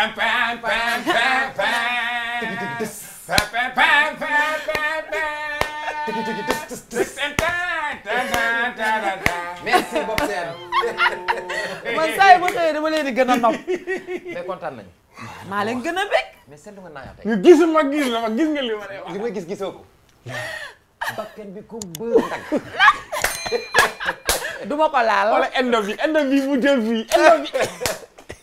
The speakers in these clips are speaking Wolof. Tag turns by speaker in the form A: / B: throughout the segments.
A: merci Bob Seen. man saa yu ma xëyee dama leen di gën a nopp. mais kontaan nañu. maa leen gën a bëgg. mais seen du nga naa tey. gisuma gis la ma gis nga li ma lay wax. li ma gis gisoo ko. bakkan bi ko bëri nag. du ma ko laal. wala endo bi endo bi mu jël fii endo bi.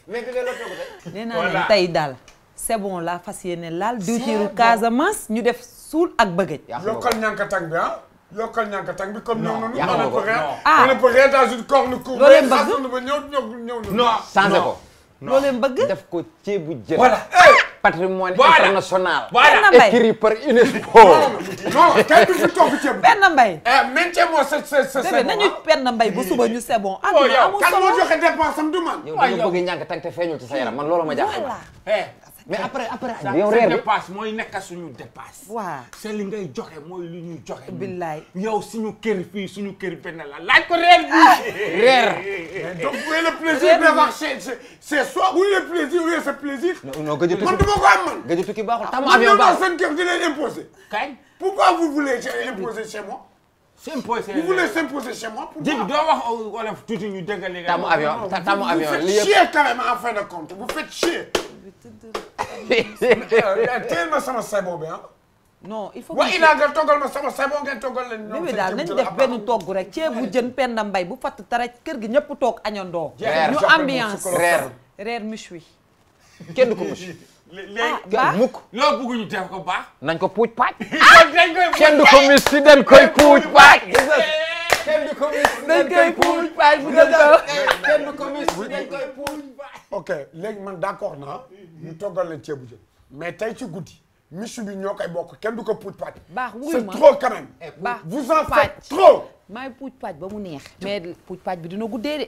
A: mais bi nga loo togg tey. nee naa leen tey daal
B: c'est bon laa fas yéene laal diwtiiru Casamance ñu def suul ak bëggëj. yokkal
A: ñànk tàng bi ah. yokkal ñànk tàng bi comme noonu. non yaa ko bëgg non ah. on ne peut rien dans une corne courbe. loolu yëpp bëgg mais xas na ba ñëw ñëw ñëw. non changé ko. loo leen bëgg def ko ceebu jën. voilà ah! patrimoine international. voilà écrit par UNESCO. non kenn du fi togg ceeb. benn mbay. même ceeb moo
B: sa sa sa sa nañu ah.
A: benn mbay ba suba ñu c'est bon. Oh, amul solo kan moo joxe dépense am du man. yow da nga oh,
B: bëgg
C: ñàkk tànk te feeñul ci sa yaram man loolu ma jaaxal. voilà.
A: Eh. mais après après yow reer mooy nekk suñu dépasse waaw c'est li ngay joxe mooy lu ñuy joxe billaay yow suñu kër fii suñu kër benn la laaj ko reer bi ah! reer
D: donc où est le plaisir d'avoir chez
A: chez soi où est le plaisir où est ce plaisir non gëj a tukki man dama ko tam ah, avion baaxul seen kër di leen imposer kañ pourquoi vous voulez imposer chez moi s'imposer vous voulez ñu dégg. taamu avion taamu avion. li yëpp vous faites chier carrément en compte vous faites chier. Eh, teel ma sama saybo bi ah. non il faut que. wa ilaa nañ def benn
B: togg rek ceebu jën Penda Mbay bu fatt tara kër gi ñëpp toog añandoo. ñu ambiance reer reer méchoui.
A: kenn ko méchoui. léegi ah mukk loo bëgg ñu def ko baax. nañ ko puuj paaj. Ah, kenn du ko mis si koy puuj paaj. kenn du ko mis dañ bu dem kaw kenn du ko mis dañ koy man d'accord naa ñu toggal leen ceebu jën mais tey ci guddi michu bi ñoo koy bokk kenn du ko puuj pàcc. baax wuy ma c'est trop quand même. Eh, baax vous en faites trop.
B: maay puuj pàcc ba mu neex. mais puuj pàcc bi dina guddee de.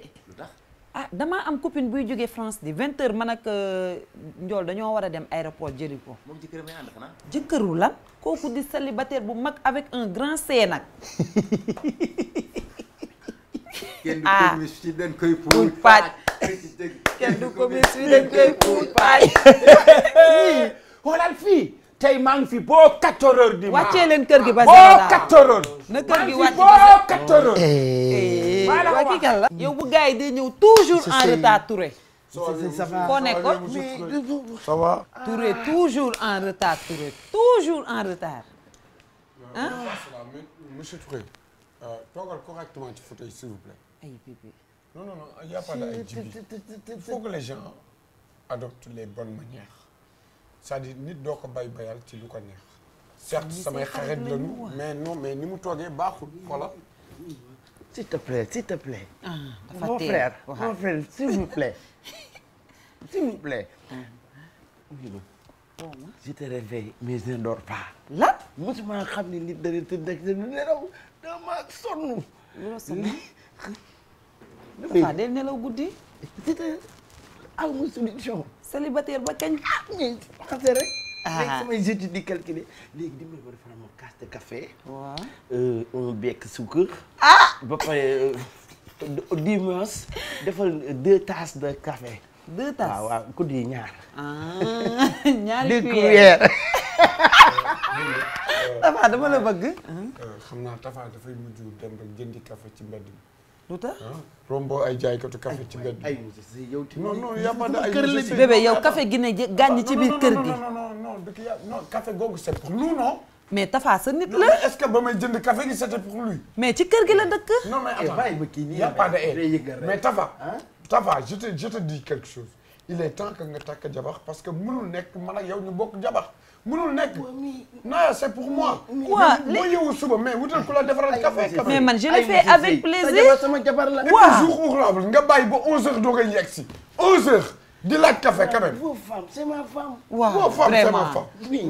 B: ah damaa am copine buy jógee France di vingt heures man ak euh, njool dañoo war a dem aéroport jëli ko.
C: moom jëkkër may ànd
B: xanaa. kooku di célibataire bu mag avec un grand C nag.
A: kenn du ko ah. mis fi dañ koy puuj paaj. kenn du ko mis fi dañ koy puuj paaj. xoolal fii. tey maa ngi fi boo 4 heures du matin wàccee leen kër gi ba boo 4 heures. na kër gi wàcc boo 4 heures. Eh. Eh, waa kii kan la. Mm. yow bu gars yi di ñëw toujours en retard Touré. koo nekkoon ça va.
B: Touré toujours en retard Touré toujours en retard.
A: ah. monsieur Touré. Euh, toogal correctement ci fauteuil s'il vous plaît. ay bébé.
B: non non non il y a pas de ay jibi
A: il faut que les gens adoptent les bonnes manières. cest à nit doo ko bay bayal ci lu ko neex. certes samay xarit lañu mais non mais ni mu toogee baaxul xoola. s'il te plaît s'il te plaît. Ah, mon frère mon frère s'il vous plaît s'il mais je ne dors pas. lan xam ni nit da tëdd ak lu nelaw dama sonn. looloo sonn dafa dee
B: nelaw guddi. c'est une célibataire ba kañ. ah mais rek. ah léegi di
A: calculer léegi dimbali ma defal euh, ah! ba pare euh, dimanche defal deux tasses de café. deux tasses waaw ku di ñaar. Ah, ñaari cuillères Tafa dama la bëgg. Euh, xam naa Tafa dafay mujj dem jëndi café ci mbedd bi. lu tax ah, rombo ay jaaykatu café ci mbedd ay yow non non y a pas de ay bébé yow café gi ne gàññ ci biir kër gi non non non non café googu c'est pour nous non mais Tafa sa nit la est-ce que ba may jënd café gi c'était pour lui mais ci kër gi la dëkk non mais eh, attends y a pas de mais Tafa Tafa je te je te dis quelque chose il est temps nga takk jabar parce que mënul nekk man ak yow ñu bokk jabar mënul nekk non c'est pour moi. waaw boo yeewu suba mais wutal ku la defaral café café. mais man je le fais avec plaisir. sama jabar la waaw jour ouvrable nga bàyyi ba 11h doog a yegg si 11h di laaj café quand même. vos femmes c'est ma femme. waaw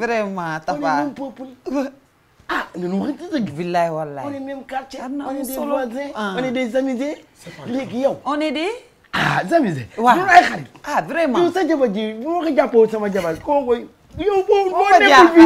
A: vraiment
B: Tafa. ah ñun waxante dëgg. billahi wallahi. on
A: est même quartier. Ah on est des voisins. Ah. on est des amis. léegi yow. on est des. ah amis. waaw ñun ay xarit. ah vraiment. yow sa jabar ji bu yow boo boo nekkul fii sax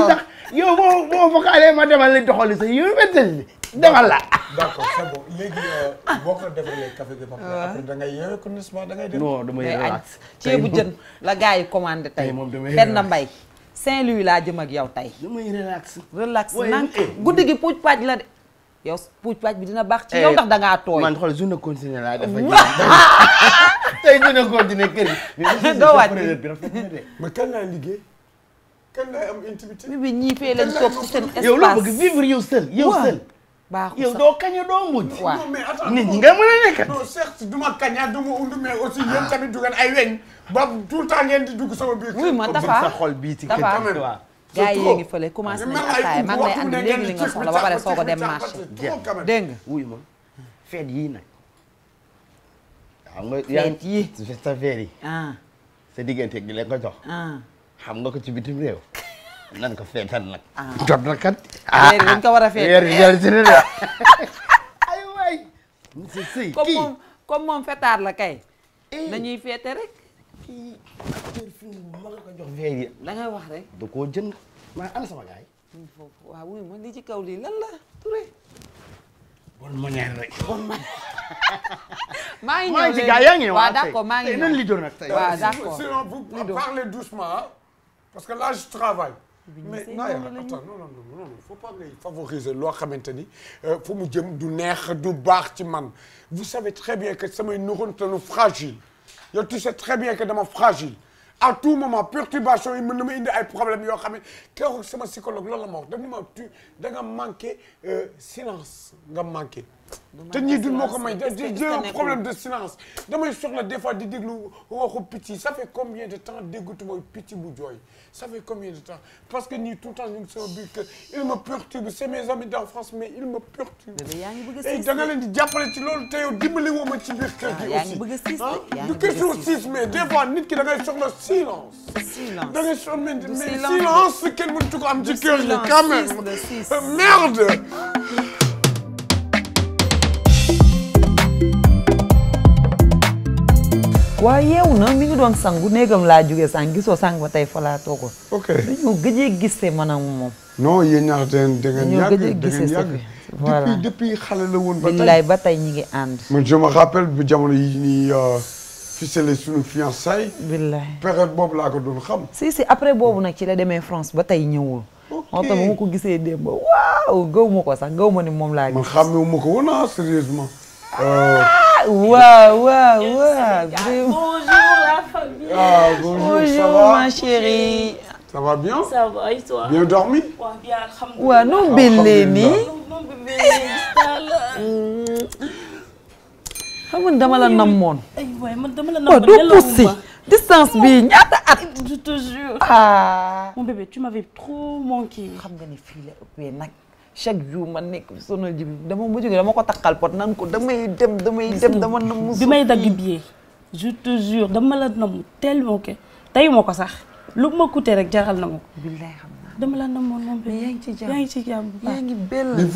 A: yow boo boo vocal ma demal li doxali sa yow wettali demal la. d'accord c'est bon léegi euh, boo ko defalee café bi ba pare da ngay yore connaissement da ngay dem. non damay relax
B: ceebu jën la gars yi commandé tey moom damay relax benn mbay. saint laa jëm ak yow tey. damay relax. relax nag eh. guddi gi puuj paaj la de. yow puuj paaj bi dina baax ci yow eh, ndax
A: da ngaa tooy. man xool journée continue laa def ak tey journée continue kër gi. doo kan laay am intimité. bi bi ñii fee leen toog seen espace yow loo bëgg doo kañ a doo mujj. waaw non mais nga mën a nekkat. non du ma kañ a ah, du ma undu mais aussi yéen ah. tamit du ay weñ. ba tout le ngeen di dugg sama biir. oui ma tafa sa xol bii ci kër gi waaw. gaa ngi fële commencé nañu ataaya maa ngi lay andi léegi li nga soxla ba pare soo ko dem marché. dégg nga wuy ma feet yii nag. xam nga yaa feet ah. sa diggante gi leen ko jox. xam nga ko ci bitim réew. nan ko feetal nag. jot ah. na kat. ah ah ko war a feetal ah, weer weer si ne la.
B: ay waay. monsieur Seye kii comme moom eh. ma nga ko
C: jox weer yi. da
B: maa ana sama gars yi. maa ngi ñëw léegi
A: maa ngi ci ngi ñëw waaw ah, d'accord maa ngi nan Lido nag tey. parce que là je travaille. mais naa yaa attends non non non non faut pas ngay favoriser loo xamante ni euh, fu mu jëm du neex du baax ci man vous savez très bien que samay neurones te nu fragile yow tu sais très bien que dama fragile à tout moment perturbation yi mën na ma indi ay problèmes yoo xam ne keroog sama psychologue loolu la ma wax daf ma tu da nga manqué euh, silence nga manqué. te ñii duñ moo ko may j'ai un problème de silence damay soxla des fois di déglu waxu picc ça fait combien de temps déggutuma picc bu jooy. ça fait combien de temps parce que nii tout le temps ñu ngi sama biir kër il me perturbe c'est mes amis d'enfance mais il me perturbe. yaa da nga leen di jàppale ci loolu te yow ah, ah, mais des nit ki da ngay soxla silence. silence da ngay silence kenn mënatu ko euh, merde.
B: waa yeewu na mi ngi doon sangu néegam laa jugee sang gisoo sang ba tey fa laa toogoo. ok dañoo gëjee gisee maanaam moom.
A: non yéen ñaar da ngeen yàgg da ngeen yàgg
B: depuis
A: depuis xale la woon. ba tey ba
B: tey ñu ngi ànd.
A: man je me bu jamono yi nii euh, ficelé suñu fiançailles. billaay période boobu laa ko doon xam.
B: si après boobu nag ci la demee France ba tey ñëwul. ok moo mu ko gisee démb waaw gaw ma ko sax gaw ma ni moom laa gis. man xàmmewu ma ko woon ah Waouh, waouh, waouh.
E: Bonjour la famille.
B: Ah, ma chérie.
A: Ça va bien? Ça va et toi? Bien dormi? Waaw,
B: xam nga dama la namoon.
E: Eh, aywa man dama la oh, namoon doo poussi
B: distance bi oh, ñaata
E: at. ah. mon bébé tu m'avais trop manqué.
B: xam nga ni fii chaque jour ma nekk sonal ji dama mujj dama ko takkal pot
E: nan ko damay dem damay dem dama namm bi may dagg billet je te jure dama la namm tellement que tey moo ko sax lu ma coûté rek jaral na ma ko billaay xam naa la namoon moom ngi ci jàmm yaa ngi ci jàmm yaa ngi belle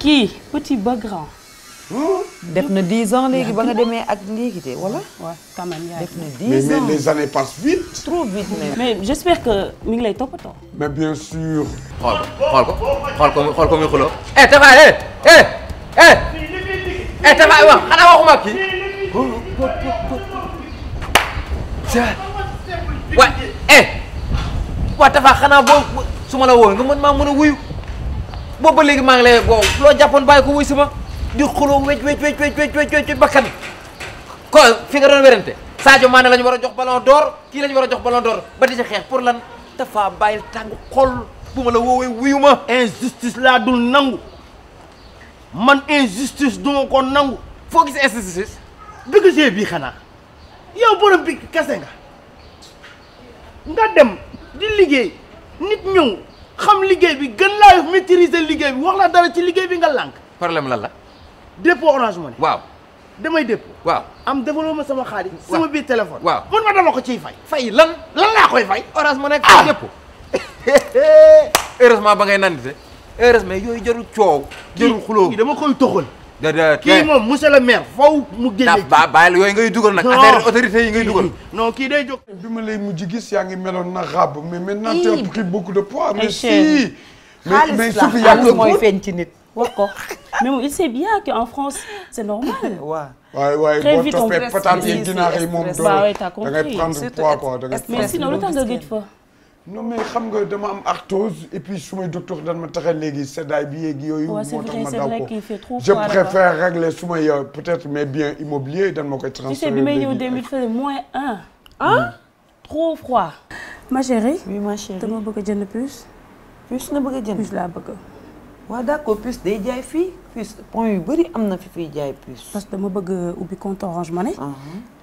B: kii petit ba grand def na 10 ans léegi ba nga
E: demee ak léegi de wala. waaw quand même yaa def na
B: 10 ans mais
A: les années passent vite.
E: trop vite même. mais j' espère que mi ngi lay toppatoo.
A: mais bien sûr. xool ko xool ko xool ko xool ko muy xuloo. eh Tafa eh eh eh. eh Tafa eh, wax xanaa waxuma kii. wa
C: eh. waa Tafa xanaa boo su ma la woo nga mën maa mën a wuyu boobu ba léegi maa ngi lay woo loo si ma. di xuloo wéj wéj wéj bakkan
A: ko fi nga doon werante Sadio maane la ñu war a jox ballon door kii lañu war a jox ballon door ba di ci xeex pour lan dafa bàyyil tàng xool bu ma la woowee wuyu ma. injustice laa dul nangu man injustice du ma ko nangu. foo gis injustice. dëgg see bii xanaa yow borom bi kese nga nga dem di liggéey nit ñëw xam liggéey bi gën laay maîtriser liggéey bi wax la dara ci liggéey bi nga lànk. problème lan la. dépôt orange money. waaw damay dépôt. waaw am defaloo ma sama xaalis. sama biir téléphone. waaw man ma dama ko ciy fay. fay lan lan laa koy fay. orange money ak ah! fay
C: dépôt. heureusement ba ngay nandite heureusement yooyu
A: jarul coow. jarul xuloo kii dama koy toxal. da kii moom monsieur le maire faw mu génne. ba bàyyil yooyu ngay dugal nag. affaire autorité yi ngay dugal. non kii day jóg. bi ma lay mujj gis yaa ngi meloon na rab mais maintenant tu as pris beaucoup de poids. mais si mais mais mooy
E: feeñ ci nit. wax ko mais moom il sait bien que en France c'est normal. waaw
A: waaye
B: boo toppee pataat yi ginaar yi moom doo da ngay prendre poids quoi da ngay mais sinon lu tax nga gëj
A: fa. non mais xam nga dama am arthrose et puis su may docteur dan ma tax a léegi seddaay bi yeeg yooyu. moo tax ma daw
E: ko je préfère
A: régler su may euh, peut dan ma koy transférer. léegi bi may ñëw démb
E: il faisait moins un. Hmm. ah trop froid. ma chérie. oui ma chérie dama bëgg a jënd puce. puce nga bëgg a jënd puce laa bëgg. waaw d'accord puce day jaay fii puce point yu bëri am na fi fiy jaay puce. parce que dama bëgg euh, ubbi compte Orange Money. Ah.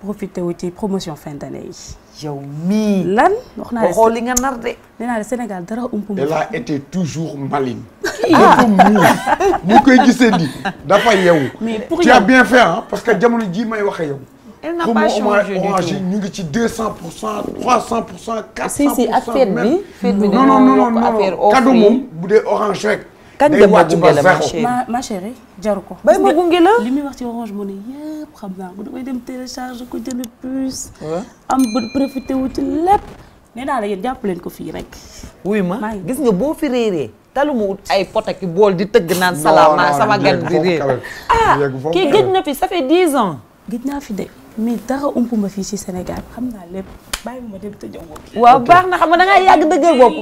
E: profité wu ci promotion fin d'année yi.
A: yow mii.
E: lan wax naa xool li nga nar de. nee naa Sénégal
A: dara été toujours maligne. dafa ah. muuf mu koy gisee di dafa yeewu.
E: mais pour bien
A: fait parce que jamono ji may wax yow.
E: elle n'a pas changé du tout
A: ñu ngi ci deux cent pour cent trois cent pour cent. moom bu dee orange rek. kan dem ma gunge la ma chérie jaru ko. bay ma
E: gunge li muy wax ci orange money yëpp xam naa ko damay dem télécharge ko jënd puce. am ba profité wu ci lépp. nee naa la yéen jàpp leen ko fii rek. wuy ma gis nga boo fi réeree. talu mu ay pot ak bool
B: di tëgg naan. salaama sama gan bi réer ah kii gëj
E: na fi ça fait dix ans. gëj fi de mais dara ump ma fii ci Sénégal xam naa lépp bàyyi ma dem tëjoo. waaw baax na xam nga yàgg dëgër bopp.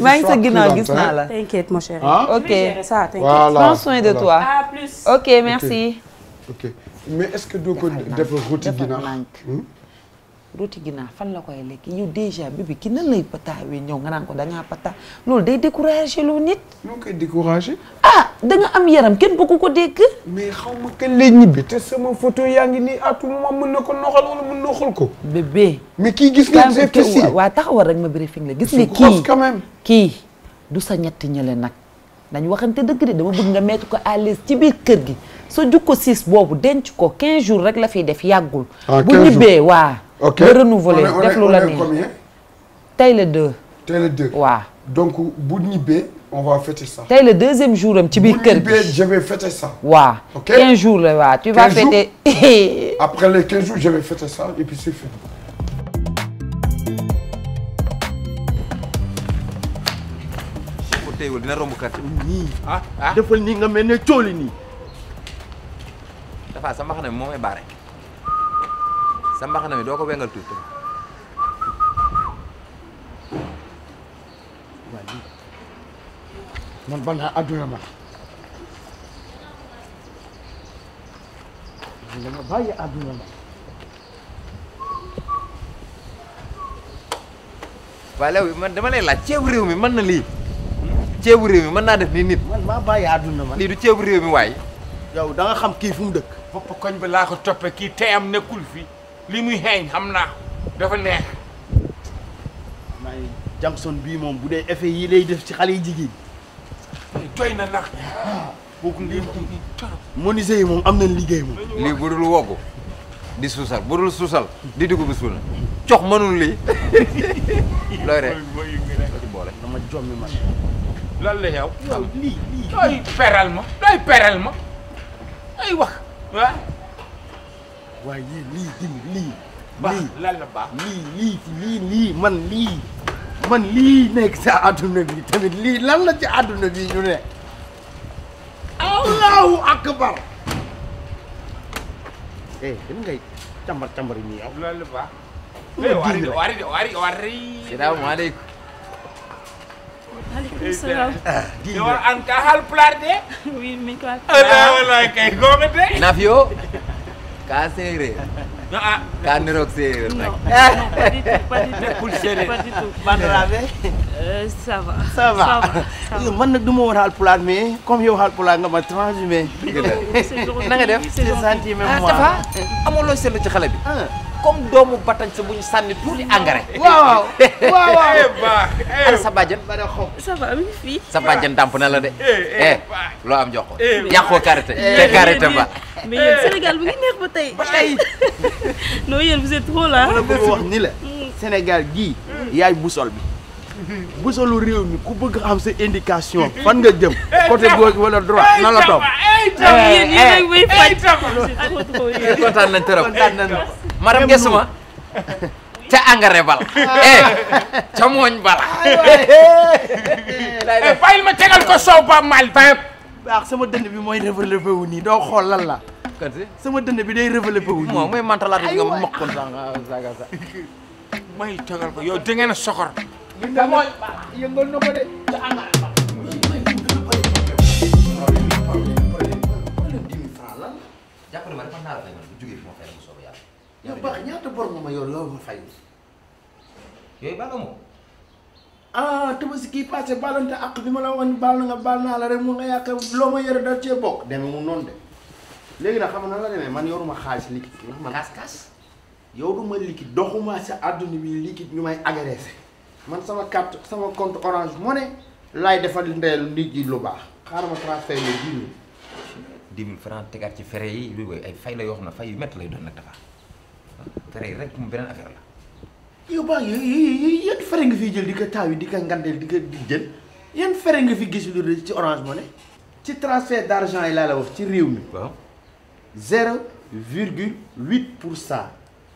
E: maa ngi sa gis la. t'inquiète mon
B: chéri. Ah. ok ça t'inquiète. prends soin de toi. à plus. ok merci. ok mais est-ce que rooti ginaar fan la koy lekk yow déjà bébé ki nan lay pataawee ñëw nga naan ko da pata loolu day découragé lu nit. ñoo
A: koy découragé. ah da nga am yaram kenn bëggu ko dégg. mais xaw ma kañ lay ñibbi te sama photo yaa ngi nii à tout moment mën ko noxal wala ko. bébé. mais kii gis nga GPC. waaw taxawal rek ma briefing la gis nga kii quand
B: même. kii du sa ñetti ñële nag. dañ waxante dëgg de dama bëgg nga mettre ko à l'aise ci biir kër gi sa jukko siis boobu denc ko 15 jours rek la fiy def yàggul.
A: Ah, bu ñibbee waa ok nga la neex tey le 2. tey le 2 waaw. donc bu ñibbee on va fêter
B: ça. tey le deuxième jour am ci biir kër gi bu ñibbee je vais fêter ça. waaw ok 15 jours la
A: nga mel ne cooli nii.
C: dafa sama xam ne moom mooy baare. sa mbaxana mi doo ko wengal tuuti
A: waaw man ban naa adduna ma dama bàyyi adduna
C: ma dama lay laaj ceebu réew mi mën na lii ceebu réew mi mën naa
A: def nii nit man maa bàyyi adduna ma lii du ceebu réew mi waay yow da nga xam kii fu mu dëkk bopp koñ ba laa ko toppe kii tey am nekkul fii li muy xeeñ xam naa dafa neex. maay Jackson bii moom bu dee effet yi lay def ci xale yi jigéen. jooy na ndax. kooku lii menuisier yi moom am nañ liggéey moom. lii budul woggu di suusal budul suusal di dugub bi suuna cox mënul lii looy rek dama jommi man lan la yow. yow lii lii looy peral ma looy peral ma ay wax ah. waaye yéen lii dimbali lii. baax lan la baax lii lii lii lii man lii. man lii nekk sa àdduna bi tamit lii lan la ci àdduna bi ñu ne. allahu akbar. eh gën ngay càmbar càmbar yi yow. loolu la baax. Eh, dimbali waari waari waari. salaamaaleykum. maaleykum eh, salaam. Ah, di war an ka hal pulaar de. oui mi ko. ala wala kay góobe de. naaf yoo.
C: ka séeréer. non ah. ka niroog séeréer nag.
A: non pas
E: du euh,
A: man nag du ma woon Haalpulaar mais comme yow Haalpulaar nga ma transhumé.
C: na nga def c'est gentil même moi. ah Tafa amoo loo seetlu ci
A: xale bi. Ah. comme doomu batañ sa bu ñu sànni tuuti engrais. waaw waaw waaw.
C: Eh, eh. ana sa bàjjen. ça va na la de. Eh, loo am jox ko. yàqoo karité te ba.
E: Eh. Sénégal bu ngi neex ba tey. ba tey
A: non yéen vous êtes trop là. wax ni la. Mm. Sénégal gii. Mm. yaay busol bi. busolu réew mi ku bëgg xam sa indication fan nga jëm eh, côté gauche wala droit eh, na la topp. Ah,
E: yéen yéen may nañ
A: trop kontaan nañ madame ca engrais bala. Ah. ca mooñ bala. bàyyil ma tegal ko soow ba mal. baax sama dënd bi mooy rëbb rëbb nii doo xool lan la. mokkante sama dënn bi day révélé wu moom mooy mantalaat bi nga mokkon saga sa may tagal ko yow dangeen a soxor mooy yëngal na ko de te am na jàpp
C: na ma dafa naa la fay man bu jógee fi ma fay la mu soobee yàlla. yow baax ñaata moo.
A: ah tabaski kii passé baalante ak bi ma la waxoon baal naa la rek mu nga yàq loo ma yore da cee bokk. demee mu noonu de. léegi nag xam na la demee man yoruma xaalis liquide ndax ma kaas kaas yow ma liquide doxuma sa àdduna bi liquide ñu may agressé man sama carte sama compte orange money laay defal ndeyal nit lu baax xaaral ma transfert la
C: dix mille tegaat ci frais yi ay fay la yoo xam ne fay yu lay doon nag dafa rek moom beneen
A: yo y yan nga fiy jël di ko taaw yi di ko ngandeel jël yan nga fi gis lu ci orange money ci transfert d' argent yi laa la wax ci réew mi zéro virgule huit pour cent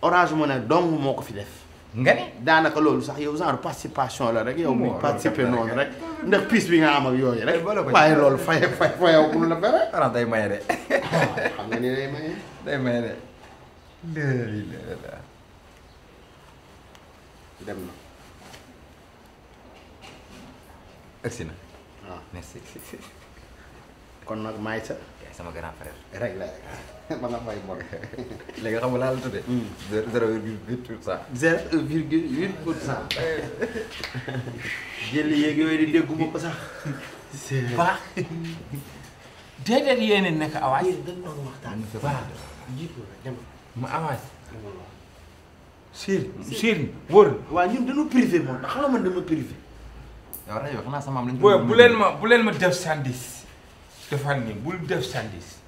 A: Orange Money dong moo ko fi def. nga ni loolu sax yow genre participation la rek yow. mu participer noonu rek. ndax piis bi nga am ak yooyu rek. Eh, waaye loolu fay fay fayaw ku la bëre. Orange day maye de. Ah, xam nga ni day maye. day maye de.
C: na. Ah. kon nag maay sama grand frère. réglé ma nga fay mbor. léegi xam nga laa la tuddee. Hmm. zéro virgule huit pour cent. zéro virgule huit pour cent. jël yeeg yooyu di dégguma ko sax.
A: c'est vrai baax. déedéet yéen nekk awaaj. yéen dañu
C: doon waxtaan. waaw
A: jiitu la dem. ma awaaj. Serigne Serigne wóor na. waaw ñun dañoo privé moom ndax xam nga man dama privé. yow rajo xanaa sama am lañu. bu leen ma bu leen ma def sandis. dafa ni bul def sandis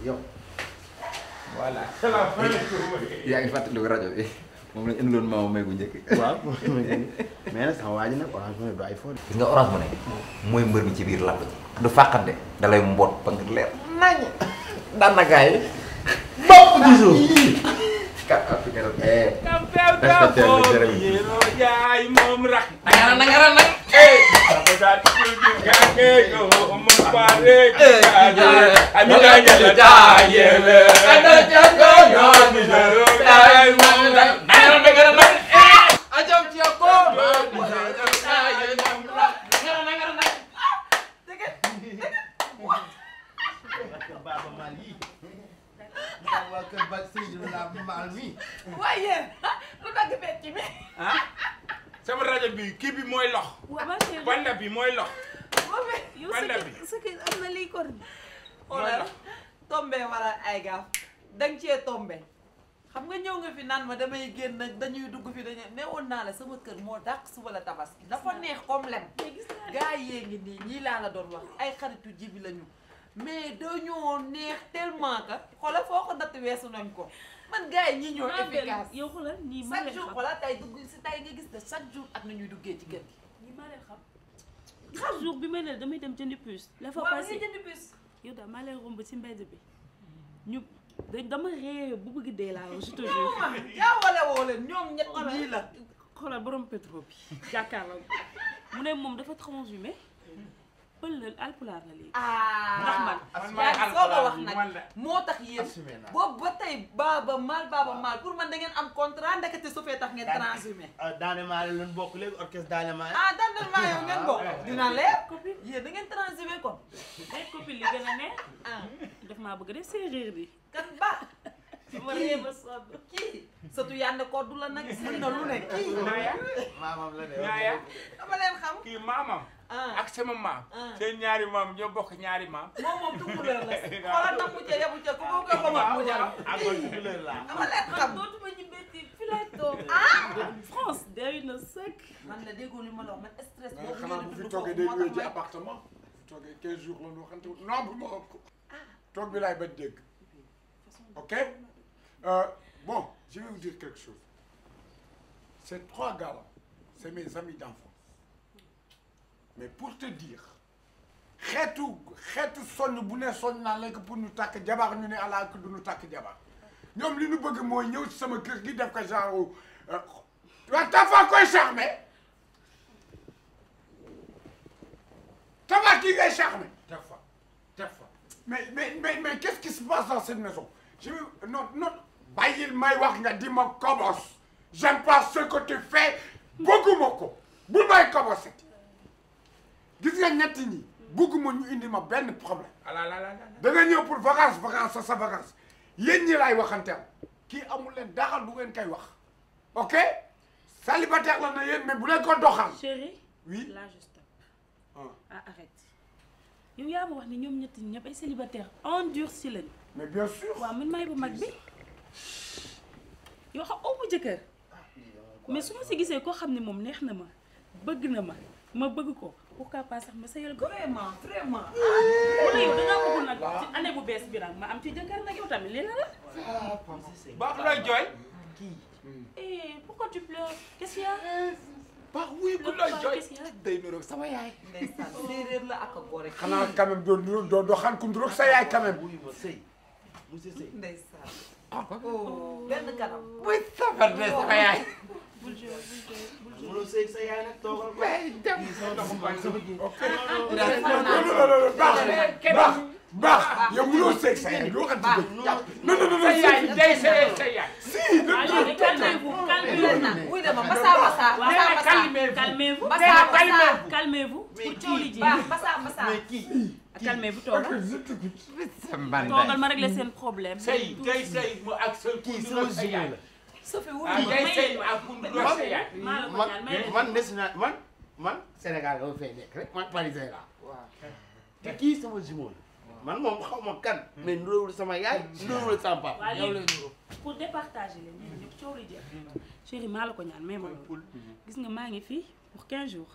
A: yow. voilà. yaa ngi fàttaliku rajo bi moom lañ indiloon maamu may bu njëkk. waaw mais nag nag orange money du ay gis nga orange money
C: mooy mbër mi ci biir làmb ji. du fàqande da mboot ba nga leer
A: nañu. daan na gars yi. gisul kàttan fi nga def. respecté wu ñu jërëjëf yaay moom rax. nangara nangara nag. Amina waa kër ba Seydina Maal mi. waaye lu dagg becc mi. ah sama rajo bi kii bi mooy lox. banda bi mooy lox.
B: banda bi yow sëkk am na mooy lox tombe waral ay gaaf danga cee tombe xam nga ñëw nga fi naan ma damay génn dañuy dugg fi dañuy newoon naa la sama kër moo dàq suba la tabaski dafa neex comme lem. gis naa gaa yee ngi nii ñii laa la doon wax ay xaritu jibi lañu. mais dañoo neex tellement que xoolal foo ko natt weesu nañ ko man gars yi ñi ñoo efficace yow xoolal ñii ma leen xam
E: chaque gis ne jour ak nañuy duggee ci kër gi ma leen xam chaque bi may ne damay dem jëndi puce la fa passé jëndi puce yow si mbedd bi ñu dama réer bu bëgg dee laa je te jure yaa wala woo leen ñoom ñett ñii la xoolal borom pétrole bi jàkkaarloo mu ne moom dafa transhumé pël la alpulaar la léegi. Ah. ndax ah, man yaa ngi soog a wax nag
B: moo tax yéen boobu ba tey baaba maal baaba maal pour man da ngeen am contrat ndekete su fee tax ngeen transhumé.
A: Ah, daane maa la leen bokk léegi orchestre daane maa ah daane maa yow ngeen bokk dina leer
E: copie yéen da ngeen transhumé kon. mais copie li gën a ne daf maa bëgg def séeréer bi kan ba ma ree ba sodd kii sëtu yànd koddu la nag
B: mën na lu ne kii
A: maamam la de dama leen xam kii maamam Ah. ak sama maam. Ah. seen ñaari maam ñoo bokk ñaari maam. moom moom tukulóor la si xoolal nag mu ca
E: yabu ca ku ko ko wax mu jara. amoon
A: tukulóor la dama
E: leen xam dootuma ñu métti fi lay toog. ah France day na sëkk. man la déggoo li ma la wax man stress.
B: boobu xanaa bu fi toogee day wéy ci
A: appartement. bu toogee 15 jours la ñu waxante non bu ma ëpp ko. Ah. toog bi laay bañ dégg. ok euh, bon je vais vous dire quelque chose. ces trois gars là c'est mes amis d'enfance. mais pour te dire xeetu xeetu soññ bu ne soññ naa la ko pour ñu tàkk jabar ñu ne ala ko du ñu tàkk jabar ñoom li ñu bëgg mooy ñëw ci sama kër gi def ko genre euh, waaw Tafa koy charmé Tafa kii ngay charmé. Tafa Tafa. mais mais mais mais qu'est-ce qui se passe dans cette maison je veux non non. bàyyil may wax nga di ma kobos j'aime pas ce que tu fais bëgguma ko bu may kobosati. gis nga ñett ñi bugguma ñu indi ma benn problème ah da nga ñëw pour vacances vacances sa sa vacances yéen ñi laay waxanteel kii amul leen daxal lu ngeen koy wax ok célibataire la na yéen mais bu leen ko doxal chérie oui là je stoppe ah, ah arrête
E: yow yaa ma wax ne ñoom ñett ñi ñëpp ay célibataire endurci lañ mais bien sûr waaw man maay bu mag bi ah, yow xam amu jëkkër mais su ma si gisee koo xam ne moom neex na ma bëgg na ma ma bëgg ko pourquoi pas sax ma sëyal ko. vraiment vraiment. Ah, ah, wala yow da ngaa
A: bëgg nag ci
E: année bu bees bi nag ma am ci jëkkër nag yow tamit lii la la. ah
A: Ba looy jooy. kii.
E: eh pourquoi tu pleures qu'est-ce qu'il y a. Ba wuy
A: ku looy jooy day niroog sama
E: yaay. ndeysaan
B: séeréer la ak a góor rek. xanaa
A: quand même doo doo doo xaan ku niroog sa yaay quand même. wuy ma sëy monsieur Seye. ndeysaan. Oh. Ah.
B: Oh. benn kanam. muy
A: safar de sama yaay. Oh. bul jooy bul jooy mënul sëy sa yaay nag toogal ko. baax baax yow mënoo sëy sa yaay loo xam ne.
E: non non non sa yaay day sëy sa yaay. si
A: da nga calmez-vous calmez-vous toogal toogal ma régler seen problème. sëy day sëy mu ak sa kii sama
B: Sophie ah, wu ma man man
A: des man man Sénégal dama fay man sama jumeau man moom xaw ma kan. mais nuróowul sama yaay. nuróowul sama papa. yow
E: pour départager leen ñun ñëpp coow hmm. la ko ñaan mais ma gis nga maa ngi fii pour 15 jours.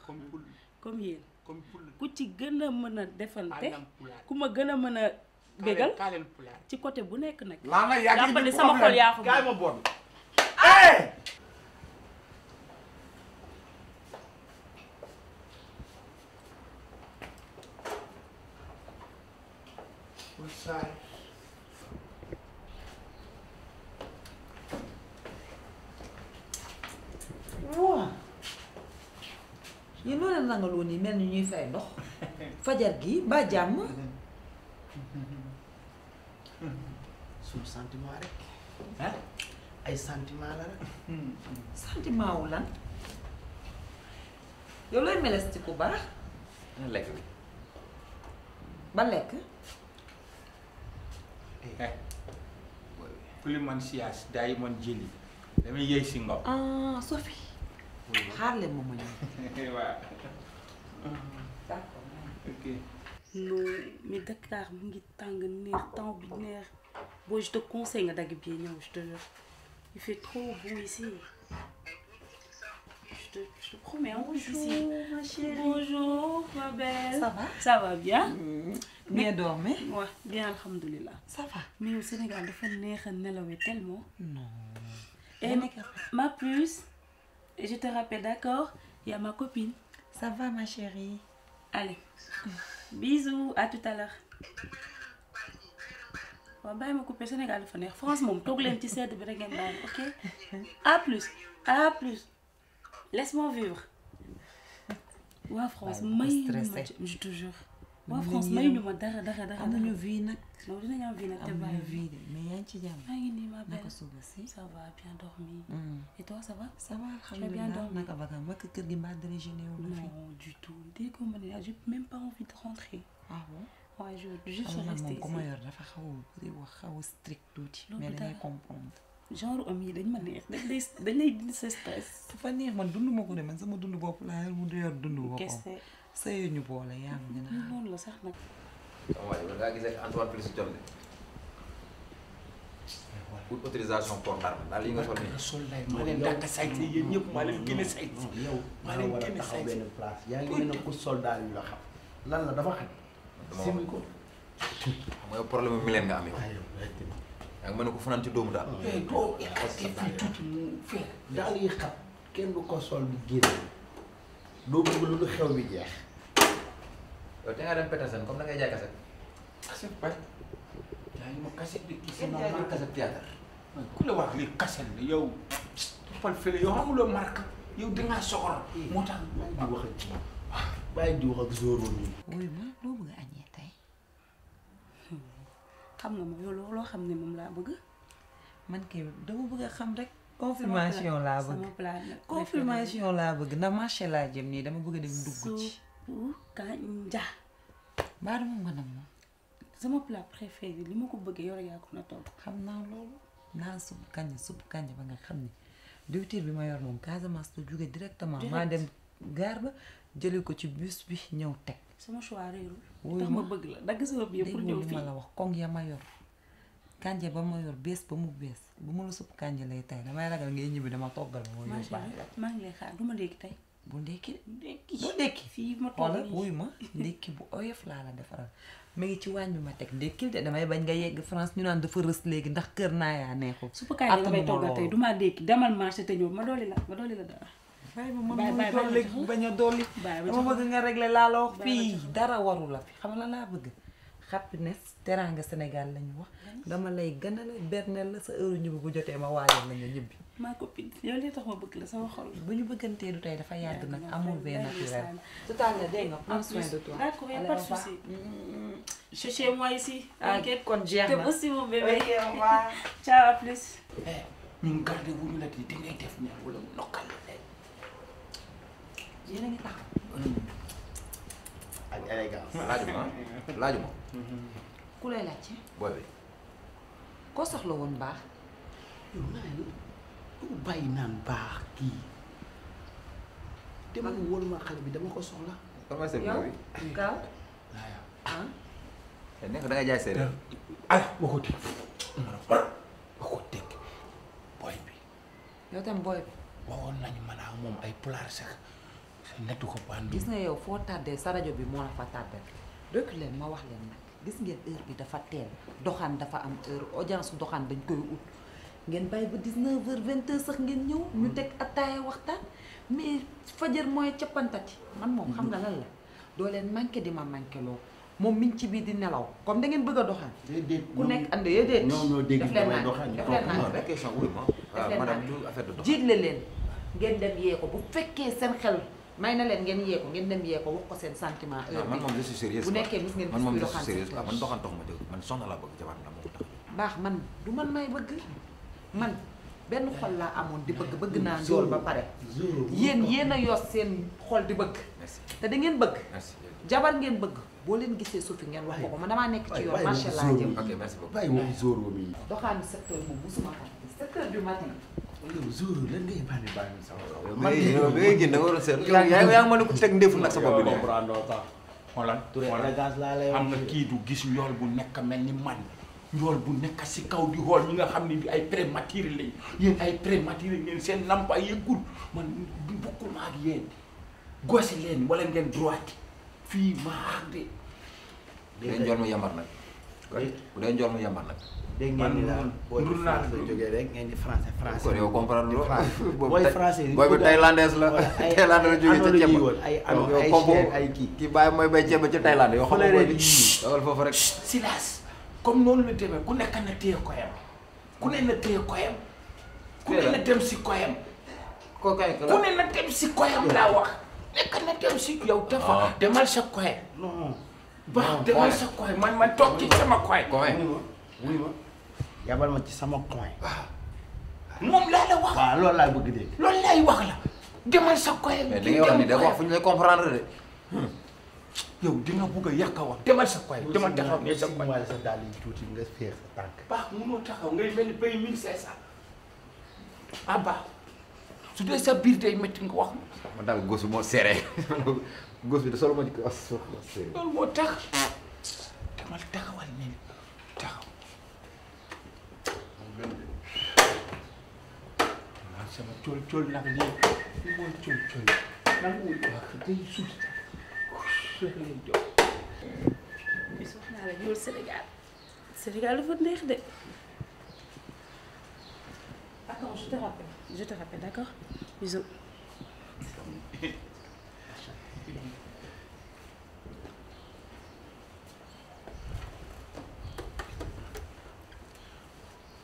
E: comme yéen. ku ci gën a mën a defante ku ma gën a mën a bégal ci côté bu nekk nag. maanaam yaa ngi sama xol yaa ko
B: fay dox fajar gi ba jàmm suñu sentiment rek ah ay sentiment la rek sentiment wu lan yow looy meles ci ku baax lekk bi ba lekk
A: puli eh. eh. man siyaas day man jëli damay yëy si ngob
B: ah Sophie xaar ma ñëw
E: non mais Dakar mu ngi tàng neex temps bi neex booy je te nga dagg bi ñëw je te il fait trop bon ici je te je te promets ma chérie bonjour ma belle. ça va bien. bien dormi. waaw bien alhamdulilah. ça va mm. au Sénégal dafa neex a nelawee tellement. non. et ma puce je te d'accord il ma copine. ça ma chérie. Allez bisous à tout à l'heure waaw bàyyi ma coupé Sénégal dafa neex France moom toog leen ci sedd bi rek ngeen bàyyi ok à plus à plus laisse vivre waa France may ñu ma je te dara dara dara amuñu vie nag non dinañ am vie nag mais yaa ngi ci jàmm. maa ngi nii ma belle naka suba si. ça va bien dormi. et toi ça va.
B: kër gi mbaa déjeuné wu ma fi. non du
E: tout dès que ma yor dafa xaw a bëri wax xaw a strict tuuti. mais da ngay comprendre. genre am yi dañ ma neex dañ lay dañ lay dindi sa
B: stress. dafa neex man dund ma ko de man sama dund bopp laa yor mu yor dund boppam. kese sëy ñu boole yaa ngi.
E: noonu la
C: sama waa ji man ngaa gisee ak Antoine Félix pour autorisation port daal li nga sol nii. sol lay maa leen dàq sayt yi yéen ñëpp maa leen génne sayt yi. yow maa leen génne yi
A: benn a la xam. lan la dafa xam. simi ko.
C: mooy problème mi leen nga amee. yaa ngi mën a ko fanaan ci doomu daal. doo écarté fii tuuti
A: mu fee. daal yi xam kenn ko sol di génn. doo bëgg lu xew bi jeex. yow te ngaa dem Petersen comme da jaay kaset kaset bay yaa ngi ma kaset de kii c'est normal yow toppal di ma xam
E: nga moom yow looloo xam ne moom laa bëgg man kay dama bëgg a xam rek confirmation laa bëgg
B: confirmation laa bëgg na marché laa jëm nii dama bëgg a dugg ci
E: kanja
B: baa dama nga nam ma
E: sama plat préféré li ma ko bëggee yore yaa ko na togg xam naa loolu
B: naa supp kanja supp kanja ba nga xam ni diwtiir bi ma yor moom Casamance la jóge directement maa dem gaar ba jële ko ci bus bi ñëw teg
E: sama choix réerul tax ma bëgg la dagg sama biir pour ñëw fii ma la
B: wax koŋ ya ma yor kànja ba ma yor bees ba mu bees bu ma la supp kànja lay tay damay ragal ngay ñibbi dama toggal moo yóbbaale
E: maa ngi lay bu ndekki bu ndekki fii ma xoolal wuy ma
B: ndekki bu oyof laa la defaral mi ngi ci waañ bi ma teg ndekkil de damay bañ nga yegg France ñu naan dafa rës léegi ndax kër naa yaa neexul. su fekkee ne damay togg tey du
E: ma ndekki demal marché te ma dooli la ma dooli la dara. bàyyi ma man ma dooli bañ a dooli. bàyyi ma bëgg nga régler laa la wax fii
B: dara waru fi xam la laa bëgg. happiness teranga Sénégal la wax dama lay gënal berneel la sa heure ñibbi bu jotee ma waajal la nga ñibbi. maa copine yow li ma bëgg la sama ñu bëggantee dafa yàgg nag amul benn naturel. tout à fait dégg nga prends soin de toi. d'accord y a pas de souci.
E: Mm, mm, mm, je chez moi ah kon jeex na te aussi mon bébé. ok au eh,
A: ngay def ne wala mu nokkal la. Eh,
E: yéen a ngi taxaw.
A: ak élégance. laajuma laajuma. ku lay ci booy bi.
B: koo soxla woon baax. yow naan yow
A: bàyyi naan baax kii. demal wóolu ma xale bi dama ko soxla. yow gaaw.
C: ah. nekk da nga jaay séeréer. ah boo ko teg boo
B: booy bi. yow tam booy bi.
A: waxoon nañu man ak moom ay pulaar sax. nattu ko Pando. gis nga yow
B: foo tardé sa rajo bi moo la fa tardé leen ma wax leen gis ngeen dafa teel doxaan dafa am heure audience doxaan dañ koy ut ngeen bàyyi ba 19 heures 20 heures sax ngeen ñëw. Mm. ñu teg attaaya waxtaan mais fajar mooy cappantati man moom xam nga mm. lan la doo leen manqué di ma manqué loo moom mi ci biir di nelaw comme da ngeen bëgg a doxaan. ku nekk ànd déedéet. ñoom ñoo dégg damay doxaan ñu toog non la
C: question def leen affaire de jiitle
B: leen ngeen dem yee ko bu fekkee seen xel. may na leen ngeen yee ko ngeen dem yee ko wax ko seen sentiment heure bi man moom je suis bu nekkee gis ngeen man moom je suis sérieux man doxantox
C: ma dégg man soxna laa bëgg jabar
B: man benn xol laa amoon di bëgg bëgg naa njool ba
A: pare yéen yéen
B: a yos seen xol di bëgg te da ngeen bëgg jabar ngeen bëgg boo leen gisee sufi ngeen wax ko ko man damaa nekk ci yoon macha allah
A: jëm
B: doxaan secteur bu musuma xam
A: yow Zoro lan ngay bànni bànni sama kaw. man de yow bi ngay génn da nga war a seet. yaa ngi mën a ko teg ndefu nag sa bopp bi. xoolal xoolal xam nga kii du gis yool bu nekk mel ni man njool bu nekk si kaw di xool ñi nga xam ne bi ay prématuré lañ yéen ay prématuré ngeen seen lampa yëggul man bokkuma ak yéen gosi leen wala ngeen droite fii maa de.
C: bu dee njool mu yambar nag
A: bu dee njool mu yambar nag dégg ngeen ni daal boo ci français jógee rek ngeen di français français. kon boobu thaïlandaise la thaïlande la jógee ca ceeb ay ay chien ay kii kii bàyyi mooy bay
C: ceeb ca thaïlande yoo xam nga dawal
A: foofu rek silas comme noonu la demee ku nekk na téye koyam ku ne na téye koyam ku ne na dem si koyam ko ku ne na dem si koyam laa wax nekk na dem si yow dafa ah. demal sa koyam baax demal sa koyam man man toog ci sama koyam wuy yabal ma ci sama coin. moom laa la wax. waaw loolu laa bëgg dégg. loolu laay wax la. demal sa coin. mais li nga wax nii da wax fu ñu lay comprendre hmm. di nga bugg a yàq wax demal sa koy demal taxaw ne sa koy wala sa tuuti nga féex sa tànk baax munoo taxaw ngay ni bay mille cinq cent ah su dee sa biir day métti nga wax
C: ma daal gos moo serré gos bi da solo ma di
A: moo tax demal ne sama cóol cóol nag lii li mooy cóol cóol nanguwul wax day suuf suuf lay jox. bis wax naa la ñëwal
E: Sénégal Sénégal dafa neex de. attends je te rappelle je te rappelle d'accord bisous.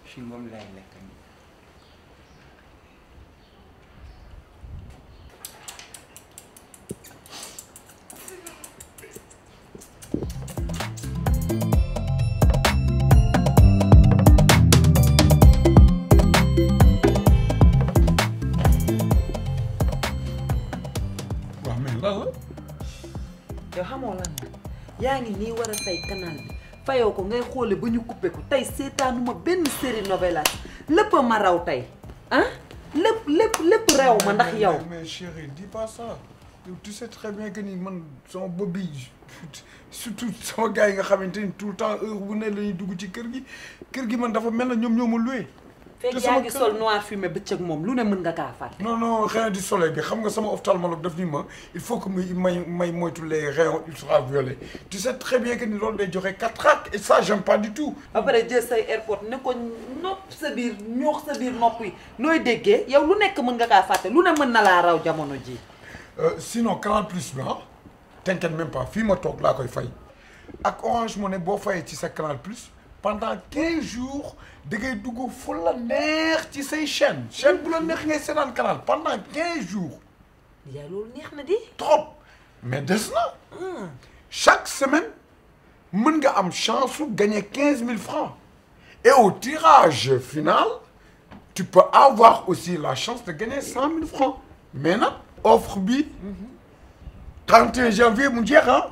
A: ci moom lay lay.
B: yaa ngi nii war a fay canal bi fayoo ko ngay xoole ba ñu coupé ko tey seetaanuma benn série novelas lépp ma raw tey ah lépp lépp lépp raw ma ndax yow.
A: mais chérie dis pas ça yow tu sais très ni man sama bopp bi surtout sama gars yi nga xamante ni tout le temps heure bu ne la ñuy dugg ci kër gi kër gi man dafa mel na ñoom ñoo ma loué. fekk yaa ngi sol noir fumé bëccëg moom lu ne mën nga kaa fàtte. non non rayon du soleil bi xam nga sama ophtalmologue daf ni ma il faut que may may moytu les rayons ultraviolets tu sais très bien que ni loolu day joxe cataracte et ça j'aime pas du tout.
B: ba pare jël say airport ne ko nopp sa biir ñoox sa biir nopp nooy déggee yow lu nekk mën nga kaa fàtte lu
A: ne mën na laa raw jamono ji euh, sinon Canal Plus bi ah t'inquiète même pas fii ma toog laa koy fay ak Orange Money boo fayee ci sa Plus da ngay dugg fu la neex ci say chaîne chaîne bu la neex ngay seetaan canal pendant quinze jours yaa loolu neex di trop mais des na hmm. chaque semaine mën nga am chance su gagner quinze mille francs et au tirage final tu peux avoir aussi la chance de gagner cent mille francs mais nag offre bi mhm. janvier mu jeex ah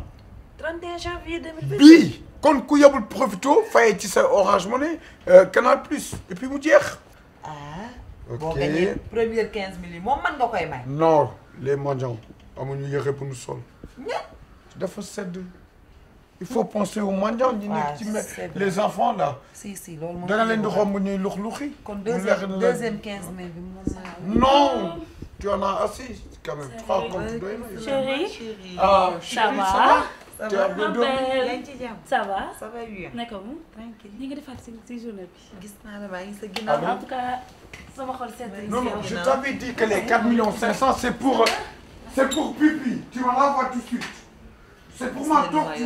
E: 31 janvier 2020
A: bii kon ku yebul profito fay ci sa Orange Money euh, Canal Plus et puis mu jeex. Ah, ok boo gañee
B: première 15 moom mën
A: nga koy may. non les mendiants amuñu yëre bu ñu sol. dafa sedd. il faut penser aux mendiants ñi nekk ci les enfants là. si si loolu moom dana leen di xom bu ñuy lux luxi. kon deuxième deuxième 15 millions bi moom non. tu en ah ça va
E: ça va ça va bien naka mu. tranquille ñi nga defaat si si journée bi. gis naa la maa ngi sa ginnaaw. en tout cas sama xol sedd
B: non non je t'avais dit que les 4
A: millions 500 c'est pour c'est pour Pipi tu vas la voir tout de suite. c'est pour ma tortue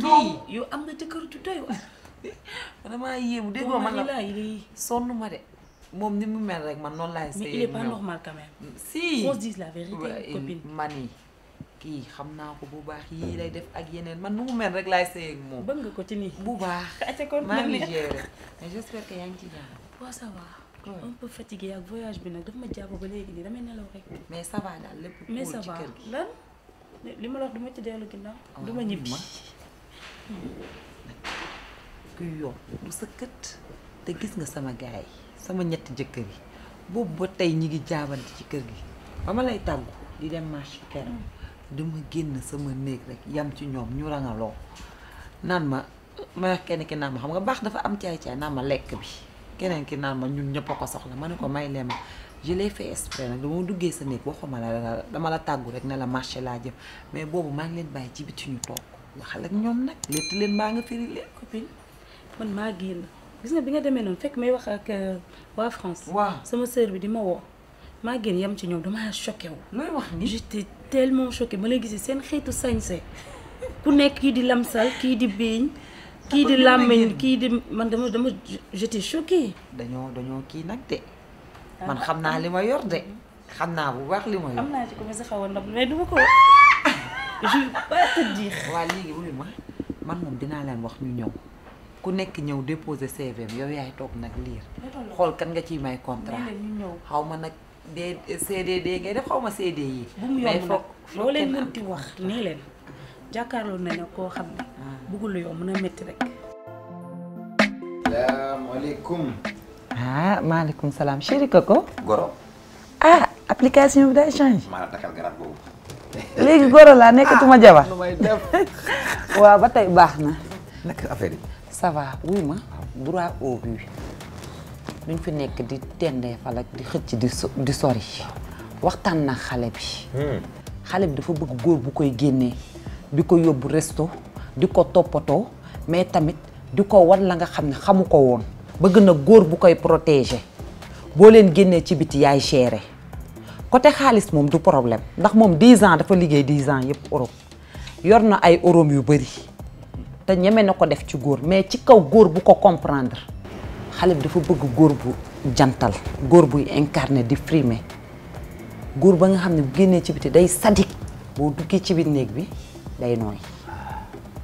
A: non yow am nga jëkkër ju doy waar. vraiment yéemu
B: déggoo man la sonn ma de. moom ni mu mel rek man noonu laay. mais il est pas normal quand même. si on se dise la vérité copine mani. kii xam naa ko bu baax yii lay def ak yeneen man nu mu mel rek laay sëy ak moom. bëgg nga ko ci nii bu baax.
E: maa ngi gérer mais j'espère que yaa ngi ci jàmm. waaw ak voyage bi nag daf ma jàpp ba léegi nii mais ça lépp. mais ça va lan li ma ci dellu ginnaaw.
B: Oh, du ma ñibbi kuy yoon du sa kët te gis nga sama gaay sama ñetti jëkkër yi boobu ba tey ñi ngi jaabante ci kër gi ba ma lay tàggu di dem marché keroog. dama génn sama néeg rek yam ci ñoom ñu rangaloo naan ma ma kenn ki naan ma xam nga baax dafa am caay-caay naan ma lekk bi keneen ki naan ma ñu ñëpp a ko soxla ma ne ko may leen ma je duggee sa néeg waxuma dama la tàggu rek ne la marché laa jëm mais boobu maa ngi leen bàyyi ci biti ñu toog waxal ak ñoom nag létt leen maa nga firi leen
E: copine man maa génn gis nga bi nga demee noonu fekk may wax ak euh, waa France waaw sama sœur bi di ma woo Maguette yam ci ñëw dama choqué wu. looy wax ni j'étais tellement choqué ma lay gisee seen xeetu sañse ku nekk kii di lamsal kii di biiñ kii di làmmiñ kii di man dama dama
B: j'étais choqué. dañoo dañoo kii nag de ah, man xam naa li ma yor de mm-hmm. xam naa bu baax li
E: a xaw a ndab ko. je vais ma
B: man dinaa leen wax ñu ñëw ku nekk ñëw déposer CV yow yaay toog nag liir kan nga ciy may contrat xaw ma nag. D CDD ngay def xaw ma CD yi. bu mu leen mënti wax nii leen
E: jàkkaarloo nañu koo xam ne. Ah. bëggul yomb na métti rek.
C: salaamaaleykum.
B: ah maaleykum salaam chéri Coco. Goro. ah application bi day changé.
C: maanaam dakal garab boobu. léegi laa nekkatuma ah, jabar. lu may
B: waaw ba tey baax na. naka affaire ma ah. droit au but. luñ fi nekk di tendee fal ak di xëcc di sori waxtaan na xale bi hmm. xale bi dafa bëgg góor bu koy génnee di ko yóbbu resto di ko toppatoo mais tamit di ko wan la nga xam ne xamu ko woon bëgg na góor bu koy protéger boo leen génnee ci biti yaay géré côté xaalis moom du problème ndax moom 10 ans dafa liggéey 10 ans yëpp Europe yor na ay orom yu bëri te ñeme na ko def ci góor mais ci kaw góor bu ko comprendre xale bi dafa bëgg góor bu jantal góor buy incarné di frimer góor ba nga xam ne bu génnee ci biti day sadik boo duggee ci biir néeg bi day nooy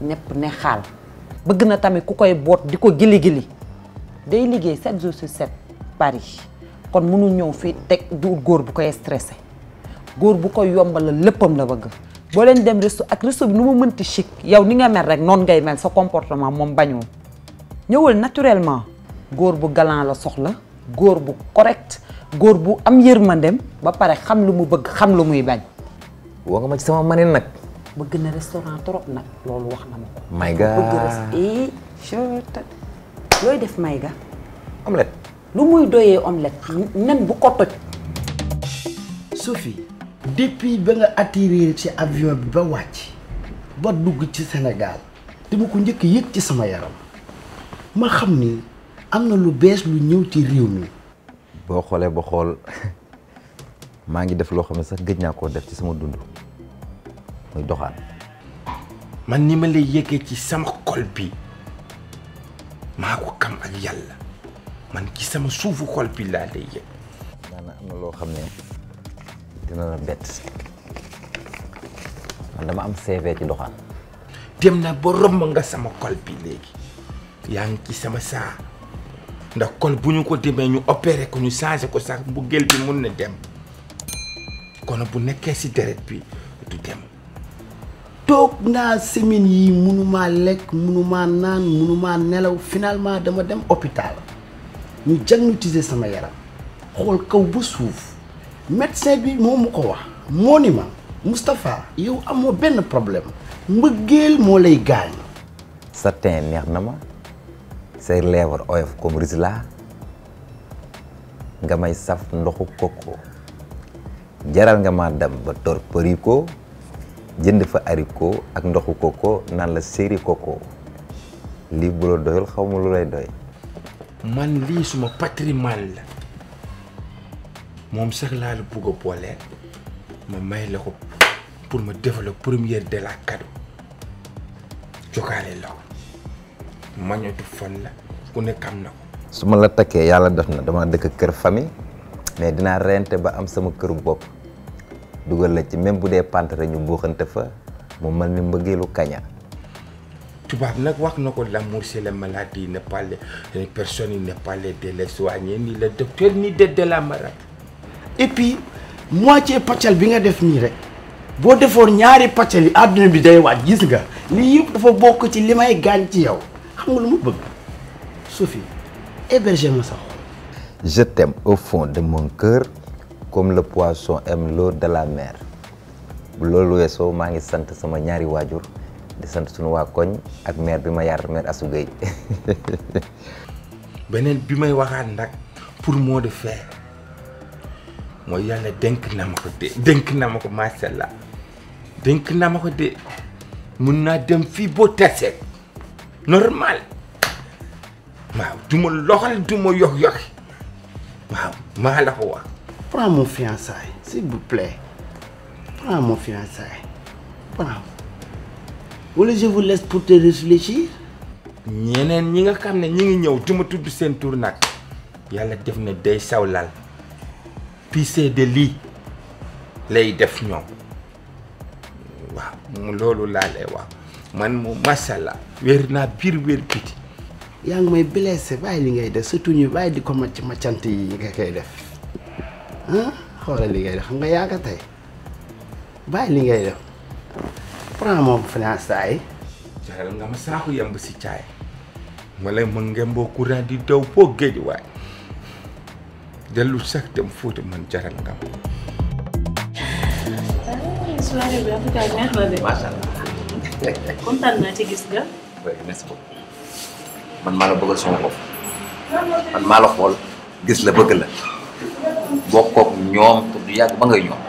B: nepp ne xaal bëgg na tamit ku koy boot di ko gili-gili day liggéey 7 jours sur 7 Paris kon mënul ñëw fii teg du góor bu koy stressé góor bu koy yombalal léppam la bëgg boo leen dem resto ak resto bi nu mu mënti chic yow ni nga mel rek noonu ngay mel sa comportement moom bañoo ñëwal naturellement góor bu galant la soxla góor bu correct góor bu am yërmandem ba pare xam lu mu bëgg xam lu muy bañ. woo nga ma ci sama manin nag. bëgg na restaurant trop nag loolu wax na ma ko.
C: Maïga bëgg
B: eh, looy def Maïga. omelette. lu muy doyee omelette nen bu ko toj.
A: Sophie depuis ba nga atterrir ci avion bi ba wàcc ba dugg ci Sénégal dama ko njëkk yëg ci sama yaram ma xam ni. am na lu bees lu ñëw ci réew mi. boo xoolee ba xool
C: maa ngi def loo xam ne sax gëj naa koo def ci sama dund muy doxaan.
A: man ni ma lay yëgee ci sama xol bi maa ko kam ak yàlla man ci sama suufu xol bi laa lay yëg. am na loo xam ne dina la dama am CV ci doxaan. dem na ba romb nga sama xol bi léegi yaa ngi ci sama saa ndax kon bu ñu ko demee ñu opéré ko ñu changé ko sax mbëggeel bi mun na dem kon bu nekkee si deret bi du dem toog naa semaine yi munumaa lekk munumaa naan munumaa nelaw finalement dama dem hôpital ñu diagnostiqué sama yaram xool kaw ba suuf médecin bi moo ma ko wax moo ni ma Moustapha yow amoo benn problème mbëggeel moo lay gaañ
C: sa teen neex na ma say lèvre oyof comme risla nga may saf ndoxu koko jaral nga ma dem ba tor ko jënd fa ariko ak ndoxu koko naan la séeri koko lii bu la doyul xaw ma lu lay doy
A: man lii suma patrimoine la moom sax laa la bugg a booleel ma may la ko pour ma développer première de la jokaale la ko mañatu fan la ku ne am na ko.
C: su ma la takkee yàlla def na dama dëkk kër famille mais dinaa rente ba am sama këru bopp dugal la ci même bu dee pantere ñu buuxante fa mu mel ni mbëggeelu kaña.
A: tubaab nag wax na ko l'amour c'est la maladie ne parle personne ne parle de les soigner ni le docteur ni de de la malade. et puis moitié paccal bi nga def nii rek boo defoon ñaari paccal yi àdduna bi day waaj gis nga lii yëpp dafa bokk ci li may gaañ ci yow. xam nga lu mu bëgg Sophie héberger ma sa xol
C: je au fond de mon cœur comme le poisson aime l'eau de la mer bu loolu weesoo maa ngi sant sama ñaari waajur di sant suñu waa koñ ak mère bi ma yar mère Assou Gueye
A: beneen bi may waxaat nag pour mot de fer mooy yàlla dénk na ma ko de dénk na ma ko de mun naa dem fii boo teseet normal waaw du ma loxal du ma yox yoxi waaw maa la ko wax. prends mon fiançailles s'il vous plaît prends mon fiançailles prends wala je vous laisse pour te réfléchir. ñeneen ñi nga xam ne ñi ngi ñëw du tudd seen tur nag yàlla def na day sawlal pisser de lii lay def ñoom waaw mu loolu laa lay wax. man moom macha allah wér naa biir wér biti yaa ngi may blessé bàyyi li ngay def surtout ñu bàyyi di ko macc maccant yi nga koy def ah li ngay def xam nga yaa nga tey li ngay def prend moom finance yi jaral nga ma saaku yemb si caay wala ma ngemboo courant di daw boo géej waay dellu sax dem fóote man jaral nga ma.
E: kontaan naa ci gis nga.
C: man maa la bëggal sama man maa la xool gis la bëgg la bokkook ñoom te du yàgg ba ngay ñoom.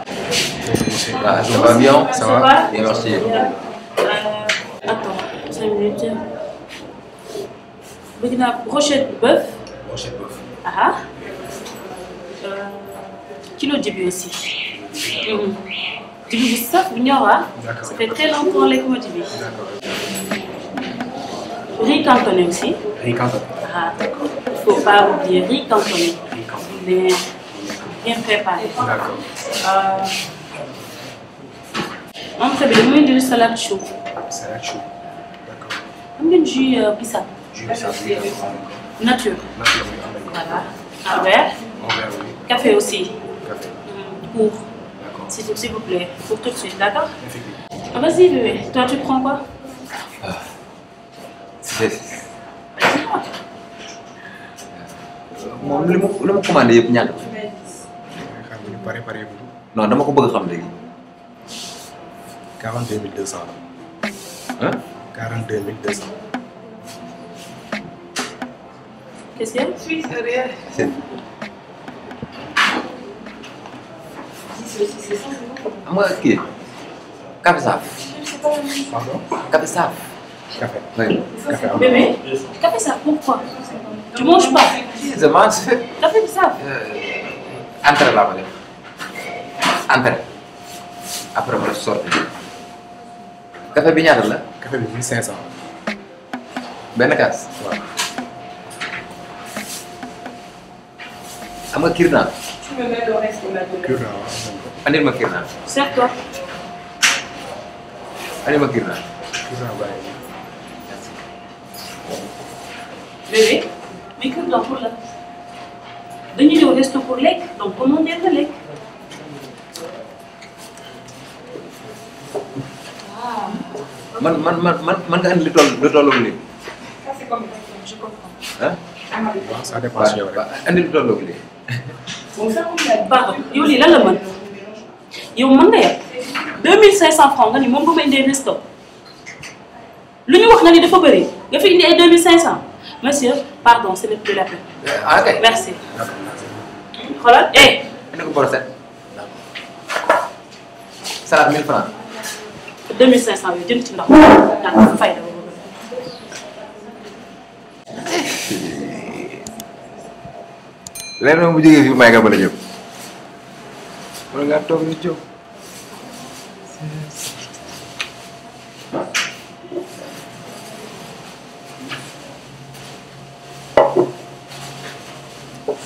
C: waaw ça va bien ça va bien merci.
E: Euh, attends cinq minutes bëgg naa brochette bœuf. Euh, kilo dibi aussi. Mhm. di lu saf bu ñor ah. ça fait très longtemps aussi. il ah, faut pas oublier riz cantonné. mais bien préparé. d'accord. Euh... entrée bi dama indil salade chou. salade chou d'accord. am ngeen jus bissap. nature. nature voilà. aussi. s'il vous plaît, pour tout suite, d'accord ah, Vas-y, bébé. Toi, tu prends quoi euh,
A: C'est.
C: moom li mu li ma commandé yëpp ñaata. pare pare non dama ko bëgg xam léegi. quarante deux mille deux cent
A: la. ah. quarante deux mille deux cent.
E: qu'est-ce xam
C: nga kii café saaf. pardon saaf. café am bébé
E: café saaf pourquoi. tu manges pas.
C: je mange. Euh, ma sorti café bi ñaata la. café bi 1500. benn kaas. am nga kirnaa.
A: andil ma kirnaan. seet ko. andil ma kirnaan.
E: bébé. mais kër dox pour la. dañu man man man man man nga andi li toll lu tolloog lii. ça c'est comme je comprends. Eh? ah.
C: ça dépend yow rek. andi li tolloog
E: yow mën nga yem 2500 francs nga ni moom bu may indee resto lu ñu wax nga ni dafa bëri nga fi indi ay 2500 monsieur pardon c'est le plus la peine.
C: Ah, ok merci. xoolal eh. indi ko borset. salade 1000 francs.
E: 2500 yooyu jënd ci ndox mi daanaka fay la.
C: léegi nag mu jógee fii may nga ba la
A: wala nga toog ñu jóg.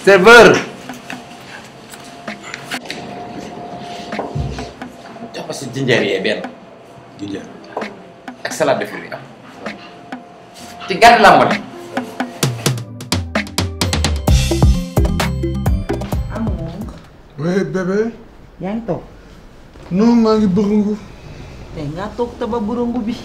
A: serveur. jox ko si jinjeer yee benn. jinjeer ak salade de fruits am. ci gàtt laa mën. oui bébé.
B: yaa ngi toog. non maa ngi bërëngu. tey ngaa toog te ba bërëngu bi.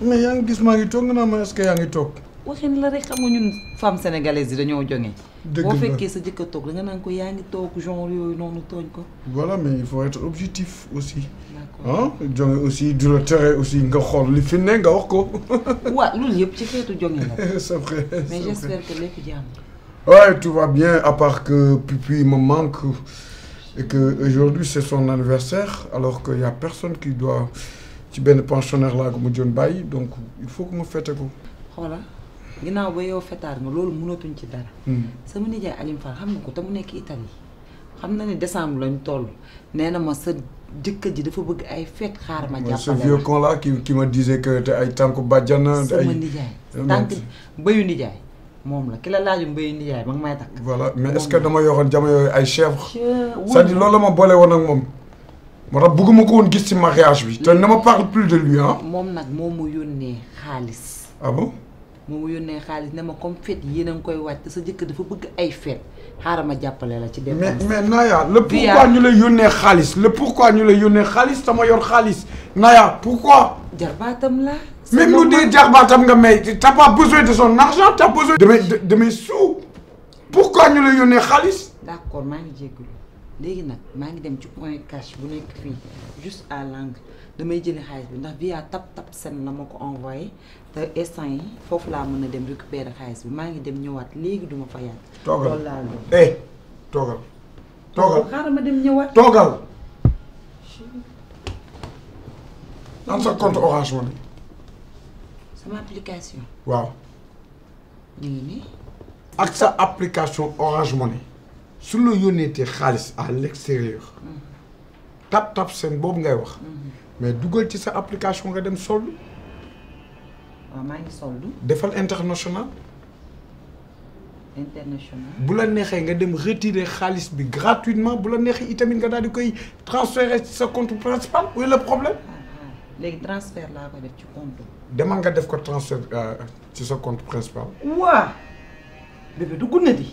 A: mais yaa ngi gis maa ngi toog nga naa ma est yaa ngi toog.
B: waxin la rek xam nga ñun femme sénégalaise yi dañoo
A: joŋee. dëgg boo fekkee
B: sa jëkkër toog danga naan ko yaa ngi toog genre yooyu noonu tooñ ko.
A: voilà mais il faut être objectif aussi. d'accord ah aussi du la tere aussi nga xool li fi ne nga wax ko.
B: waaw loolu yëpp ci xeetu
A: joŋe la. c'est vrai mais j'espère que lépp jàmm. waaye tout va bien à part que Pipi me manque. et qu'aujourd'hui c'est son anniversaire alors qu'il n'y personne qui doit ci benn pensionnaire laa ko mu joon bàyyi donc il faut que mu fête ko.
B: xoola ginnaaw ba yow fetaar nga loolu mënatuñ ci dara. Hmm. sama nijaay Alioune Fall xam na ko te mu nekk Italie xam na ne décembre lañ toll nee na ma sa jëkkër ji dafa bëgg ay fête xaar ma. jàppale ce vieux con
A: là qui qui me disait que te ay tànku bàjjan. ay sama nijaay tànk bëyu nijaay. moom la
B: ki la laaju mbéy mi yaay
A: ma ngi may takk. voilà mais est dama yoroon jamono yooyu ay chèvre. cest à loolu la ma boole woon ak moom. moo tax bëgguma ko woon gis ci mariage bi. te na ma parle plus de lui ah.
B: moom nag moom mu yónnee xaalis. ah bon. moo mu yónnee xaalis ne ma comme fête yéen a koy wàcc te sa jëkkër dafa bëgg ay fête xaaral ma jàppale la ci. dem mais
A: mais Naya le pourquoi ñu la yónnee xaalis le pourquoi ñu la yónnee xaalis sama yor xaalis Naya même lu dee jarbaatam nga may t'as pas besoin de son argent t'as besoin de mes de mes pour pourquoi ñu la yónnee xaalis.
B: d'accord maa ngi jégalu léegi nag maa ngi dem ci point cash bu nekk fii juste à l'angle damay jële xaalis bi ndax via tap tap sen la ma ko envoyé te instant yi foofu laa mën a dem récupérer xaalis bi maa ngi dem ñëwaat léegi duma fa yàgg.
A: toogal loolu laa doon eh toogal. toogal xaaral ma dem ñëwaat toogal.
B: sama application.
A: waaw. ñu ngi ak sa application Orange Money su la yónneetee xaalis à l'extérieur. Mm-hmm. tap tap seen boobu ngay wax. Mm-hmm. mais dugal ci sa application nga dem soldu. waaw maa defal international. international. bu la neexee nga dem retirer xaalis bi gratuitement bu la neexee itamit nga daal di koy transférer ci sa compte principal où problème. Ah,
B: léegi transfert laa ko def
A: ci demal nga def ko transfert euh, ci sa compte principal. waa bébé du gunna di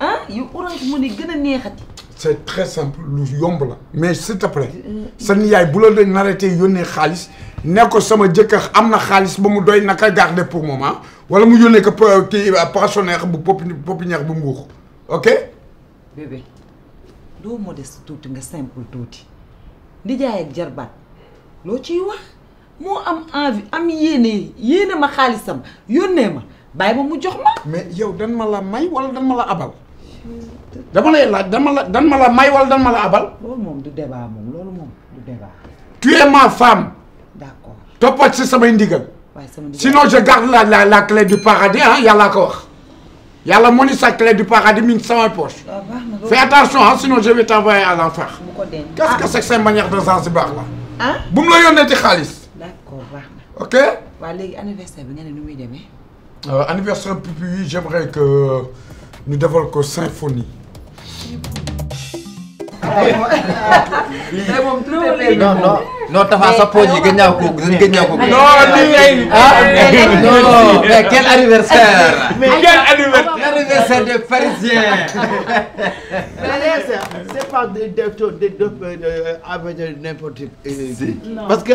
B: ah yu orange mu ne gën a neexati.
A: c'est très simple lu yomb la. mais s'il te plaît. Euh, euh. sa nijaay bu la doon naree yónnee xaalis ne ko sama jëkkër am na xaalis ba mu doy naka garder pour moment wala mu yónnee ko kii pensionnaire bu pépinière bu mbuux ok.
B: bébé doo modeste tuuti nga simple tuuti. nijaay ak jarbaat loo ciy wax moo
A: am envie am yéene yéene ma xaalisam yónnee ma bàyyi ma mu jox ma. mais yow dan ma la may wala dan ma la abal. dama lay laaj dan ma la dan ma la may wala dan ma la abal. loolu moom du débat moom loolu
B: moom du débat.
A: tu es ma femme. d'accord toppatoo ci samay ndigal. waaye sama ndigal sinon je garde la la la clé du paradis ah yàllaa ko wax. yàlla moo ni sa clé du paradis mi ngi sama poche.
B: Ah, fais attention ah sinon
A: je vais t'envoyer à l'enfer. bu
B: ko denc ah qu'est-ce que ah.
A: c'est que seen manière de Zanzibar là. ah la yónnee ci xaalis. ok. léegi
B: anniversaire bi nga ne nu muy
A: euh, j'aimerais que ñu defal ko symphonie. tey
C: moom tout est permis non gën ñaaw ko gën ñaaw ko. non lii lay. ah non mais quel anniversaire. mais quel
A: anniversaire. l'anniversaire des de de de avec n'importe qui. parce que.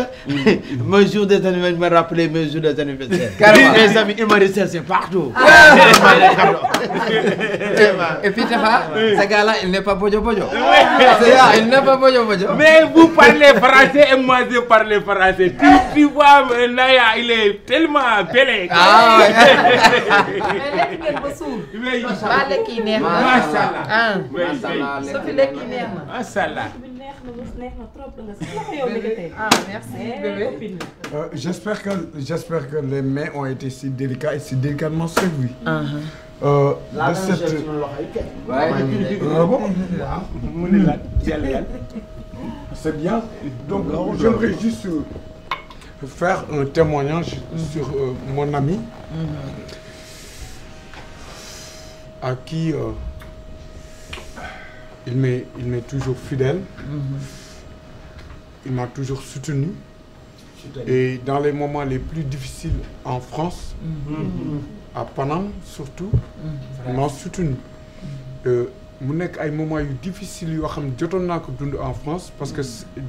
A: mes jours des anniversaires me rappelé mes jours des anniversaires. carrément mes amis humoristes c'est partout. et puis bojo bojo. il n'a pas mojo mojo. mais vous parlez français et moi je parle français. tu tu vois Naya il est tellement belle. ah
B: mais lekk yi neex na. macha allah macha allah. su ah. fi lekk yi neex na. macha allah.
E: neex na neex na trop da nga si loxo ah, yow mi tey. ah merci eh, bébé.
A: Euh, j'espère que j'espère que les mains ont été si délicates et si délicatement servies. Ah, ah. Euh, de cette ah bon mu ne la c'est bien donc j'aimerais juste euh, faire un témoignage mm. sur mon ami mm-hmm. à qui il m'est il m'est toujours fidèle. Mm-hmm. il m'a toujours soutenu. et dans les moments les plus difficiles en France. Mm-hmm. à Paname surtout. Mm-hmm. il m'a soutenu. Euh, mu nekk ay moments yu difficile yoo xam jotoon naa ko dund en France parce que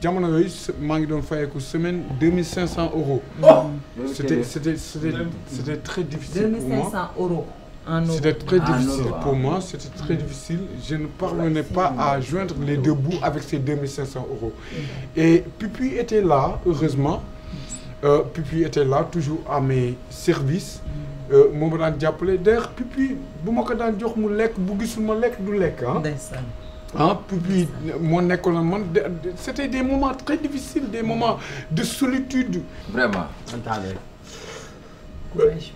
A: jamono yooyu maa ngi doon fayeeku semaine deux mille cent euros. Oh! c'était c'était c'était c'était très difficile pour euros. en Europe C'était très difficile pour moi, c'était très difficile. Je ne parvenais pas à joindre les deux bouts avec ces 2500 euros. Et Pupi était là, heureusement. Euh, Pupi était là, toujours à mes services. Euh, moom ma daan jàppale d'ailleurs Pupi bu ma ko daan jox mu lekk bu gisul ma lekk du lekk ah. ah Pupi moo nekkoon man c'était des moments très difficiles des moments de solitude. vraiment. courage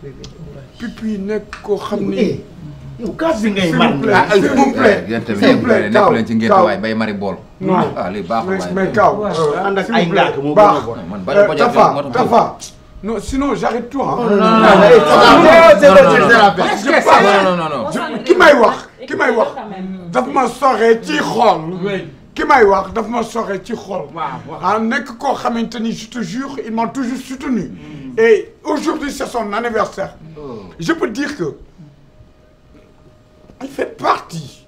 A: pipi nekk koo xam ni. yow kaas bi ngay man ah s'il vous plaît s'il vous plaît nekk leen ci ngeen waay mari bool. ah lii baaxul waay mais kaw ànd ak ay ngaak moo gën a man bari ko Tafa Tafa. non sinon j'arrête tout ah. non non non ki may wax ki may wax daf ma soxee ci xool. ki may wax daf ma soxee ci xool. waaw nekk koo xamante ni je te jure il m'a toujours soutenu. Et aujourd'hui, c'est son anniversaire. Oh. Je peux dire que il fait partie. ci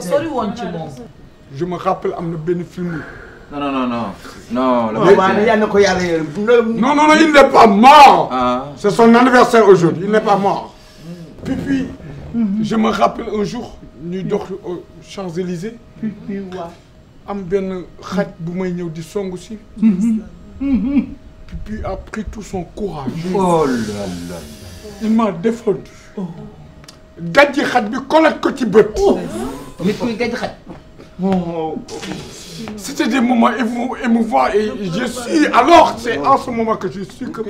B: moom.
A: je me rappelle am na benn film.
C: non non non non. non
A: ko yàlla yërëm. non non non il n'est pas mort. Ah. c'est son anniversaire aujourd'hui il n'est pas mort. Mm. Mm-hmm. je me rappelle un jour ñuy dox mm-hmm. Champs-Élysées mm-hmm. am benn xaj bu may ñëw di songu si puis a pris tout son courage oh il m'a défendu gàjji xaj bi kolat ko ci bët oh. C'était des moments émou émouvants et je suis alors c'est en ce moment que je suis que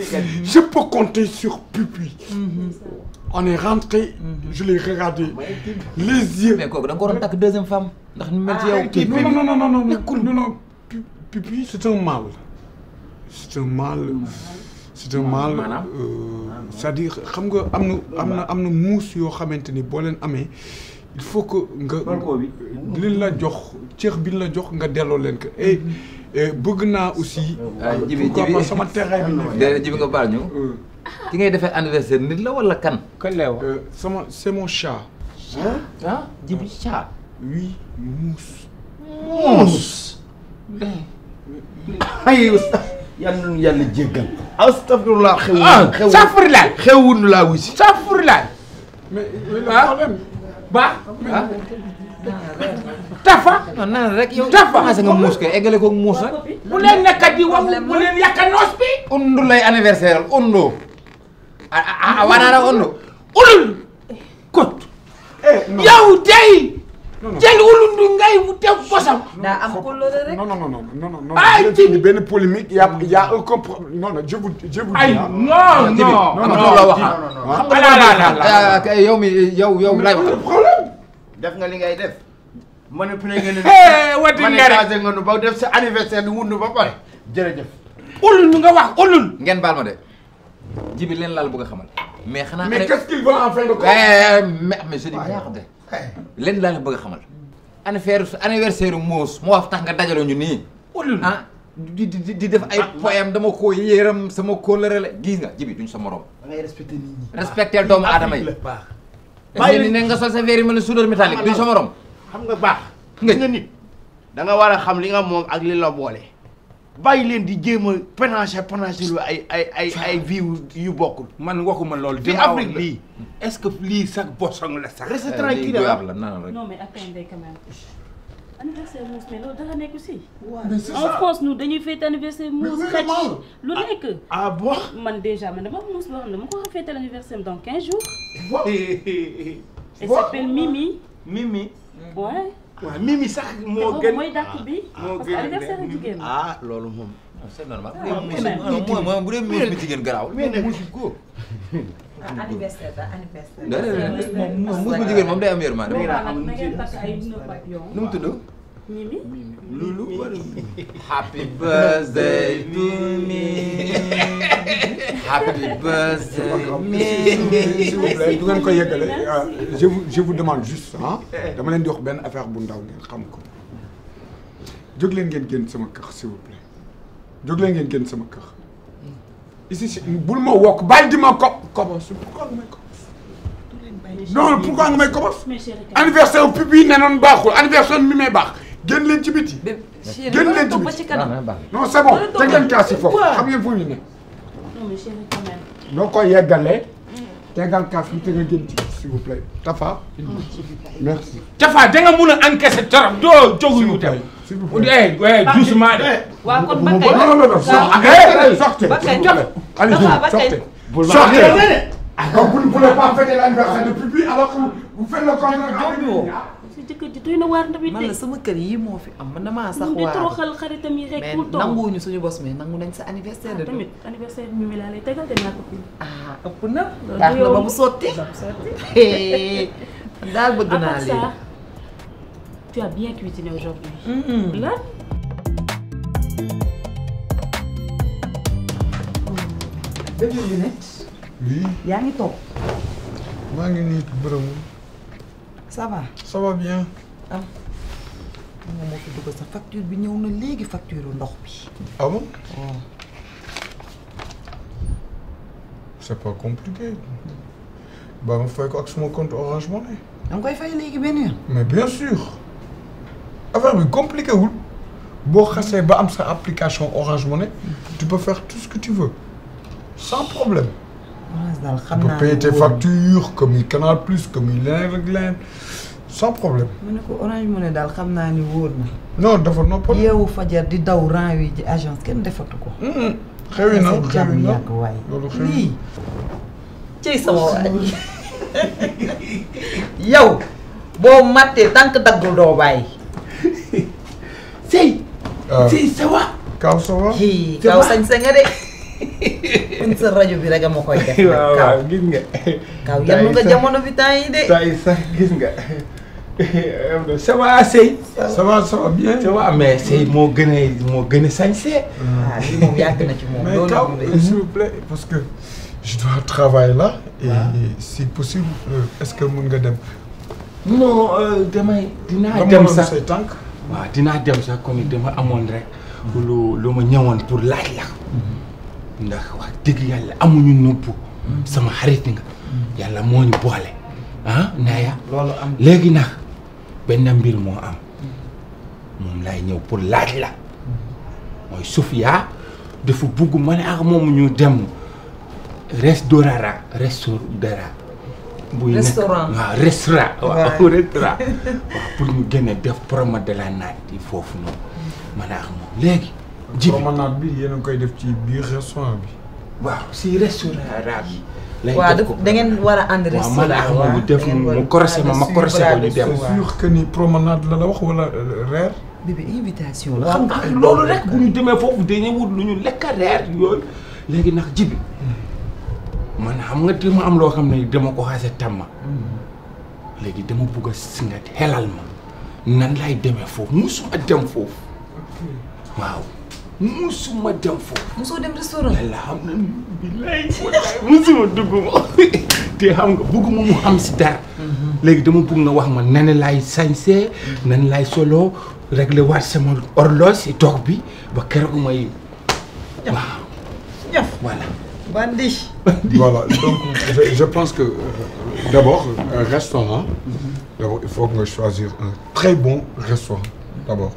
A: je peux compter sur Pupi. Mm-hmm. on est rentré. Mm-hmm. je l'ai regardé les yeux. mais kooku da nga ko waroon takk deuxième ndax ñu mel ci yow. Ah, non non non non non non non Pupi c'est un mâle. c'est un mâle. Mm-hmm. c'est un mâle euh, ah, cest xam nga am na am na am na muus yoo xamante ni boo leen amee. il faut nga. liñ la jox ceex biñ la jox nga delloo leen ko. et bëgg naa aussi. jibi ah, jibi sama terrain bi ñu jibi nga baal ñu. Euh. ki ngay defee anniversaire nit la wala kan. kan lay euh, sama c'est mon chat. ah jibi chat. oui muus. muus. ay yàlla na yàlla jéggal. Ah, astafurlah xew. ah laa wuy si. saafara baax tafa. naan rek yow tafa commencé nga muus kay eggale ko muus rek. bu leen nekkat di wax bu leen yàkka noos bi. undu lay undu. ah ah undu. ulul kot. Eh, yow tey. jël ulundu ngay teg bosam. daa am kóllëre
B: rek non non non non non non. ay
A: Tibi benn polémique y' a y' a un compro non non je vous je vous. ay ah, non non Tibi am na loo wax ah. xam ah, ah, yow mi yow yow lay wax. problème. def nga li ngay def. manipulé nga ne. wati nga rek manipulé nga nu ba def sa anniversaire di wundu ba pare jërëjëf. ulundu nga wax ulundu. ngeen baal ma de. Jibi leen laal bëgg a xamal. mais xanaa mais qu'est-ce qu'il veut en fin de compte. Eh, eh, eh, mais mais je dis yaa xam de.
C: lenn laa la bëgg xamal. anniversaire anniversaire Mouss moo tax nga dajaloo ñu nii. Oh ah di di def ay poème dama ko yéeram sama kóllëre la gis nga jibi duñ sa morom. da ngay respecté nit ñi. respecté doomu aadama yi baax. ne nga
A: sol sa verre ma ni soudeur métallique duñ sa morom. xam nga baax. nga nit da nga war a xam li nga moom ak li la boole. bàyyi leen di jéem a pénancé pénancé lu ay ay ay ay vie yu bokkul. man waxuma loolu. fi Afrique lii est-ce que lii sax bosong la sa reste eh, tranquille la non la
E: attendez quand même. anniversaire Mouss mais loolu dara nekk aussi. en France nous dañuy fête anniversaire Mouss. lu ah, nekk. ah bon man déjà man dama Mouss boo xam ne ma ko fête anniversaire dans 15 jours.
A: elle s'appelle Mimi. Mimi. ouais. waaw mimi sax moo gën mooy dàq bi. Ah, moo
C: gën anniversaire jigéen ah loolu moom. c'est normal ah, bu dee mimi bi jigéen garaaw.
A: ah
B: anniversaire la anniversaire. moom moom jigéen
A: moom day am yërmande. nu mu tudd.
E: Mimi Loulou wala
A: Mimi. happy birthday Mimi happy birthday Mimi. s'il vous plaît du ngeen koy yeggale ah, je vous je vous demande juste ah dama leen di wax benn affaire bu ndaw ngeen xam ko jóg leen ngeen génn sama kër s'il vous plaît jóg leen ngeen génn sama kër. ici si bul ma wokk bàyyi di ma ko kobos pourquoi nga may kobos. non pourquoi nga may kobos. anniversaire pipi yi ne noonu baaxul anniversaire mi may baax. génn leen ci biti. génn leen ci biti non c'est bon te ngeen kaas yi foofu xam ngeen fu ñu ne. noo mm. te nga génn ci biti s'il vous plaît Tafa. Mm. merci. Tafa da nga mun a encaisser torop doo joguñu dem. s'il vous plaît eh, eh, doucement de. Eh, waaw kon Bakay non non non sortez Bakay allez sortez. sortez ah, donc vous ne
B: voulez
E: jëkkër ji na waar man la sama
B: kër yi moo fi am man damaa sax waaru di toroxal xaritam suñu bos mais nangu nañ sa anniversaire ah, de tamit
E: anniversaire mi mi laa lay tegal dañ laa ko fii ah ëpp na daax na mu sotti daal bëgg naa lii tu as
D: mm-hmm. yaa ngi toog maa ngi nii bërëmu
B: ça va. ça va bien. am ah na moo fi dugal facture bi ñëw
A: na léegi facture ndox bi. ah bon. Oh. c'est pas compliqué. ba ma fay ko ak suma compte Orange Money. da nga koy fay léegi benn mais bien sûr affaire bi compliqué wul boo xasee ba am sa application Orange Money. tu peux faire tout ce que tu veux sans problème. daal xam naa payer tes factures que muy Canal problème. daal xam naa ni wóor na. non dafa noppal yeewu
B: fajar di daw rang wi ji agence kenn defatu ko. Hmm, hmm. xewi na xewi na loolu xewi tànk daggul doo bàyyi. sëy.
A: Euh. sëy ça va. Kaaw ça va. kii Kaaw
B: nga de. sa rajo bi rek ma koy def. waaw waaw
A: gis nga. kaw yanu nga jamono
B: bi temps yi de. temps
A: yi sax gis nga. ça va sëy. ça va ça va bien. ça va mais sëy moo gën a moo gën a sañse. waaw lii moom yàgg na ci moom. loolu la mais s'il vous plaît parce que je dois travailler là. et si possible euh, est-ce que mën nga dem. non damay. dinaa dem sax say tànk. waaw dinaa dem sax comme dama amoon rek. lu lu ma ñëwoon pour laaj la. Mhm. ndax wax dëgg yàlla amuñu nubb sama xarit nga yàlla moo ñu boole ah am léegi nag benn mbir moo am moom laay ñëw pour laaj la mooy Sofia dafa bugg ma ne ak moom ñu dem restaurara restaurara buy restaurant restaurant waaw pour ñu gën def promenade de la natte foofu noonu ma ne ak moom léegi ji bi promenade bi yéen a koy def ci biir restaurant bi. waaw si restaurant arabe yi. lay def ko da war a ànd restaurant waaw man ah, def mu corrosé ma
B: ma corrosé ko ñu dem.
A: c'est la la wax wala euh, reer. bébé xam nga loolu ñu demee foofu dañuy wut lu ñu lekk reer léegi nag ji bi hmm. na xam nga dama am loo xam ne dama ko xaase tam ma
D: hmm.
A: léegi dama bugg a si nga xelal ma nan lay demee foofu musuma dem foofu waaw. musuma dem foofu.
B: musoo dem restaurant. alhamdulilah
A: musuma dugg ma te xam nga bugguma mu xam si dara. Mhm. léegi dama bugg nga wax ma nan laay sañsee nan laay solo réglé waat sama orloge si toog bi ba keroog may. waaw jëf voilà. bandi. je, pense que euh, d'abord un restaurant mhm. d'abord.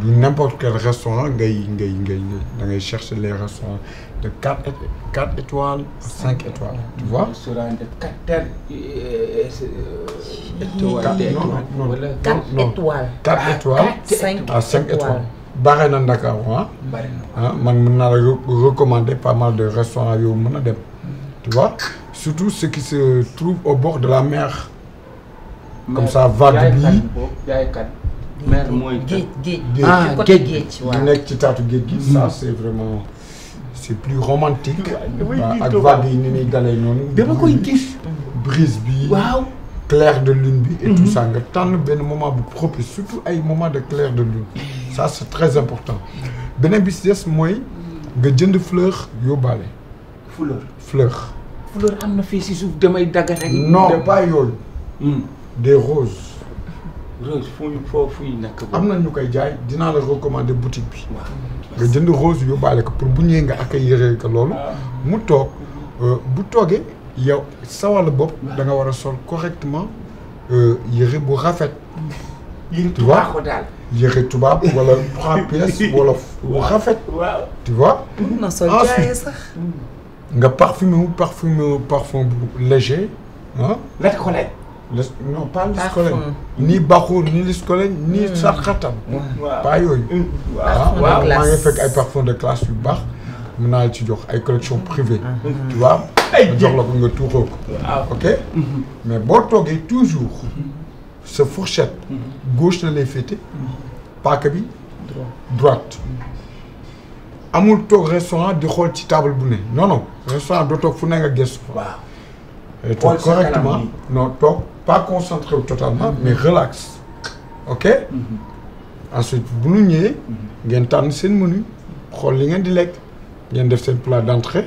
A: du n'importe quel restaurant ngay ngay ngay da ngay chercher les restaurants de quatre quatre étoiles cinq étoiles tu vois. restaurant de quatre euh, étoiles. non non non quatre ah, étoiles à cinq étoiles. bare na Ndakaaru ah. ah man mën naa la recommander pas mal de restaurants yow mën a dem. Hmm. tu vois surtout ceux qui se trouvent au bord de la mer.
D: comme ça vague bi
A: mer mooy. géej géej ah géej nekk ci taatu géej gi. ça c' est vraiment c' est plus romantique. ak vagues yi ni muy dalee noonu. dama koy gis. brise bi waaw. de lune bi. et tout mhm. ça nga tànn benn moment bu propice surtout ay moment de clair de lune. ça c' très important beneen bi si des mooy nga jënd fleur yóbbaale. fleur fleur. am na fii si suuf damay dagg rek. non pas yooyu. Hmm. des roses. rose fu ñu foofu ñu nekk. am na ñu koy jaay dinaa la recommander boutique bi. nga jënd rose yóbbaale ko pour bu ñëwee nga accueillir ko loolu. Ah. mu toog euh, bu toogee yow sa bopp da war a sol correctement euh, yëre bu rafet. yëre tubaab ko daal yëre tubaab bu rafet. waaw tu vois. mun na sol jaayee sax. Hmm. nga parfumé wu parfumé bu léger ah. les non pas lis koleñ. ni baxuur ni lis ni hmm. sarxatan. Ah, waaw yooyu. waaw waaw maa ngi fekk ay parfum de classe yu baax. mën naa la ci jox ay collection privée. Hmm. Hmm. tu mais boo toogee toujours sa fourchette. gauche la lay féete. paaka bi. droite. amul toog restaurant di xool ci taabal bu ne non non restaurant doo toog fu ne nga gëstu. Eh, toog correctement non toog. pas concentré totalement mm-hmm. mais relax ok. Mm-hmm. ensuite bu ñu ñëwee. Mm-hmm. ngeen tànn seen menu xool li ngeen di lekk ngeen def seen plat d'entrée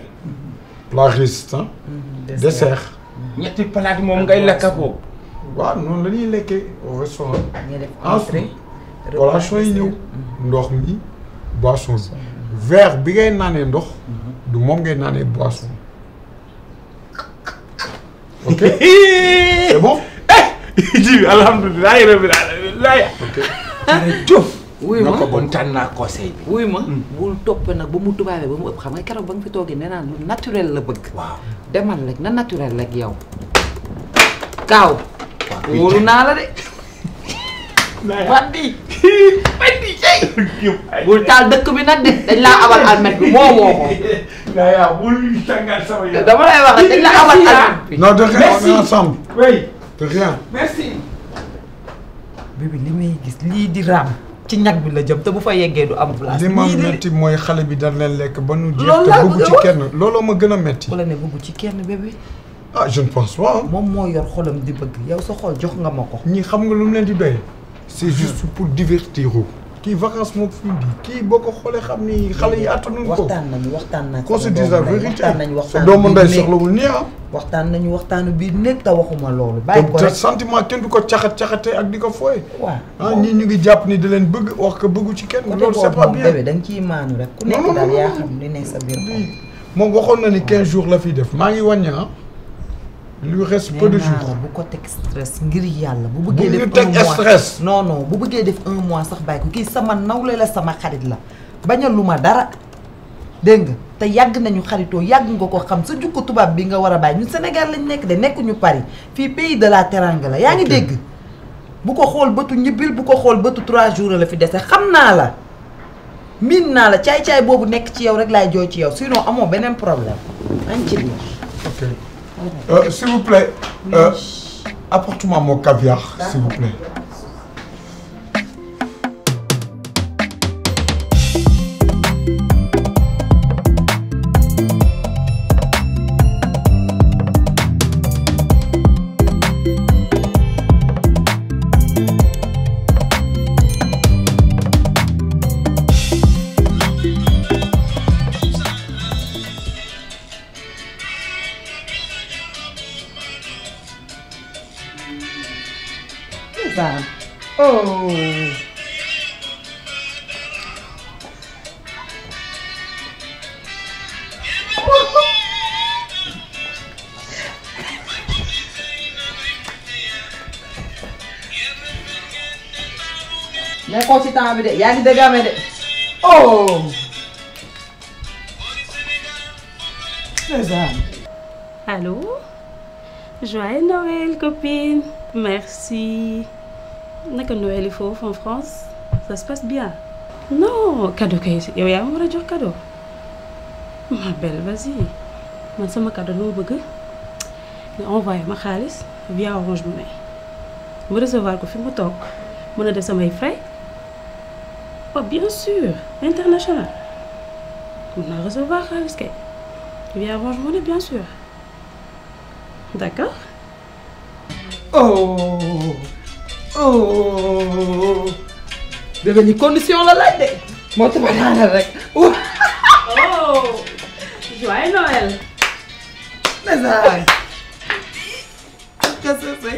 A: plat résistant. dessert ñetti palaat moom ngay lekk ko. waaw noonu la ñuy lekkee au restaurant. ensuite collation yi ñëw. ndox mi boisson bi. verre bi ngay naanee ndox. du moom ngay naanee boisson. ok ji alhamdulilah rabbil alamin jëf wuy ma ko
B: wuy ma mm. bul topp nag ba mu tubaabee ba mu ëpp xam nga keroog ba nga fi toogee nee naa naturel la bëgg demal rek na naturel rek yow kaaw wóolu naa la de
A: bandi bandi cey bul taal dëkk bi nag de dañ laa abal almet bi moo moo dama lay wax dañ la abal almet bi non de rien. merci.
B: bébé li may gis lii di raam ci ñag bi la jëm te bu fa yeggee du am place. li ma metti
A: mooy xale bi dañ leen lekk ba nu. jeex te bëggu ci kenn looloo ma gën a metti. ku ne bëggu ci kenn bébé. ah je ne pense pas. moom moo yor xolam di bëgg yow sa xol jox nga ma ko. ñii xam nga lu mu leen di doy. c'est juste pour divertir kii vacances moo ko fi kii boo ko xoolee xam ni xale yi attanuñ ko waxtaan nañu waxtaan nañu. qu'on se dise la vérité sa doomu ndey soxlawul nii ah. waxtaan nañu waxtaanu biir nekk te waxuma loolu. bàyyi ko rek sentiment kenn du ko caxat caxatee ak di ko fooye. waaw ah, ñii ñu ngi jàpp ni di leen bëgg wax ko bëggu ci kenn. loolu c'est pas bien da nga ciy maanu rek. ku nekk daal yaa xam li nekk sa biir moom waxoon na ni 15 jours la fiy def maa ngi wàññi ah. lu reste peu de jours bu ko teg
B: stress ngir yàlla bu bëggee def un stress non non bu bëggee def un mois sax bàyyi ko kii sama nawle la sama xarit la baña lu ma dara dégg te yàgg nañu xaritoo yàgg nga ko xam sa jukko tubaab bi nga war a bàyyi ñun Sénégal lañu nekk de nekkuñu Paris fii pays de la Teranga la yaa ngi dégg bu ko xool bëtu ñibbil bu ko xool bëtu trois jours la fi dese xam naa la miin naa la caay-caay boobu nekk ci yow rek laay jooy ci yow sinon amoo beneen problème
A: añ Euh, s'il vous plaît euh, apporte-moi mon caviar s'il vous plaît
B: yaa ngi dégame
E: de oh. Noël copine. merci. naka Noël yi foofu en France ça se passe bien. non cadeau kay yow yaa ma war a jox cadeau. ma belle vas man sama cadeau dama bëgg nga envoyé ma xaalis via Orange Money mu recevoir ko fi mu toog mën a def samay frais. waaw bien sûr international mun naa recevoir xaalis kay via Orange Money bien sûr d'accord. oh oh bébé ni condition la laaj
B: de moo tax ma daanal rek. Oh. oh joyeux Noël. ndeysaan. ak sa sëy.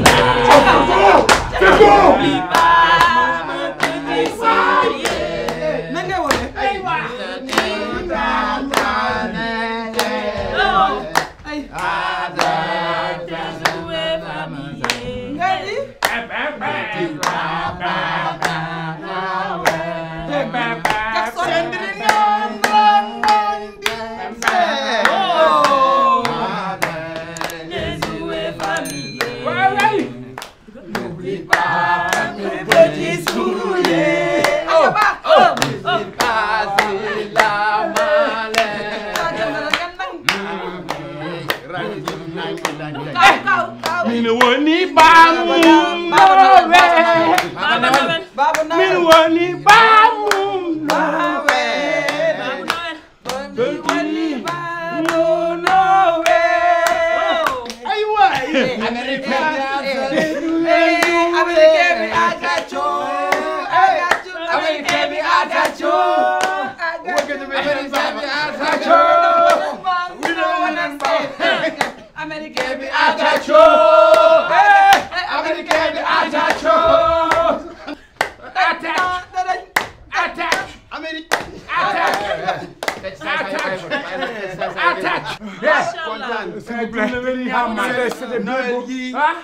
A: how much. Noël yi ah.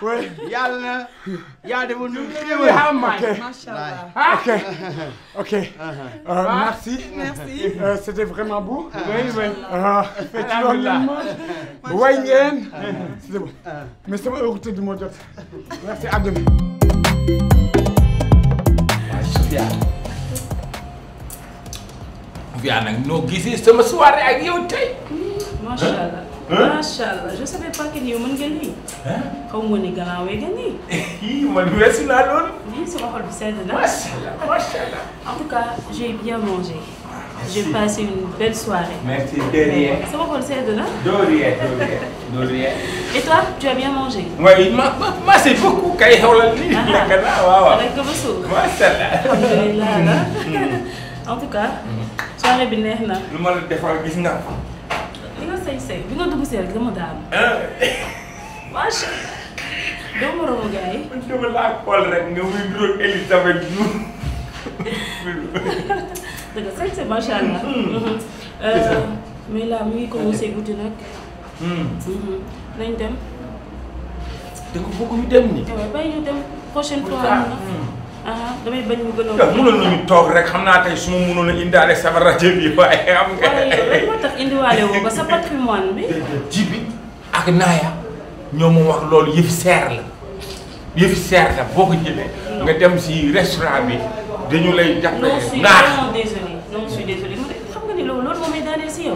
A: yàlla na yàlla defoon nu xéwal. how much. macha allah ok ok. Ah. Euh, ah. merci. merci. Euh, c'était vraiment beau. oui oui. fekk loolu la way ngeen. Euh, c'est bon mais sama heure tëdd moo jot merci à demain. Viviane nag noo gisee sama
E: soirée ak yow tey. macha allah. macha allah je savais pas que yow mën nga lii. xaw ma ni galaawee nga nii.
A: man weesu naa loolu.
E: lii sama xol bi sedd na. macha allah macha allah. en tout cas j'ai bien mangé. j'ai passé une belle soirée. merci de rien. sama xol sedd na.
A: de rien de rien de rien.
E: et toi tu as bien mangé.
A: oui ma ma merci beaucoup kay xewlal lii. Ah, naka la waaw waaw. rek ba suur. macha allah. alhamdulilah. Hmm. en tout cas. soirée bi neex na. Hmm. lu ma la defal gis nga ko. say say bi nga dugg see rek dama daanu.
E: macha allah. doo
A: moromu gars yi. man dama laa xool rek nga muy nduróog Elisabeth Diouf.
E: dëgg sañ sa macha allah. Hmm. Hmm. Euh, mais là mu ngi commencé guddi Ah, damay bañ mu gën a.
A: toog rek xam naa tey su ma mënoon a indaale sama rajo bi waaye am nga. waaye yow moo
E: tax indiwaale woo sa patrimoine bi.
A: ji ak naaya ñoo ma wax loolu yëfi seer la yëfi seer la boo ko jëlee. nga dem si restaurant bi dañu lay. jàppale naax
E: xam nga ni loolu loolu moo may daaneel si yow.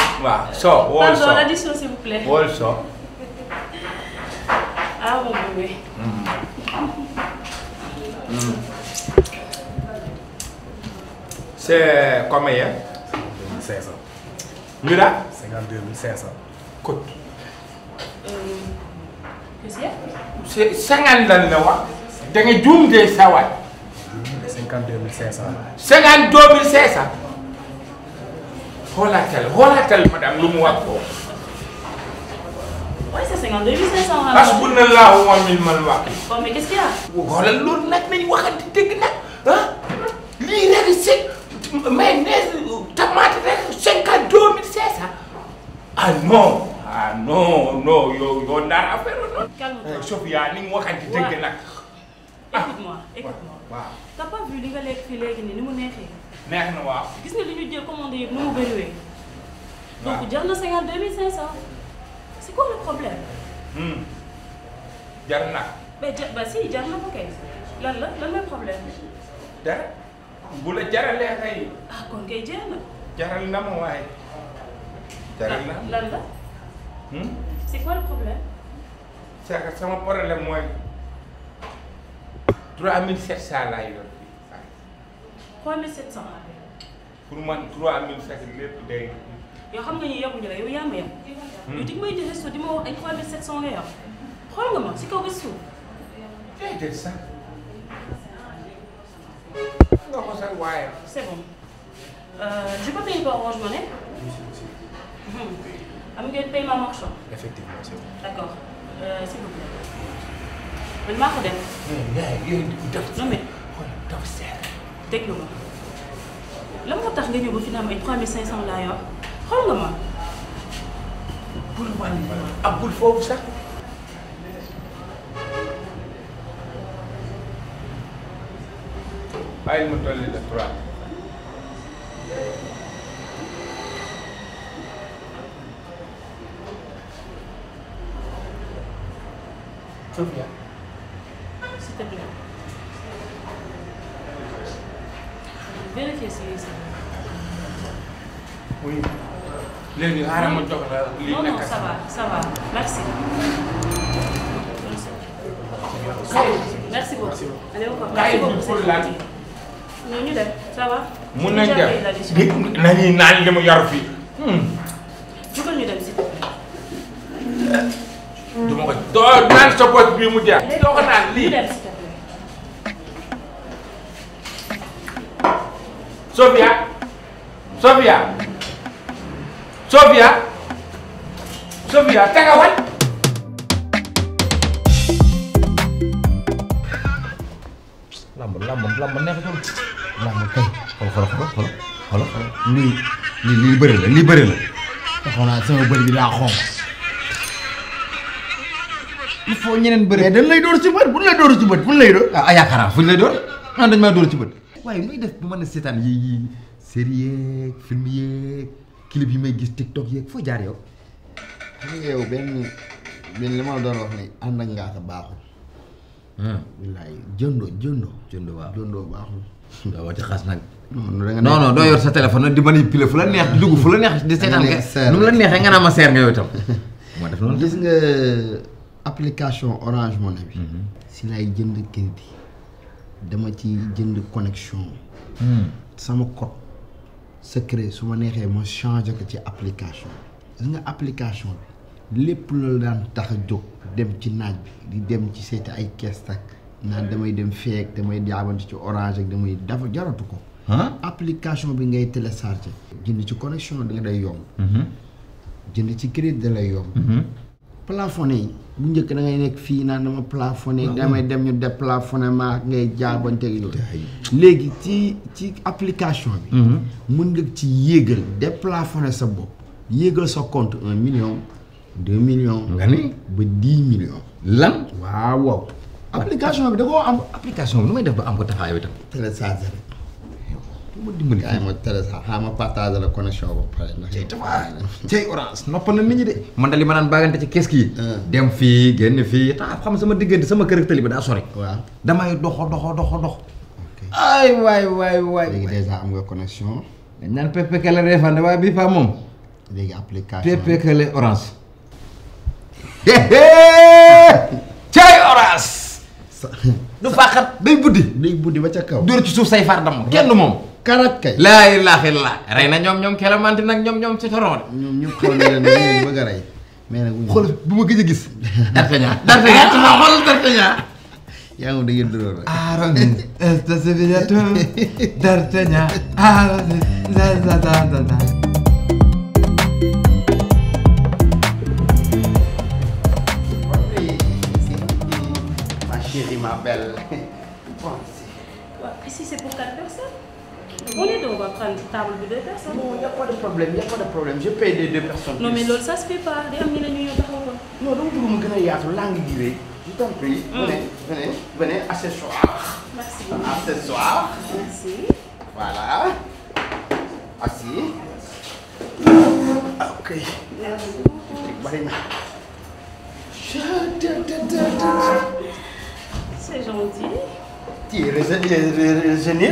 A: waaw so wool so pardon addition s'il vous plaît wool so ah mon bébé c'est combien 2500 ñu daal 52500 coûte c'est cinquante lan la wax da nga juum de sawaay 52500 xoolaatal xoolaatal madame lu mu wax ko.
E: oui c'est 52 800. hasbunallahu
A: wa ni'mal wakiil.
E: bon mais qu'est-ce qu'il y a. xoolal loolu nag nañu
A: waxante dëgg nag ah lii rek c'est mayonnaise tomate rek 52 ah non. ah non non yow yow naar affaire la ni mu waxante dëgg nag. ah écoute-moi écoute-moi. waaw
E: t'as pas vu li ni mu neexee. neex na waaw. gis nga li ñu jël commande yëpp nu mu bëriwee. waaw donc jar na cinquante deux mille cinq
A: hmm. ja
E: ba si jar na ko kay lan la lan la problème bi.
A: dara bu la jaralee kay.
E: ah kon kay jeex na.
A: jaral na ma waaye. jaral na lan la. Hmm?
E: c'est quoi le problème.
A: c'est que sama problème mooy trois mille sept cent
E: 3 700.
A: pour man 3000 fekk lépp day.
E: yoo xam nga ñu yemuñu la yow yaa ma yem. Hmm. yow di may jëlee suuf di ma wax ay 3700 nga yor xool nga ma si ko sax waaye. c'est bon je peux payer par Orange Money. Hmm. am ngeen paiement marchand. effectivement c'est bon. d'accord euh, man maa ko def. non mais yooyu dafa. non mais xool dafa déglu ma lan moo tax nga ñëw ba fi naan ay 3500 laa yor xool nga ma.
A: bul wàññi ak bul foofu sax. bàyyi mu tolli la 3. Sofia.
E: s'il te plaît. vérifier si
D: lii sax. la lii nekk. non non ça va ça va merci.
A: merci mu yor fii. jugal ñu dem si. du ma ko doo naan sa bos bii mu jeex. doo ko naan lii. Sofia Sofia Sofia Sofia taxawal.
C: lamb lamb lamb neexatul lamb xool lii
A: lii lii la lii bëri la. taxaw naa sama bëri bi daa xonq.
C: il faut ñeneen
A: bëri. dañ lay door ci bët bu ñu lay door ci bët fu ñu door. Ah, ah yaakaar fu ñu lay door
C: ah dañ maa door ci bët. waaye muy def bu a seetaan yi yi série yeeg film
A: yeeg clip yi may gis tiktok yeeg foo jaar yow. xam nga yow benn benn li ma doon wax ni ànd ak ngaa ko baaxul. Ah. wallaay jëndoo jëndoo.
C: jëndoo waaw jëndoo baaxul. waaw waaw doo yor sa téléphone nag di manipuler fu la neex di fu la neex. di seetaan nga nu mu la neexee nga naan ma seer nga yow itam. moo def noonu
A: gis nga application Orange Money bi. Mhm. si lay jënd crédit. dama ci jënd connexion. Hmm. sama code secret su ma neexee ma changé ko ci application bi. nga application bi lépp loolu daan tax a jóg dem ci naaj bi di dem ci seeti ay kees tak naan damay dem feek damay jaabante ci orange ak damay dafa jaratu ko. application bi ngay télécharger. jënd ci connexion da nga day yomb. Hmm. jënd ci crédit da lay yomb. Hmm. plafonné yi. bu njëkk da ngay nekk fii naan dama plafonné damay dem ñu déplafonné ma ak ngay jaabante ak yooyu léegi ci ci application bi mhm. mën nga ci yéegal déplafonné sa bopp yéegal sa compte un million deux million nga ni lan waaw waaw application bi da koo am application bi nu may def ba am ko taxaay bi tam ma dimbali. yaa ngi ma tere sax xaaral ma partage
C: Orange noppal na nit ñi de. man da li ma naan baagante ci kees gi. Ah. dem fii génn fii tax xam sama diggante sama kër tali bi daa sori. waaw damay doxo waay
A: waay waay. léegi dèjà am nga connexion. dañ naan PPK la
C: Refane waaye bii fa moom.
A: léegi application
C: PPK la Orange.
A: cey Orange. du faaxat day buddi. day buddi ba ca kaw. dóor ci suuf say far damm kenn moom. karaj kay. laa ilaaha illallaah rey na ñoom ñoom kelamante nag ñoom ñoom ci toron de. ñoom ñëpp xool na leen ne bëgg a rey. mais nag xool bu ma gëj a gis. D'Artagnan yaa ngi da ngeen aaron estasivillatu D'Artagnan ma belle.
E: au lieu de on va prendre table de deux personnes. non y' a
A: pas de problème y' a pas de problème je paye des deux personnes. non mais
E: loolu ça se fait pas day
A: am ñeneen ñu ñëw taxaw ko. non dama bëgg mu gën a yaatu langue gi rek. je t'en prie. Mm. venez venez venez accessoire. merci accessoire. merci. voilà. assis. Ah, ok. merci beaucoup. bari na. c'est gentil. tu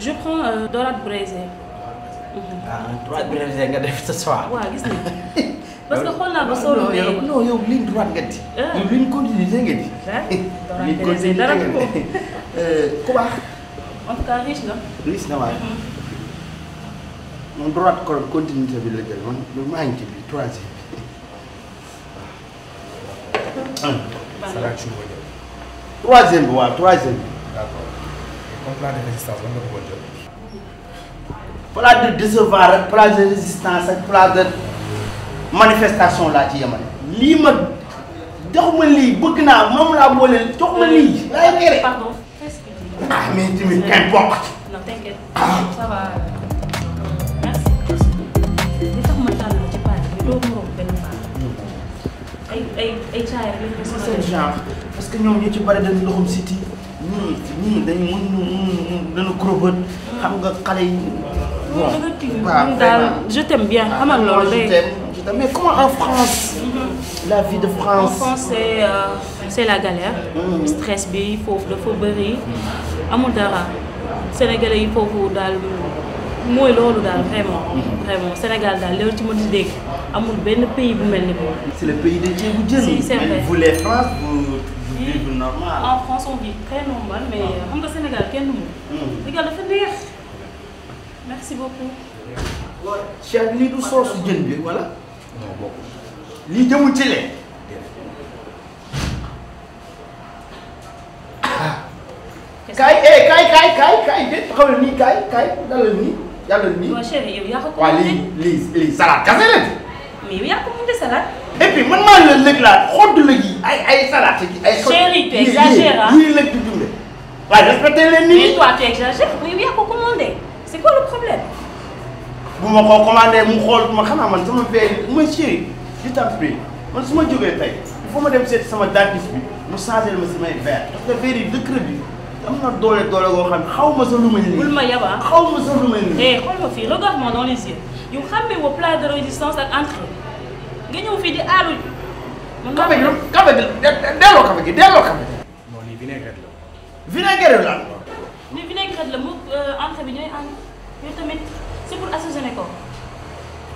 E: je prends euh, dorade braisée.
A: Ah, droite braisée nga def ce soir. waaw gis nga parce que xool naa ba soo non non yow ligne droite nga di. Ah. yow ligne continue nga di. ligne continue dara ko ku euh, baax. en tout cas riche na. riche na waaye. Mm-hmm. moom droite continuité bi la jël man maa ngi ci biir troisième bi. Ah, troisième bi waaw troisième bi. comme plan de résistance lan de décevoir ak de résistance ak plan de manifestation laa ci yemale. lii ma jox ma lii bëgg naa moom euh, euh, ah, ah.
E: li tax ma tànn ci paa bi doo moroom benn paa. Hmm. ay ay ay caaya.
A: parce que ñoom ñu ci siti ñii ñii dañ mën mën dana gros bët xam nga xale yi. bon waaw daal
E: je t'aime bien xamal ah, loolu day.
A: je t'aime mais comment en France. Mm-hmm. la vie de France. en France c'est euh,
E: c'est la galère. Mm. stress bi foofu dafa bëri amul dara sénégalais yi foofu daal. mooy loolu daal vraiment. Mm-hmm. vraiment Sénégal daal loolu ci ma di dégg amul benn pays bu mel ni boobu. c'est le pays de Dieu bu jën. si c'est vrai vous les France vous.
A: vie bu normal
E: en France on vit très normal mais ah. xam nga Sénégal kenn moom. Sénégal hmm. dafa neex. merci beaucoup. waaw
A: Cheikh lii du soosu jën bi wala. non bokkul lii jëmu ci lee. kaay eh kaay kaay kaay kaay de taxawal nii kaay kaay dalal nii dalal nii. waaw
E: chéri yow yaa ko. waaw
A: lii lii lii salade kase la.
E: mais yow yaa ko mën de salade.
A: et puis man maa la lëg laa xodd la
E: yi ay ay salaat yi ay. chérie t'exagères ah yii lëg di dundee. waaye respecté leen nii. mais toi t'exagères mais yaa ko commandé c'est quoi le problème.
A: bu ma ko commandé mu xool ma xanaa man sama veille mooy chérie je t'en man su ma jógee tey il faut ma dem seeti sama dentiste bi mu changé ma sama verre parce que verre yi dëkk bi am na doole doole boo xam ne xaw ma sa lu mel nii. bul ma yab ah xaw ma sa lu mel nii. eh
E: xool ma fii regarde nga ñëw fii di aalu ji.
A: mën naa la café gi delloo café gi delloo café gi. non lii vinaigrette la. vinaigrette la.
E: ni vinaigrette la mu euh, entrée bi ñooy ànd yow tamit c'est pour assaisonner ko.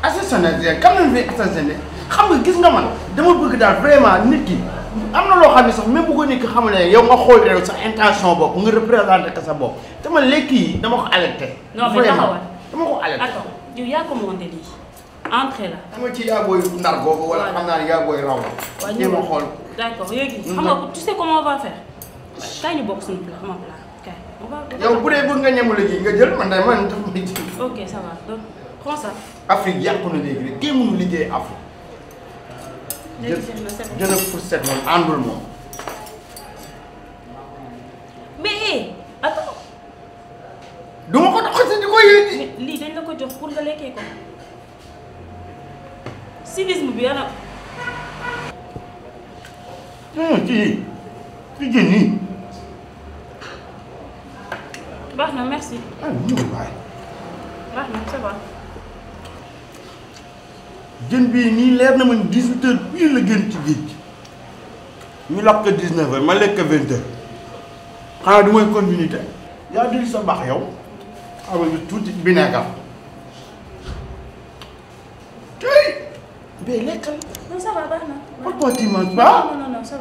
A: assaisonner kam nañu fi assaisonner xam nga gis nga man dama bëgg daal vraiment nit ki am na loo xam ne sax même bu ko nit ki xam ne yow nga xool rek sa intention bopp nga représenté ko sa bopp te man lekk yi dama ko alerté. non mais taxawal
E: dama ko alerté. yow yaa ko monté lii. entrée la.
A: xam nga ci yaa ndar boobu. wala xam naa ne raw la. waaw xool.
E: d'accord léegi. Mm, xam nga tu sais comment on va faire. kaay ñu bokk bu dee bëgg
A: nga ñemu léegi nga jël man day man dafa métti.
E: ok ça va donc prends
A: Afrique yàqu na léegi de kenn mënu liggéey Afrique.
E: jël jël
A: fourchette moom àndul moom.
E: mais eh, attends. du ma ko doxati di ko yéegi. lii dañ la ko jox pour nga lekkee ko. civisme bi ana.
A: ci ci jën yi.
E: baax na merci. ah ñëw waay. baax na
A: jën bii nii leer na ma dis dix-huit heures pile la gën ci géej ñu lakk dix ma lekk vingt heures xanaa du may continuité. yaa diri sa baax yow. amoon na tuuti bi nekkal.
E: bee lekkal. non ça va baax na. pourquoi tu manges pas. non non non soo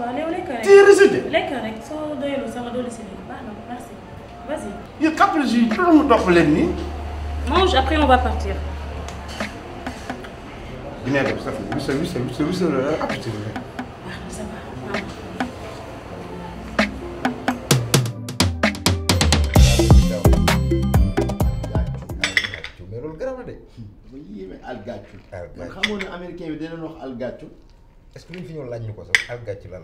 E: doyaloo sama doole si léegi baax na merci vas-y.
A: yow caprice yi lu mu topp leen partir. dinañ def sax wisa wisa wisa
C: de. dafa yéeme algàccu. algàccu xamoon ne américain bi dinañ wax algàccu. est-ce que fi ñëw laaj ñu ko sax algàccu lan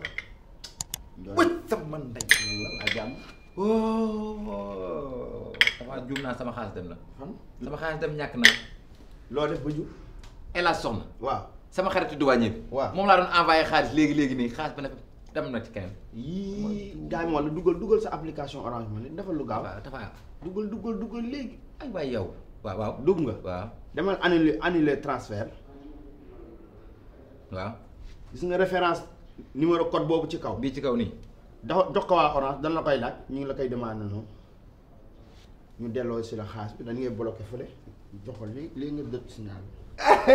C: la. wëcc sa man day. ak jàmm.
D: oh.
C: oh. damaa naa sama xaalis dem na. sama xaalis dem ñàkk na. loo def ba jur. El sama xaritu douanier bi. waaw moom laa doon envoyé xaalis léegi léegi nii xaalis na ne dem na ci keneen.
A: yii gars yi ma dugal dugal sa application Orange Money defal lu gaaw. waaw dugal dugal dugal léegi ay waay yow. waaw waaw dugg nga waaw demal annulé annulé transfert waaw gis nga référence numéro code boobu ci kaw bii ci kaw nii dafa jox ko waa orange dan la koy laaj ñu ngi la koy demandé noonu ñu delloo si la xaas bi dañ ngay bloqué fële jox ko lii nga jot signal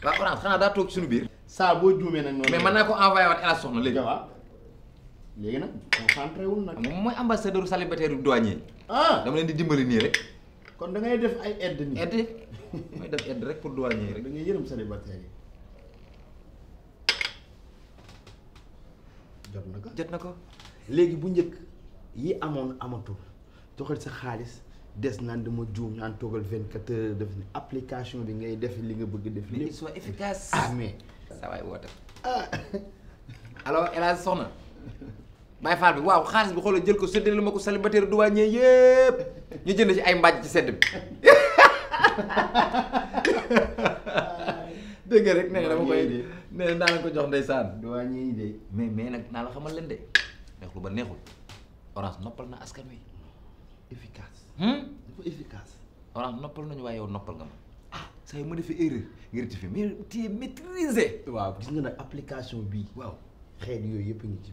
A: bi waa orange xanaa daa toog suñu biir saa boo juumee nag noonu mais mën naa ko envoyé waat El Hadj léegi waaw léegi nag concentré wul nag. moom mooy ambassadeur
C: célibataire yu douanier ah! dama leen di dimbali nii rek.
A: kon da ngay def ay aide nii. aide
C: mooy def aide rek pour douanier rek. da ngay yërëm célibataire
A: jot na ko jot na ko. léegi bu njëkk yi amoon amatul joxal sa xaalis des naan dama juum ñaan toogal vingt quatre def ni application bi ngay def li nga bëgg def. lépp soit efficace. ah mais. saa waay woote. Ah! Soxna. Baye Fall bi waaw xaalis bi xoolal jël ko séddale ma ko célibataire
C: douanier yépp ñu jënd ci ay mbàjj ci sedd bi dégg rek nee na dama koy nee na naa yi de mais mais nag naa la xamal leen de neexul ba neexul orange noppal na askan wi
A: hmm? efficace
C: orange noppal nañu waaye yow noppal nga ma
A: ah saa yu ma defee erreur nga rectifier mais tu es maîtrisé waaw gis nga nag application bii waaw xeet yooyu yëpp ngi ci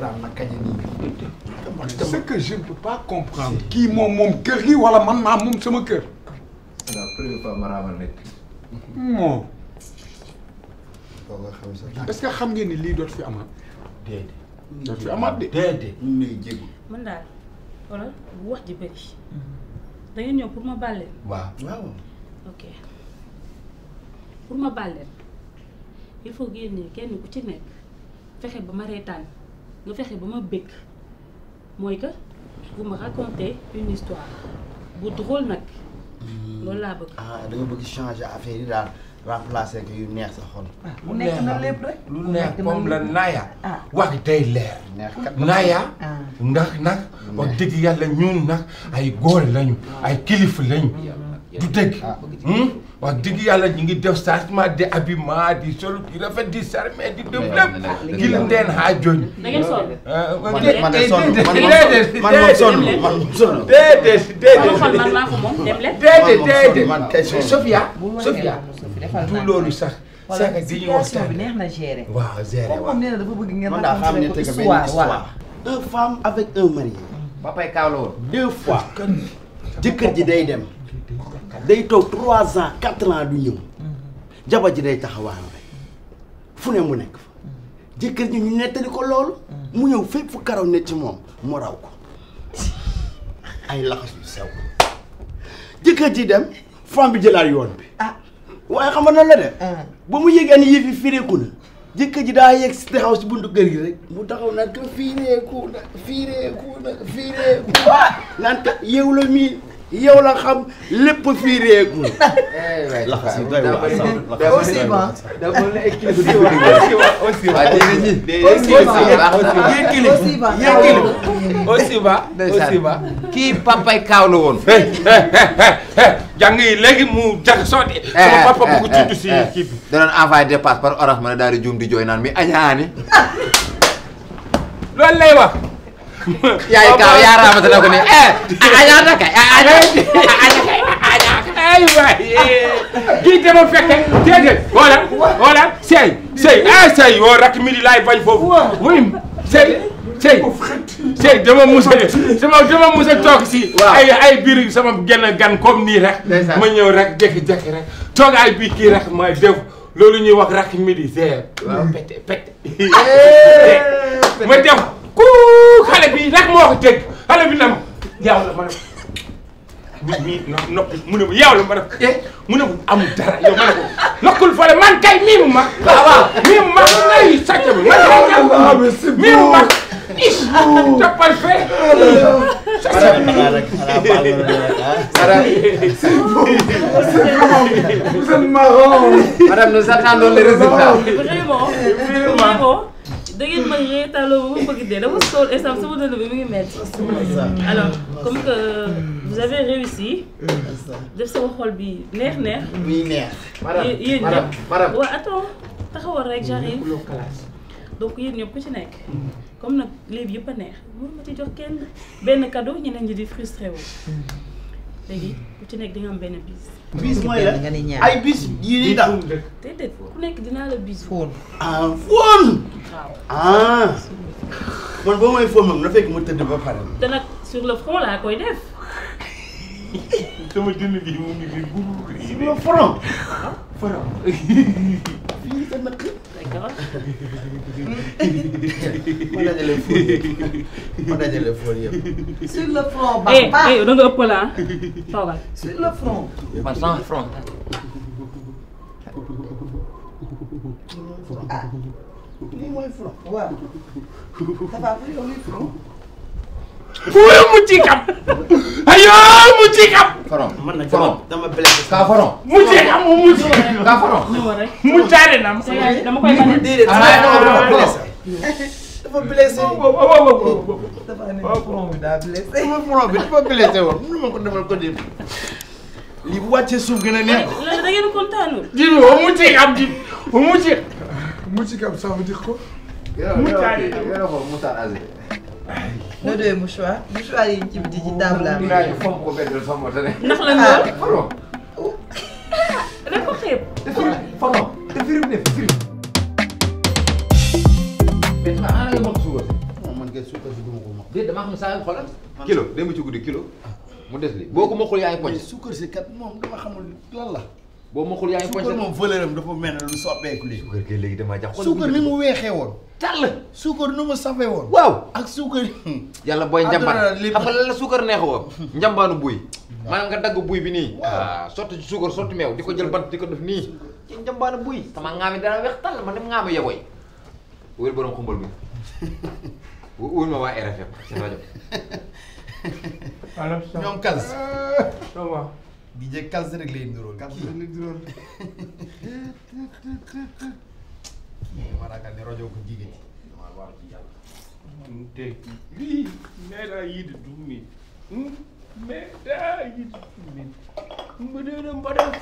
A: raam na kañ pas comprendre. kii moom moom kër gi wala man maa moom sama kër. la première que xam ngeen ni lii dootu fi amaat. déedéet. fi amaat de. déedéet ñu ngi jégu.
C: man
E: daal wala bu wax ji bëri. da ngeen ñëw pour ma bàlle. waaw pour ma bàlle il faut génne kenn ku ci nekk fexe ba ma reetaan. nga fexe ba ma bëgg mooy que vous me racontez une histoire bu drôle nag. Hmm. loolu
A: bëgg. ah bëgg changer affaire yi daal remplacer ko yu neex sa xol. Ah, mu neex na lépp rek lu neex moom la Naya. Ah. wax day leer. Naya. Ah. ndax nag wax dëgg yàlla ñun nag ay góor lañu. ay kilif lañu. du dëgg. Hmm? wax dëgg yàlla ñu ngi def changement de habillement di sol di rafet di charme di def lépp gi ndeen xaa jooñ da ngeen sol man de sonn man moom sonn man moom sonn déedéet
E: déedéet
B: déedéet
A: man kay sonn Sofia Sofia du loolu sax sax dañuy waxtaan bi
B: neex na gérer
A: waaw gérer waaw
B: nee na dafa bëgg ngeen man daa xam ne tëgg benn histoire une femme avec un mari
A: ba pay kaalool deux fois ji day dem day toog trois ans quatre ans du ñëw mhm. jabar ji day taxawaan rek fu ne mu nekk fa mhm. jëkkër ji ñu nettali ko loolu mhm. mu ñëw fépp fu karaw ne ci moom mu raw ko ay laxas sew jëkkër ji dem femme bi jëlaat yoon bi ah waaye xam nga nan la def ah. ba mu yëgee ni yëf yi fireeku na jëkkër ji daa yegg si taxaw si buntu kër gi rek mu taxaw naan ko fiireeku na fiireeku na fiireeku ah. naan ko yeewu la miin yow la xam lépp fii réegul. Eh, laxas yi doy waar sax aussi papay kaaw la woon. jàng yi mu jag sotti. Eh, sama papa eh, bëgg tudd si
C: kii bi. da doon envoyé dépasse par di juum di jooy
A: naan mi añaani. loolu lay wax. yaay gaaw yaa raamata na ko ne eh añaa na kay añaa añaa ay waay kii dama fekke déedéet wala wala sey sey ah sey yoo rakk mi laay bañ foofu muy sey sey sey dama mus a sama dama mus a toog si ay biir sama genn gan comme nii rek ma ñëw rek jékki-jékki rek toog ay biir kii rek ma def loolu ñuy wax rakk mi di zéro pete pete ma def kuu xale bi rek moo ko dégg xale bi nam yaaw la ma ne nit mu ne bu yaaw la ma ne ko eh mu ne bu amul dara yow ma ne ko lokkul fële man kay miimu ma. waaw waaw miimu ma ay sàcc bi man kay ñaar miimu ma. is toppal fee. sàcc bi ah. madame nous attendons les résultats.
E: da man ma reetaloo ba ma bëgg dee dama sol instant sama dënn bi mi ngi métti. alors comme que vous avez réussi. def sama xol bi
A: neex neex. muy neex. madame yéen ñëpp waaw
E: attends taxawal rek j'arrive donc yéen ñëpp ku ci nekk. comme nag léegi yëpp a neex mënuma ci jox kenn benn cadeau ñeneen ñi di frustré wu. Hmm. léegi ku ci nekk di am benn bis. bis mooy la ay bis yi di daw. déedéet ku nekk dinaa la bis.
A: fóon ah fóon. ah man boo may fóon moom na fekk mu tëdd ba pare.
E: te nag sur le front laa koy def.
A: sama dënn bi mu ngi sa naq. d'accord. ma dajale fóon yëpp ma dajale fóon yëpp. le front. Eh, ba ba eh, ah. le front. par cent franc. ah lii mooy front front. wóor mu ci kam. aywa mu ci kam. forom man nag dama blessé. ka forom. mu ci kam mu ci. ka forom. mu caare na. dama koy mën a déedéet. dama blessé. dafa blessé. forom bi daa blessé. forom bi dafa blessé woon mënu ma ko defal ko dem. lii bu wàccee suuf gën a neex.
E: da ngeen kontaanul. di mu ci kam di
A: mu ci. mu ci kam ça veut dire quoi. mu caare na noo doyee mouchoir mouchoir yi ci biti ci table la. ko beddal sama moto rek. ndax la ñu war a ko xeeb. te firim ne firim. mais dama ana nga mën ko man kay suukar si duma ko mën. déedéet damaa xam saa ki xoolal. kilo démb ci guddi kilo. Ah. mu des li boo ko mokkul yaay poñ. suukar si kat moom dama xamul lan la. boo ma xul yaa ngi. suukar moom valeur am dafa mel léegi. damaa jàpp. suukar ni mu weexee woon. tàll suukar ni mu safee waaw ak suukar. yàlla booy njambaan xam nga la suukar neex woon. njambaanu buy. maanaam nga dagg buy bi nii. waaw ah, sotti ci
C: suukar sotti meew di ko jël bant di ko def nii.
A: ci njambaanu buy. sama ŋaami dana weex tàll man dem ŋaami yaboy.
C: wóor borom xumbal bi wóor ma waa RFM ci
A: di jég calcé rek lay nduróol calcé rek lay nduróol ma ragal ne rajo ko jigéen ñi dama war ci yàlla tey lii meedaa yii di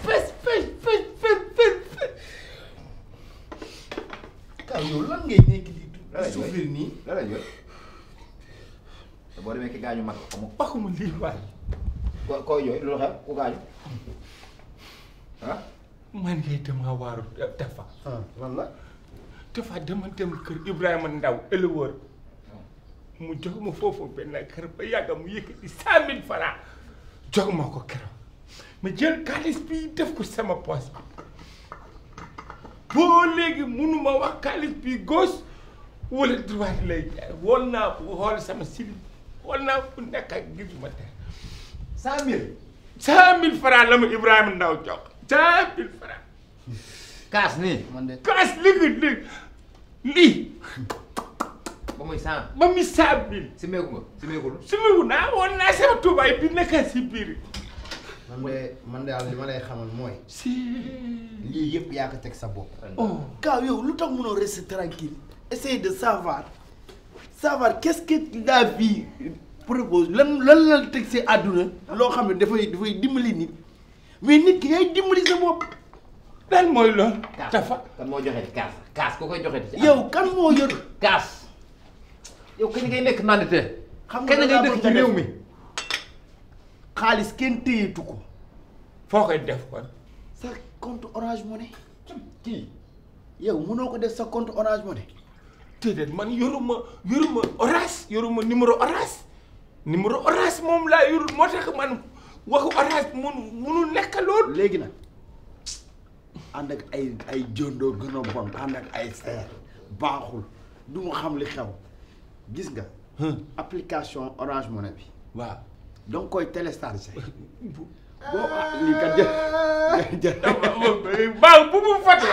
A: fes fes fes fes fes fes kaw yow lan ngay nekk di
C: souffrir nii la la jot boo demee ki
A: gaañu mag xamu waxuma lii ko man ngay eh, ah, dem a waaru Tafa. lan kër Ibrahima Ndaw éleveur mu jox ma foofu benn kër ba yàgg mu yëkkati cent mille francs jox ma ko keroog ma jël xaalis bi def ko sama poche boo léegi mënuma wax xaalis bi gauche wala droite lay wol naa ko xool sama silib wol naa ko nekk ak gisuma te cent mille. cent mille franc la ma Ibrahima Ndaw jox cent mille franc. kaas nii man kaas léegi léegi lii. ba muy cent. ba muy cent si meeku nga si meeku. si meeku naa woon naa sama tubaay bi nekk si biir. man de man de li ma lay xamal mooy. si. lii yëpp yaa ko teg sa bopp. oh Kaaw yow lu tax mënoo rester tranquille essaye de savoir savoir quest que la propose lan lan la teg see àdduna loo xam ne dafay dafay dimbali nit mais nit ki yaay dimbali sa bopp. lan mooy loolu. dafa kan moo joxe kaas kaas ku koy joxe. yow kan moo yor kaas. yow kañ nekk nandite. xam nga ngay dëkk ci réew mi. kenn téyetu ko. foo koy def kon. sa compte ko def sa compte orange money. déedéet man yoruma yoruma orange yoruma numéro orange. numéro orange moom laa yorul moo tax man waxu orange mun munul nekk lool. léegi nag ànd ak ay ay jondoo gën a bon ànd ak ay seer baaxul du xam li xew gis nga. Hmm. application orange money bi. Ah, baax bu mu fàtte.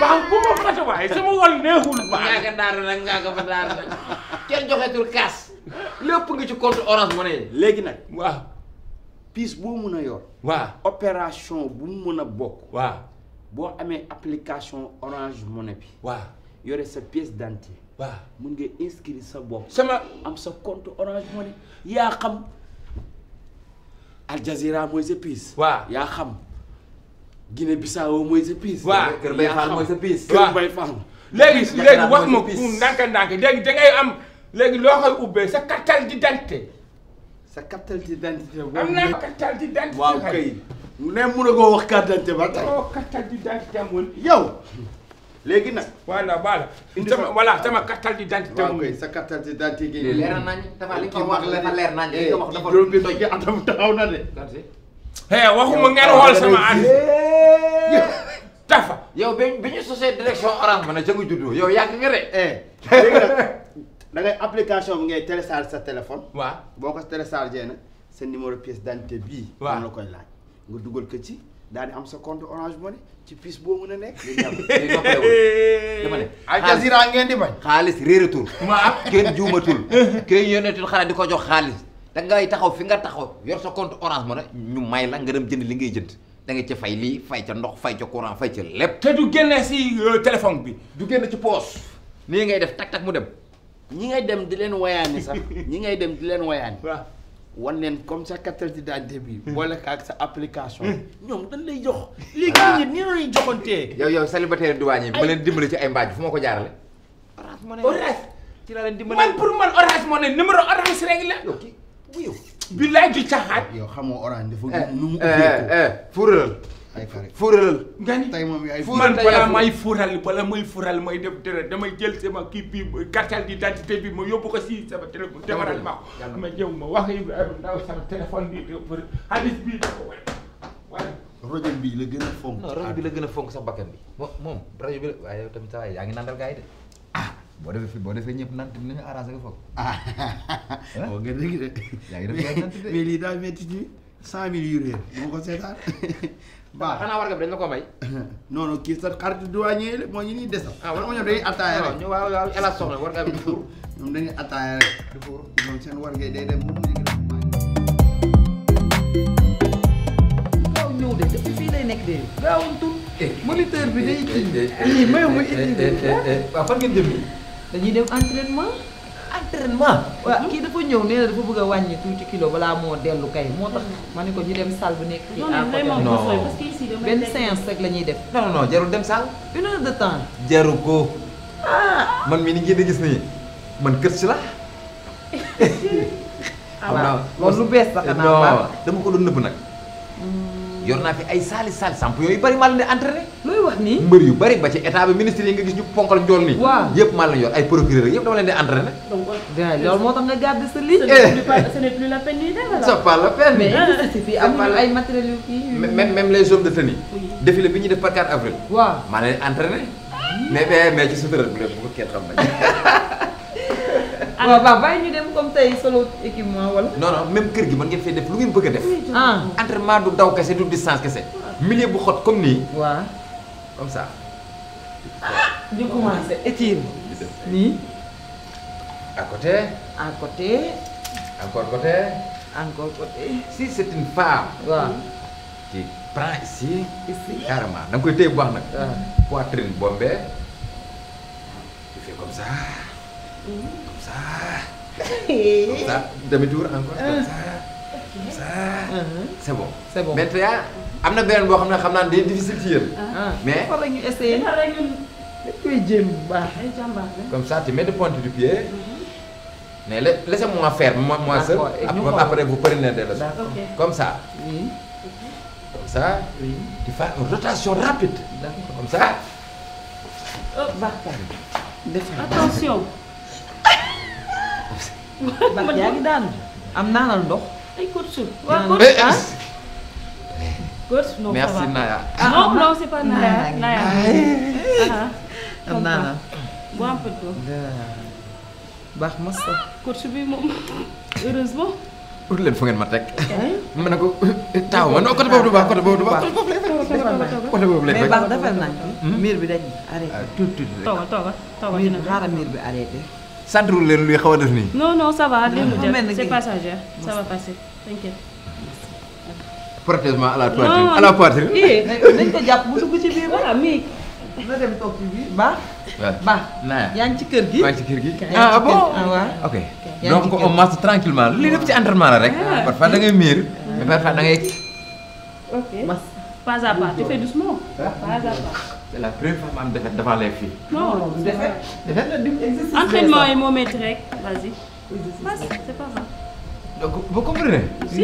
A: baax bu mu fàtte waaye sama wol neexul. baax nga daara nag nga ko fa daara nag kenn joxetul kaas. lépp nga ci compte orange money léegi nag waa piis boo mun a yor waaw opération bu mu mun a bokk waaw boo amee application orange money bi waaw yore sa pièce d'identité waaw mun nga inscrire sa bopp sama am sa compte orange money yaa xam Al Jazeera mooy sa piis yaa xam Guinée Bissau mooy sa piis waaw Kër Baye Fall mooy sa piis Kër Baye Fall léegi léegi wax ma ku ndànk ndànk léegi da am léegi loo koy ubbee sa kattal di dante sa kattal di dante am naa kattal di dante waaw ne mun a koo wax carte d'identité ba tey. oh carte d'identité amul. yow léegi nag. voilà voilà. indi sama voilà sama carte d'identité. waaw kay sa carte d'identité gi. leer nañ dafa li ko wax dafa leer nañ li ko wax dafa. juróom eh, eh, bi na de. eh waxuma ngeen xool sama ànd. tafa. yow bi bi ñu sosee direction orange ma ne ca nga juddoo yow yàgg nga dangay ngay application bi ngay télécharge sa téléphone. waa boo ko téléchargé nag sa numéro pièce d'identité bii. waa la koy laaj nga dugal ko ci. daal di am sa compte orange money ci piste boo mën a nekk. li ñu dama ne. Al Jazeera ngeen
C: di bañ. xaalis réeratul. waaw kenn juumatul. kenn yónneetul
A: xanaa di ko jox xaalis. da ngay taxaw fi nga taxaw yor sa compte orange money ñu may la nga dem jënd li ngay jënd da nga ca fay lii fay ca ndox fay ca courant fay ca lépp. te du génne si euh, téléphone bi. du génne ci poos nii ngay def tak tak mu ñi ngay dem di leen wayaani sax ñi ngay dem di leen wayaani wan leen comme sa carte d'identité bi. boole ko ak sa application. ñoom dañ lay jox. léegi nit ñi dañuy joxantee. yow yow célibataire duwaañ yi ma leen dimbali ci ay mbaaj fu ma ko jaarale. orange moo ne orange. ci la leen dimbali man pour man orange moo ne numéro orange rek la. ok wuyu. billaay du caaxaan. yow xam nga orange dafa nu mu ubbeeku. fuural. ay carré fóoralal. nga ni tey ay fóoral man balaa may fóoral balaa may fóoral may def dara damay jël sama kii bi carte d'identité bi ma yóbbu ko si sama ma ko ma jëm ma wax Ibrahima Ndaw bi pour xaalis
C: rajo bi la gën a fonk. non rajo gën a fonk sax bakkan bi. moom rajo bi la waaye yow tamit saa yaa ngi nandal gars yi de. ah boo defee fi boo defee ñëpp naan tamit nañu arrangé ko foofu. ah
A: boo gën a yaa ngi def gars yi naan mais lii daal métti ci cent yu réer moo ko seetaan baax xanaa warga bi dañ la ko may. non kii sa xarit douanier la moo ñu nii desal. ah wala ah, ñoom dañuy attaaya rek ñu waaw waaw El Hadj Soxna warga bi du fuur. ñoom dañuy attaaya rek. du fuur ñoom seen warga day nekk dafa baax.
B: gaaw ñëw de depuis fii lay nekk de gaawutul. Eh, eh, moniteur bi day eh, kii. lii mayu muy indi. waaw fan ngeen jëm nii. dañuy dem entraînement. entraînement waaw kii dafa ñëw nee na dafa bëgg a wàññi tuuti kilo balaa moo dellu kay moo tax ma ne ko ñu dem salle bu nekk ci non benn séance rek la ñuy def non non jarul dem salle une heure de temps
C: jaru ko ah. man mii ni ngeen di gis nii man kër si la
D: ah, xam lu bees sax naa
C: dama ko doon nëbb nag yor naa fi ay saali saali samp yooyu bëri maa leen di entraîné looy wax nii mbër yu bëri ba ci état bi ministre yi nga gis ñu ponkal njool nii waaw yëpp maa leen yor ay procureur yëpp dama leen di entraîné loolu moo tax eh. la peine de tenue défilé bi ñuy def par 4 eh, ci sutura bu leen bu ko kenn xam
B: Ah. waaw waaw bàyyi ñu dem comme tey
C: solo équipement wala. non non kër gi mën ngeen fay def lu ngeen bëgg a def. Ah. entraînement du daw kese du
A: distance kese. milieu bu xot comme nii. waaw comme ça.
B: di ah, commencé étire. nii. à côté. encore côté. encore côté. si c'est une femme. waaw.
C: qui prend ici. ici koy téye bu baax nag. poitrine bombée. tu
B: ça. comme
C: ça demi-tour encore. comme ça comme bon. c' am na beneen boo xam ne xam naa day difficile ci yéen. Ah.
B: Ah. mais
A: bu baax.
C: comme ça tu mets de pointe du pied.
A: Mm-hmm.
C: mais laissez-moi faire moi moi seul. après vous prenez des leçons. comme ça.
A: comme ça. Oui. tu rotation rapide. comme ça.
E: Oh, ndax yaa ngi daanu
B: am naanal ndox.
E: ay góorsu waaw góorsu ah. góorsu non merci Naya. Ah, non non c'est pas Naya Naya. Ah, ah. am naanal. bu am pël toog. baax mos la. góorsu bi moom heureusement.
A: ut leen fu ngeen ma teg. ma ne ko taaw ma non côté boobu du baax côté boobu du baax.
B: côté boobu lay mais baax defal nañ ko.
A: miir bi dañ arrêté. tuuti tuuti
C: rek toogal
B: toogal toogal. miir bi xaaral miir bi arrêté.
C: santu leen luy xaw a def nii.
E: non non ça va leen lu jël c'est passager ça va passer t'inquiète.
C: protège-moi à la poitrine à la poitrine.
E: nañ ko jàpp mu dugg ci biir voilà mi. na dem toog ci biir baax.
C: baax yaa ngi ci kër gi. yaa ngi ah, ci ah kër gi ah bon ah ok donc on marche tranquillement li lépp ci entraînement la rek. Ah. parfois da ngay miir. mais parfois da ngay.
E: ok pas à pas tu fais doucement pas à pas.
A: c'est la première fois ma am dafa lay fii.
E: non non defet defet la dim exercice entraînement yi moo métti rek vas-y. si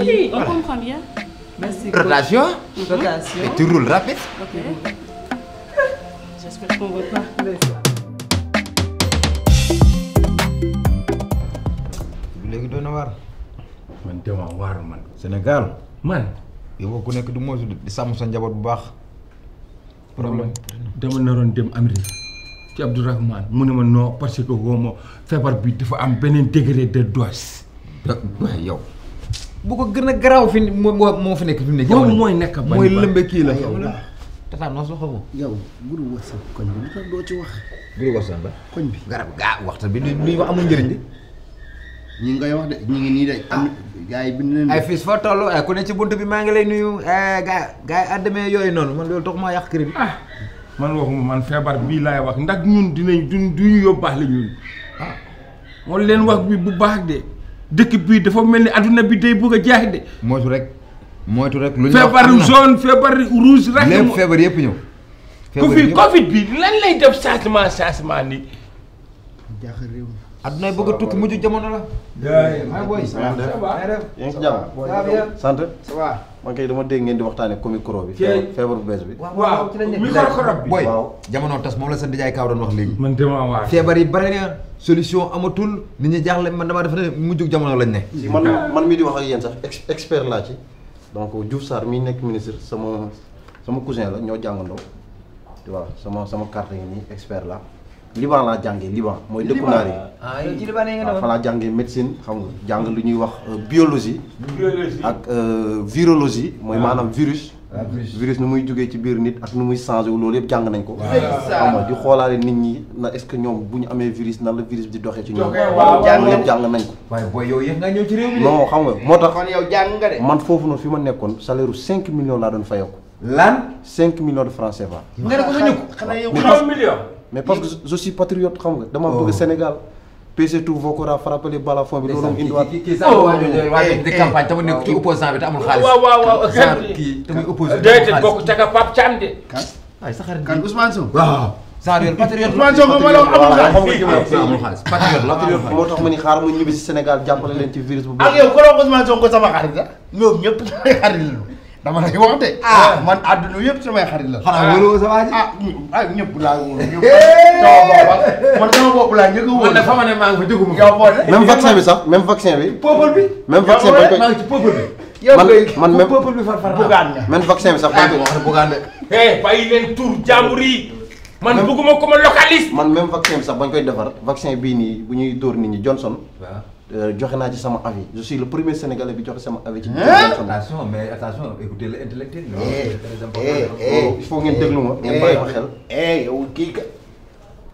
C: si on comprend bien. merci léegi doon na waar. man te waar man. Sénégal man. yow ku nekk du mooy di sàmm sa njaboot bu baax.
A: problème dama naroon dem Amérique ci Abdourahmane mu ne ma non parce que woo ma feebar bi dafa am beneen degré de dose. yow.
C: bu ko gën a garaaw fi
A: moo moo fi nekk fi mooy nekk ba mooy lëmbe kii la. yow waaw
C: tata noos waxoo ko. yow guru wasa ci wax. guru wasa ba koñ bi garab gaa waxtaan bi luy wax amul njëriñ bi ñi ngay wax
A: ñu ngi nii de. Ah. am gars yi bind leen ay fis fa toll ay eh, ku ne ci bunt bi maa ngi lay nuyu eh, gars gars yi yooyu noonu man loolu tax maa yàq kër bi. Ah. man waxuma man feebar bii laay wax ndax ñun dinañ du duñu yóbbaale ñun ah moom leen wax bi bu baax de dëkk bii dafa mel ni àdduna bi day bëgg a jeex de. moytu rek moytu rek. lu ñu wax feebar jaune feebar rouge. rek lépp feebar yëpp ñëw. feebar yëpp
C: Covid Covid
A: bi lan lay def changement changement nii. jaaxal réew adduna bëgg a tukki mujj jamono la.
C: maa booy maa ngi ci jàmm. sant. ça dama dégg ngeen di waxtaanee comique bi. feebar bu bees bi. waaw bi booy jamono tas moom la seen nijaay Kaaw doon wax léegi. man damaa feebar yi bare na solution amatul nit ñi jaaxle man damaa def ne mujj jamono lañ ne. man man mii di wax ak yéen sax expert laa ci. donc Diouf saar mii nekk ministre sama sama cousin la ñoo jàngandoo. tu vois sama sama carte yi nii expert la Liban laa jàngee Liban mooy dëkku naar yi. ah yow ci
B: Liban nga ah, doon laa
C: jàngee médecine xam nga jàng lu ñuy wax euh, biologie. biologie ak euh, virologie. mooy ah. maanaam ah, virus. virus nu muy jógee ci biir nit ak nu muy changé wu loolu yépp jàng nañ ko. xam xoolaale nit ñi na est-ce que ñoom bu ñu amee virus nan la virus di doxee ci ñoom. jàng jàng nañ waaye booy yow yëpp nga ñëw xam nga moo
A: tax. man
C: foofu noonu fi ma nekkoon salaire cinq 5 millions laa doon fayoo ko. lan 5 millions de francs CFA. mais parce que je suis patriote xam nga dama bëgg oh. Sénégal PC e tout Vokora frappé les balles à fond bi loolu moom indiwaat kii sax oh. waaj di eh, eh. campagne te mu nekk ci ah, opposant bi te amul xaalis waaw waaw waaw
A: kii te muy opposé
C: déedéet bokk ca ka Pape
A: Thiam de waaye sa xarit kan Ousmane Sow waaw
C: genre yoon patriote Ousmane Sow ma la amul xaalis patriote la moo tax ma ni xaar mu ñibbi si Sénégal jàppale
A: ko sama xarit la ñoom dama lay wax de. Ah. ah man àdduna yëpp samay xarit la. xanaa wóoroo ah, ah, ñëpp laa wóoroo ñëpp. Eh. man sama bopp laa njëkk man de fama ne maa ngi fa dugg moom. même vaccin bi
C: sax même vaccin bi.
A: peuple bi. vaccin bi man man peuple bi far far bugaan nga. même vaccin bi sax maa ngi wax ne bugaan de. Eh, eh bàyyi leen ko ma localiste.
C: man même vaccin sax bañ koy defar vaccin bii nii bu ñuy dóor nit ñi Johnson. waaw. Euh, joxe naa ci sama avis je suis le premier sénégalais bi joxe sama avis. ci attention mais attention écoutez le intellectuel. Eh, eh, oh, eh, il faut ngeen déglu ma ngeen bàyyi
A: xel. kii ka.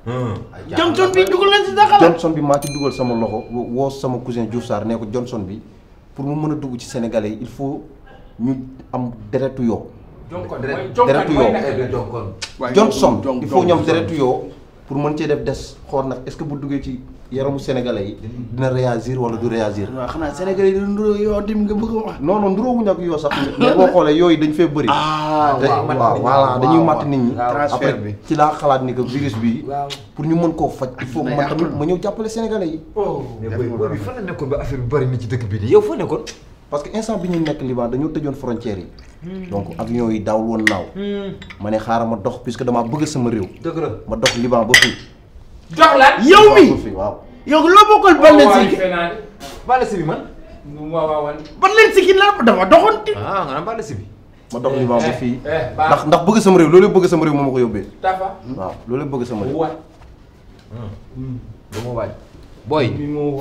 C: Hmm. Johnson
A: bi
C: bi maa ci dugal sama loxo woo sama cousin Diouf Sarr nee ko Johnson bi pour mu mën a dugg ci sénégalais yi il faut ñu am deretu yoo. Jonkon deretu yoo Johnson il faut ñu am deretu yoo pour mën cee def des xool nag est-ce que bu duggee ci. yaramu sénégalais yi dina réagir wala du réagir. waaw xanaa sénégalais yi nduroo yoo dim nga bëgg wax. non non nduroo wuñ yoo sax. mais boo xoolee yooyu dañ fee bëri. ah waaw voilà dañuy matt nit ñi. ci laa xalaat ni que virus bi. pour ñu mën koo faj. il ma ñëw jàppale sénégalais yi. oh mais booy fan la nekkoon ba affaire bi bëri ni ci dëkk bi de yow fa nekkoon. parce que instant bi ñu nekk Liban dañoo tëjoon frontières yi. Hmm. donc avion yi daawul woon naaw. Hmm. ma ne xaaral ma dox puisque damaa bëgg sama réew. dëgg la ma dox Liban ba fii
A: jox la yow mi yow loo bokkal ban leen si. waaw waaw man. waaw ban leen la dafa doxoon. ah nga naan ban bi. ma dox li
C: ba fii. Eh, eh, ndax ndax bëgg sama réew loolu bëgg sama réew moo ma ko yóbbee. tafa sama réew. waay. dama hmm. hmm. waaj. booy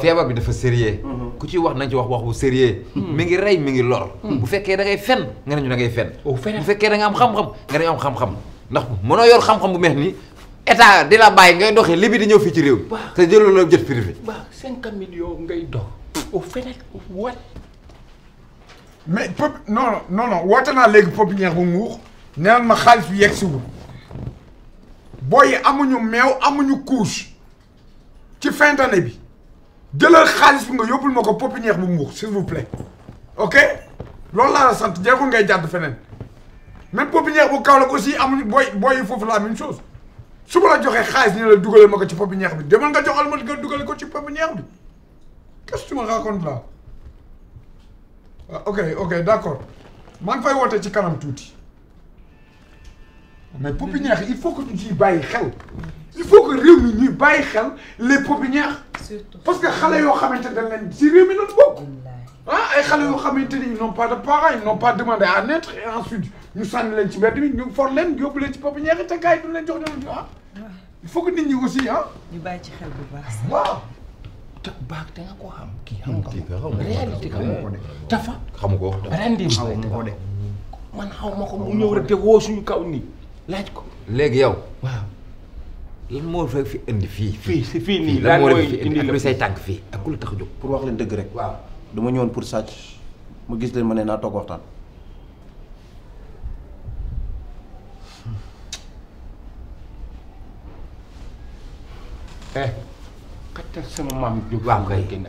C: feebar bi dafa sérieux hmm. ku ci wax nañ ci wax wax bu sérieux mi ngi rey mi ngi lor bu fekkee da ngay fen nga ne ñu da ngay fen oh, bu
A: fekkee da am xam-xam nga ne ñu am xam-xam ndax mënoo yor xam-xam bu meex nii état di la bàyyi ngay doxee li bi di ñëw fii ci réew mi. te jëloon la jot privé. waaw cinq millions ngay dox. au fait wat mais pop non non non woote naa léegi pépinière bu muux neen ma xaalis bi yegg si wul booy amuñu meew amuñu couche ci fin d'année bi jëlal xaalis bi nga yóbbul ma ko pépinière bu muux s'il vous plaît ok loolu laa sant jeexul ngay jàdd feneen même pépinière bu kaw la aussi amuñu booy booy yi foofu la même chose. su ma la joxee xaalis ñu la dugalee ma ko ci pépinière bi demal nga joxal ma nga dugal ko ci pépinière bi qu'est-ce que tu me racontes là ah, ok d'accord maa ngi fay woote ci kanam tuuti mais pépinière il faut que ñu ci bàyyi xel il faut que réew mi ñuy bàyyi xel les pépinières ñeex parce que xale yoo xamante dañ leen si réew mi lañ bokk ah ay xale yoo xamante ni ils n'ont pas de parents ils n'ont pas demandé à naître et ensuite ñu sànni leen ci mbedd bi ñu for leen yóbbu leen ci bopp ñeex te gars yi duñ leen jox dara ñu ah. il
B: ah. ci xel bu baax.
A: te baax
C: ko xam. kii xam nga ko réalité xam nga
A: xam ko rendi xam ko ma ko mu ñëw rek te woo suñu kaw nii laaj ko. léegi yow. waaw. lan moo fa fi indi fii. fii si fii nii lan moo fi indi ak lu say tànk fii ak ku la tax jóg. pour wax leen dëgg rek. waaw
C: dama ñëwoon pour sàcc ma gis leen ma ne naa toog waxtaan.
A: eh kattan sama maam ju baax ngay génn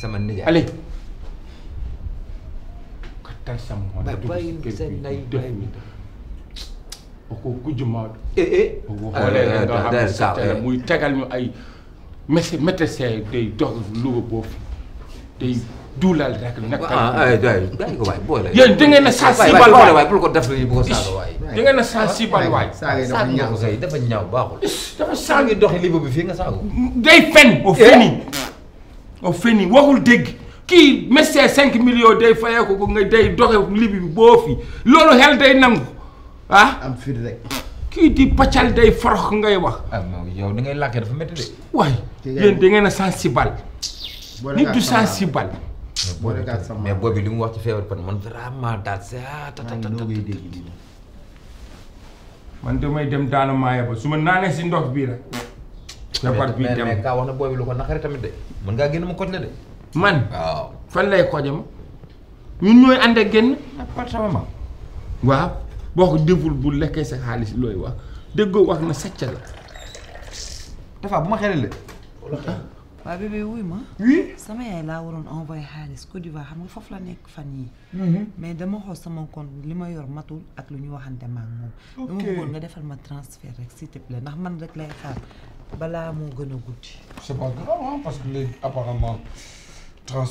A: sama nijaay allez kattan sama maam ju baax ngay génn ko gujjumaa eh nga xam ne sa muy tegal ñu ay messe métesee day dox Louga boobu day duulal ah, ah, eh, eh, eh, a sensible ko def bu ko saaga waay. da a sensible waay. saa ngi ñaaw say dafa ñaaw baaxul. dafa saa ngi doxi fii nga saaga. day fen. au feni waxul dégg kii message cinq millions day fayee ko nga day doxe li boo fi loolu xel day nangu ah? am fii rek. kii di pàccal day forox ngay wax. ah yow ni ngay làkkee dafa métti de. waay yéen da ngeen a sensible. nit du sensible.
C: mais boobu li mu wax ci feebar pan man vraiment
A: daal saa ah, tatata man damay dem daanu ba su ma naanee si ndox bii rek. feebar bii dem mais kaa wax na ngaa génn mu koj la de. man waaw lay kojam ñun ñooy ànd ak génn appartement waaw boo ko deful bu lekkee sa xaalis looy wax déggoo wax na sàcc la dafa bu ma xelal de. waaw bébé wuy ma.
B: sama yaay laa waroon envoyé xaalis Côte d'Ivoire xam nga foofu la nekk fan yii. Mhm. mais dama xool sama compte li ma yor matul ak lu ñu waxante ma moom. dama bëggoon nga defal ma transfert rek ndax man rek lay xaar balaa moo gën a
A: parce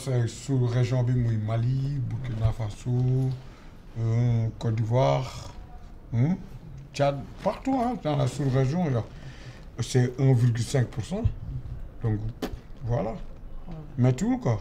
A: que léegi région bi muy Mali Burkina Faso euh, Côte d'Ivoire hmm, hein, partout ah dans région là c'est 1,5 pour cent donc. voilà. méttiwul quoi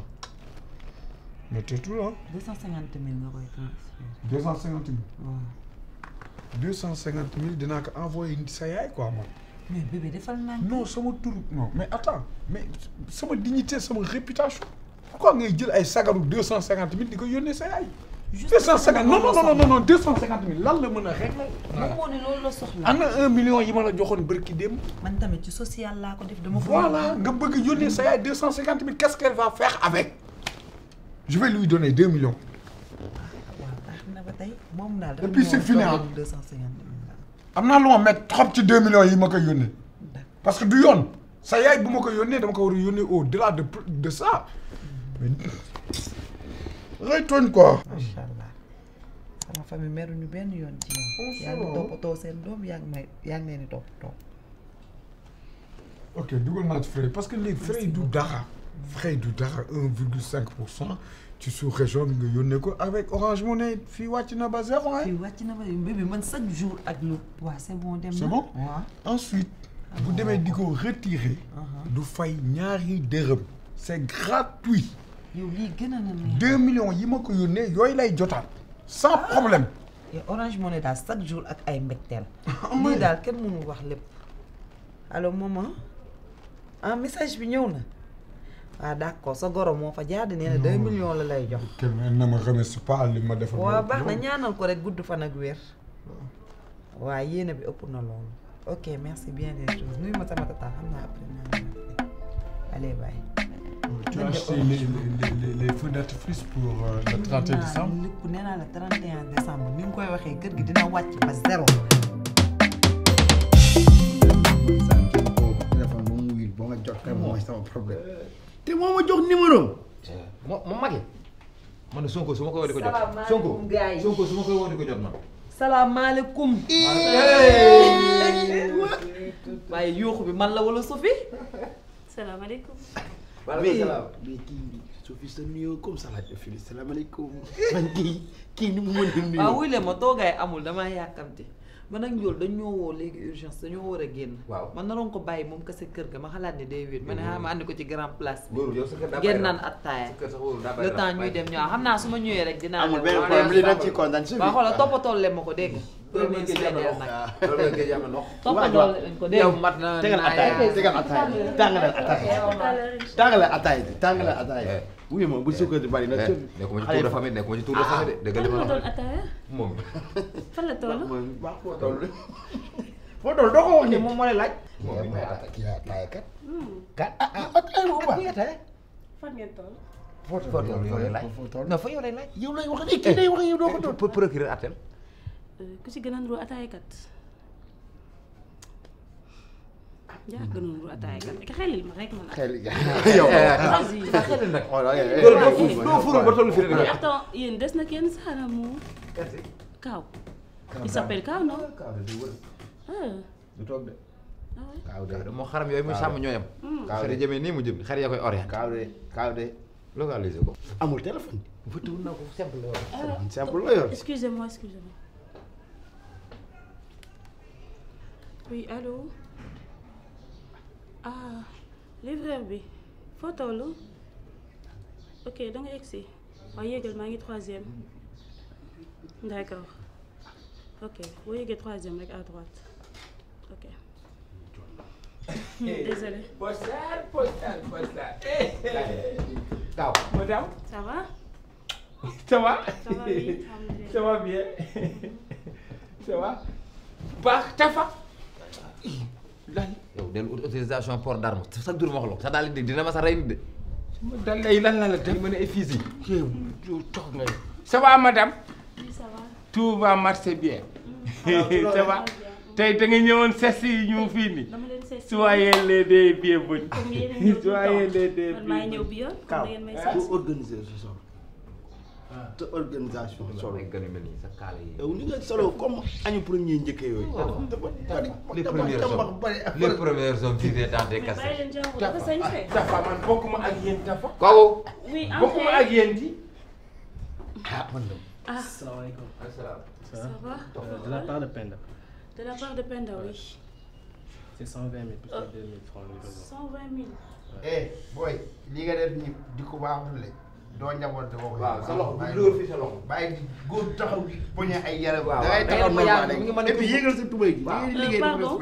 A: méttiwul ah. 250 000 nga koy
B: transféré.
A: 250 000. waaw. 250 000 dinaa ko envoyé sa yaay quoi man. mais bébé defal naa non sama tur non mais attends mais sama dignité sama réputation pourquoi ngay jël ay sagaru 250 000 di ko yónnee se yaay. juste 750 non non non non non 250 000 lan la mën a régler. waaw moom
B: moo ne loolu la soxla. am na 1
A: million yi ma la joxoon bërki démb. man tamit ci
B: social laa ko def dama. voilà nga
A: bëgg yónnee sa yaay 250 000 qu'est-ce qu'elle va faire avec. je vais lui donner 2 millions.
B: waaw tax na ba tey moom daal
A: dafa am naa lu ma mettre trop ci 2 millions yi ma koy yónnee. parce que du yoon sa yaay bu ma ko yónnee dama ko war a yónnee au delà de de ça. dangay tooñ quoi.
B: allah sama famille meruñu benn yoon ci yow. Oh, yaa ngi toppatoo seen doom yaa ngi may yaa ngi leen di
A: ok dugal naa ci frais parce que léegi frais du dara. frais du dara un ci suuf région bi nga yónnee ko avec Orange Money fii wàcc na ba zéro fii wàcc na ba bébé man chaque jour ak lu. waaw c'est bon dem na ensuite. bu ah. demee di ko retirer. Uh-huh. du fay ñaari dërëm. c'est gratuit. yow lii gën a na neex. 2 millions yi ma ko yónnee yooyu lay jotaat sans ah. problème. yow Orange
B: Money daal chaque jour ak ay mbégteel. lii daal kenn mënu wax lépp. allo maman ah message bi ñëw na. waaw ah, d'accord sa goro moo fa jaadu nee na 2 millions la lay jox.
A: te na ma baax na
B: ñaanal ko rek gudd fan ak wér. waaw yéene bi ëpp na loolu. ok merci bien des choses nuyu ma xam naa après naa la.
A: allez bye. tu as acheté les, koy waxee kër gi dina wàcc ba zéro. sànq boobu téléphone ba mu wuyu ba ma jot te moo ma jox numéro. Eh, ma
C: ma mage. man Sonko su ma koy woo di ko jot.
E: salaamaaleykum
B: gars yi
C: waaye yuuxu bi man la
B: wala
E: Sophie. salaamaaleykum.
A: waaleykum salaam mais kii su sa nuyoo comme ça laaj fi salaamaaleykum man kii kii ni mu mën di nuyoo. waaw ah, wuy ma toogaay amul
B: damaa yàkkamti man ak Ndiol dañ ñoo woo léegi urgence dañoo war a génn. waaw man naroon ko bàyyi moom kese kër ga ma xalaat ne day wéet mm-hmm. ah, ma ne ma ànd ko ci grand place bi. loolu yow sa kër daa génn naan attaaya le temps ñuy dem ñoo xam naa su ma ñëwee rek dinaa. amul benn problème li dañ ci kontaan si leen ma ko dégg doomu géej am na
A: ndox doomu géej am na ndox. toppatoo lañ ko dégg yow mat na tegal ataay tegal ataay tàngalal ataay tàngalal ataay tàngalal ataay bu sukkandi bari nag. nekkuma ci tour de famille nekkuma ci tour de famille de. dëgg la ma doon ataaya moom. fan la toll. waaw foo toll. foo moo lay laaj. moom mooy ataaya kat. kat ah ah ataaya moom waaw ataaya. fan ngeen toll. foo toll
C: yow lay laaj. foo toll yow
A: lay laaj. yow lay wax kii day wax
C: yow doo ko
E: ku si gën a ataayakat yaa gën ma rek ma la. xelil yow xelil nag. doo ba tollu fi rek. mais attends yéen des na kenn saara Kaaw. il s'appelle Kaaw ah. toog
C: ah de. Kaaw de moo xaram yooyu muy sàmm ñooyam. Hmm. Kaaw de jëmee nii mu jëm xar yaa koy orienté. Kaaw de Kaaw de localisé ko. amul téléphone. bëtul na ko simple la yor. Ah. simple la yor.
E: excusez-moi excusez-moi. oui allo ah livreur bi foo toll ok da nga egsi waaw yéegal maa ngi troisième d'accord ok boo yéegee troisième rek à droite ok.
A: désolé. postal postal postal. daaw ma daaw. ça va. ça va. ça va bien. ça va bien. yow
C: del autorisation
A: port d'arme sax dur ma wax la ko dina ma sax rey nit de. dal lay lan la la def mën a effiser. yow toog nga yow. ça va madame. ça va. tout bien. Mm. ça tey da nga ñëwoon sess yi ñu fii nii.
D: dama leen sess soyez
A: les deux bienvenus. soyez les deux bienvenus. man maa ñëw bi yoon. da te organisation solo yow ni nga solo comme añu premier njëkkee yooyu. les premiers hommes les premiers hommes vivaient dans des cassettes. Tafa man bokkuma ak yéen Tafa. kaw bokkuma ak yéen di. ah man de. ah salaamaaleykum.
E: ça euh, euh, de la part de
A: de
E: la part de Penda oui. c'est cent vingt mille plus deux mille francs. Oh,
A: eh booy li nga def nii di ko doo njaboot boo ko. waaw sa loxo bu dóor fi sa loxo. bàyyi góor taxaw gi poñe ay yàlla. waaw da ngay taxaw normal rek et puis yéegal sa tubay gi. waaw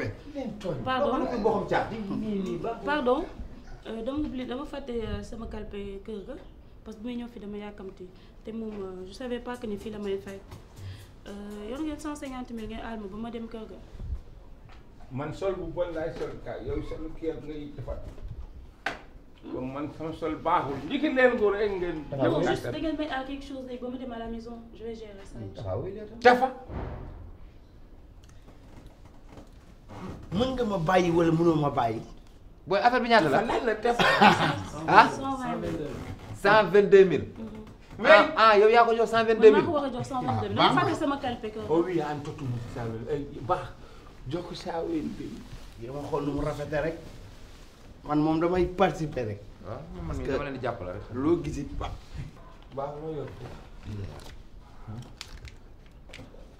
A: pardon pardon pardon.
E: Euh, dama oublié dama fàtte euh, sama calpe kër ga parce que bu may ñëw fii dama yàkkamti te moom euh, je savais pas que ni fii la may fay yor ngeen 150 mille ngeen aal ma ba ma dem kër ga.
A: man sol bu bon laay sol ka yow solu kii ak ngay defar. comme man sama sol baaxul njëkk leen ko rek ngeen. non juste da ngeen
E: may à quelque chose léegi ba ma dem à la maison je vais gérer ça.
A: Tafa. mën nga ma bàyyi wala mënoo ma bàyyi. booy affaire bi ñaata la lan la Tafa. ah 122 000. Mm-hmm. mais ah, ah yow yaa ko jox 122 000 man maa ko war
E: a jox 122 000 ah, dama fàtte sama calpecteur. oh oui
A: an totum 122 000 baax jox ko 122 000. yow ma xool lu mu rafetee rek. man moom damay participer rek. waaw ah, parce que dama leen di jàppale rek. loo gis it baax. baax loo yor.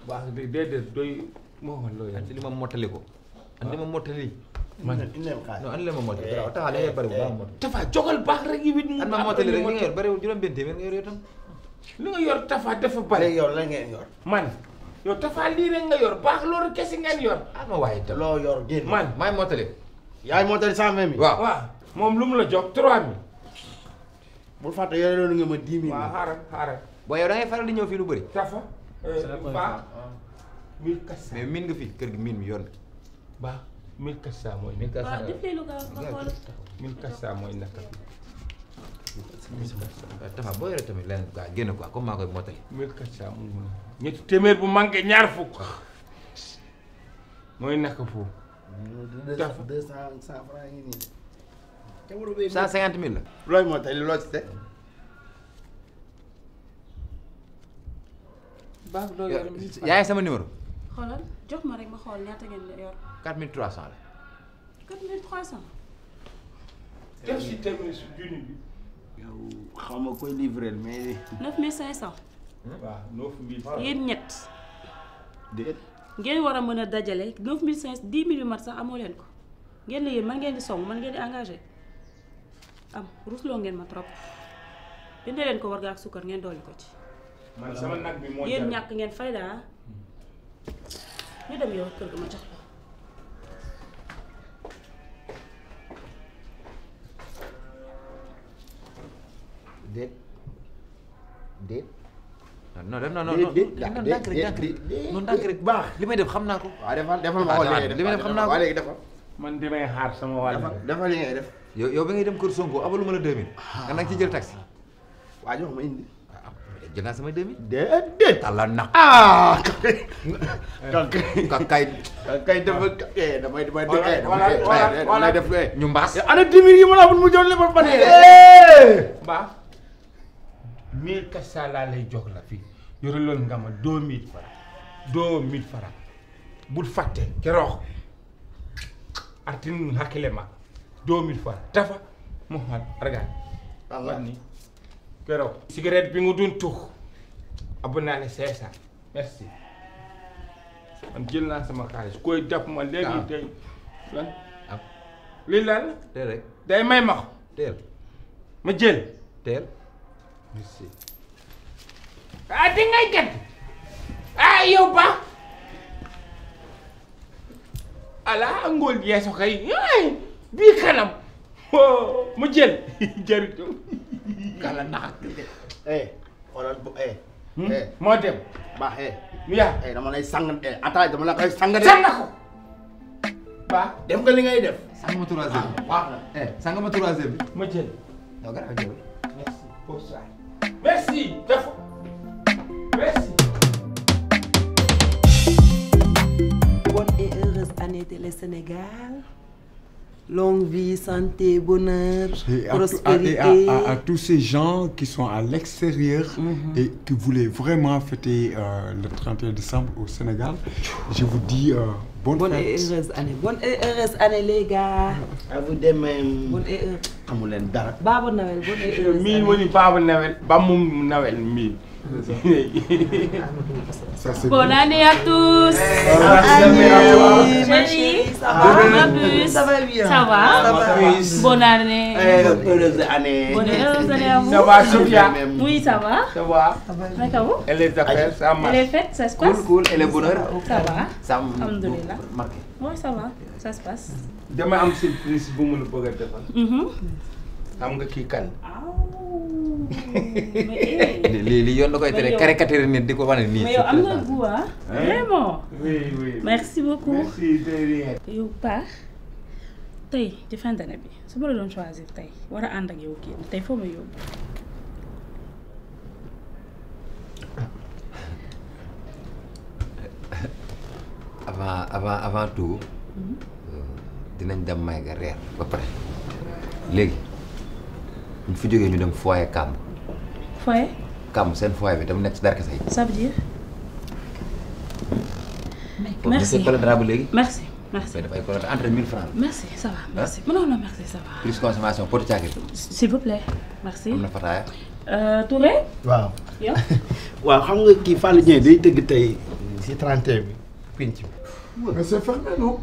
A: baax bi déedéet doy moo xam loo yor. li ma mottali ko. waaw li ah. ma mottali. man de indi leen xaalis
C: non indi leen ma mottali. waaw eh, taxaw da ngay eh, bëriwul baax eh. mottali.
A: Tafa jogal baax rek yi. mu ma mottali rek li nga yor bëriwul juróom-benn téeméer nga yor itam. li nga yor Tafa dafa bëri. léegi yow lan ngeen yor. man yow Tafa lii rek nga yor baax loolu kese ngeen yor. ah ma waaye itam loo yor génn. man maay mottali. yaay mootali cent vingt mille. waaw waaw moom lu mu la jox trois mille. bul fàtte yore loolu nga ma dix mille. waaw xaaral boo yow da faral di ñëw fii lu bëri. tafa. Euh, ah. ba mille quatre cent mi yoon. ba mille quatre cent mooy. mille quatre cent mille quatre mooy naka. Euh, tafa boo yoree tamit leneen quoi génn ñetti téeméer bu manqué ñaar fukk. mooy naka foofu.
C: deux cent cent franc yi nii te
A: cinquante mille la loolu moo tax loo ci teg baax loolu sama
C: numéro
E: xoolal jox ma rek ma xool ñaata
A: ngeen trois cent la
E: quatre mille trois cent
A: def si terminus junni bi
E: ñett ngeen war a mën a dajale 9500 10 000 yu mat sax amoo leen ko ngeen ne yéen man ngeen di song man ngeen di engagé am rusloo ngeen ma trop dindee leen ko war nga ak sukkar ngeen dolli ko ci.
A: man sama moo yéen
E: ñàkk ngeen fay daa ah. dem yow kër ga ma jox la.
A: non def na non non ndànk rek ndànk rek non ndànk rek baax li may def xam naa ko. waaw defal defal ma xool li may def xam naa ko waaw léegi defal. man damay xaar sama wàll.
C: defal li ngay def. yow yow bi ngay dem kër Sonko abaluma la 2000. Ah. nga nag ci jël taxi. waa jox
A: ma indi. Ah, jël naa samay 2000. déedéet. talla na. ah. kakaay kakaay dafa eh, damay damay. Eh, voilà eh, voilà damay def ñu mbaas. ana 10 000 yi ma la wax mu jox la ba pare. mbaas. mille quatre lay jox la fii yore loolu nga ma deux mille francs deux mille francs bul fàtte keroog artin hakkile ma deux mille francs dafa Mouhamad argaan wat ni keroog bi nga doon tux abu naa la cinq merci man jël naa sama xaalis koy daf ma léegi tey ah. lii lan teel rek day may ma ko teel ma jël teel merci. ah di ngay gën ah yow ba ala ngóol yeeso kay bii kanam mu jël jarut kala naxa eh xoolal bu eh. Hmm? Eh. dem. ba eh. yaa eh dama lay sang eh attaay dama la koy sang de. ba def nga li ngay def.
C: sang ma troisième ah, bi waaw
A: eh sang ma troisième bi. ma jël. donc merci. bonsoir. Merci. Merci.
B: Bonne et heureuse année Télé Sénégal. Longue vie, santé, bonheur,
A: et à prospérité. Tout, à, à, à, tous ces gens qui sont à l'extérieur mm -hmm. et qui voulaient vraiment fêter euh, le 31 décembre au Sénégal, je vous dis euh, bonne, bonne et heureuse année
B: bonne et heureuse année les gars. à vous
A: de même. bonne et heureuse. xamu leen dara. Baaba Nawel bonne et heureuse Nawel ba mu Nawel mii. Bonne année
E: à tous.
A: Ça
B: va bien. Ça
E: va. Eh, Bonne année.
A: Heureuse année. Bonne année à vous. Ça va, Sophia. Oui, ça va. Ça va. Naka vous? Elle est affaires, ça marche. Elle est faite,
E: ça se passe. Cool, cool. Elle est bonheur. Ça va.
A: Ça va. Alhamdulillah.
E: Moi, ça va. Ça se passe.
A: Demain, am surprise bu mu la bëgg a defal. Mm-hmm. xam nga kii kan. Eh. lii lii yoon da koy tere caricature nit di ko wane nii. mais yow am na goût ah? merci beaucoup merci
E: Pa tey ci fin d'année bi su ma la doon choisir tey war a ànd ak yow kii foo ma yóbbu.
C: avant avant avant tout. Mm-hmm. Euh, dinañ dem may ba pare léegi. ñu fi jógee ñu dem foyer Kamb. foyer. Kamb seen foyer bi dama nekk si darka say.
E: ça veut dire. merci kon
C: bu léegi. merci merci dafay coloré entre 1000 francs.
E: merci ça va
C: ah? merci non
E: non merci na fataaya. Euh, Touré.
A: waaw xam nga kii Fallou Dieng day tëgg tey si 31 bi pinc bi. mais c'est fermé non.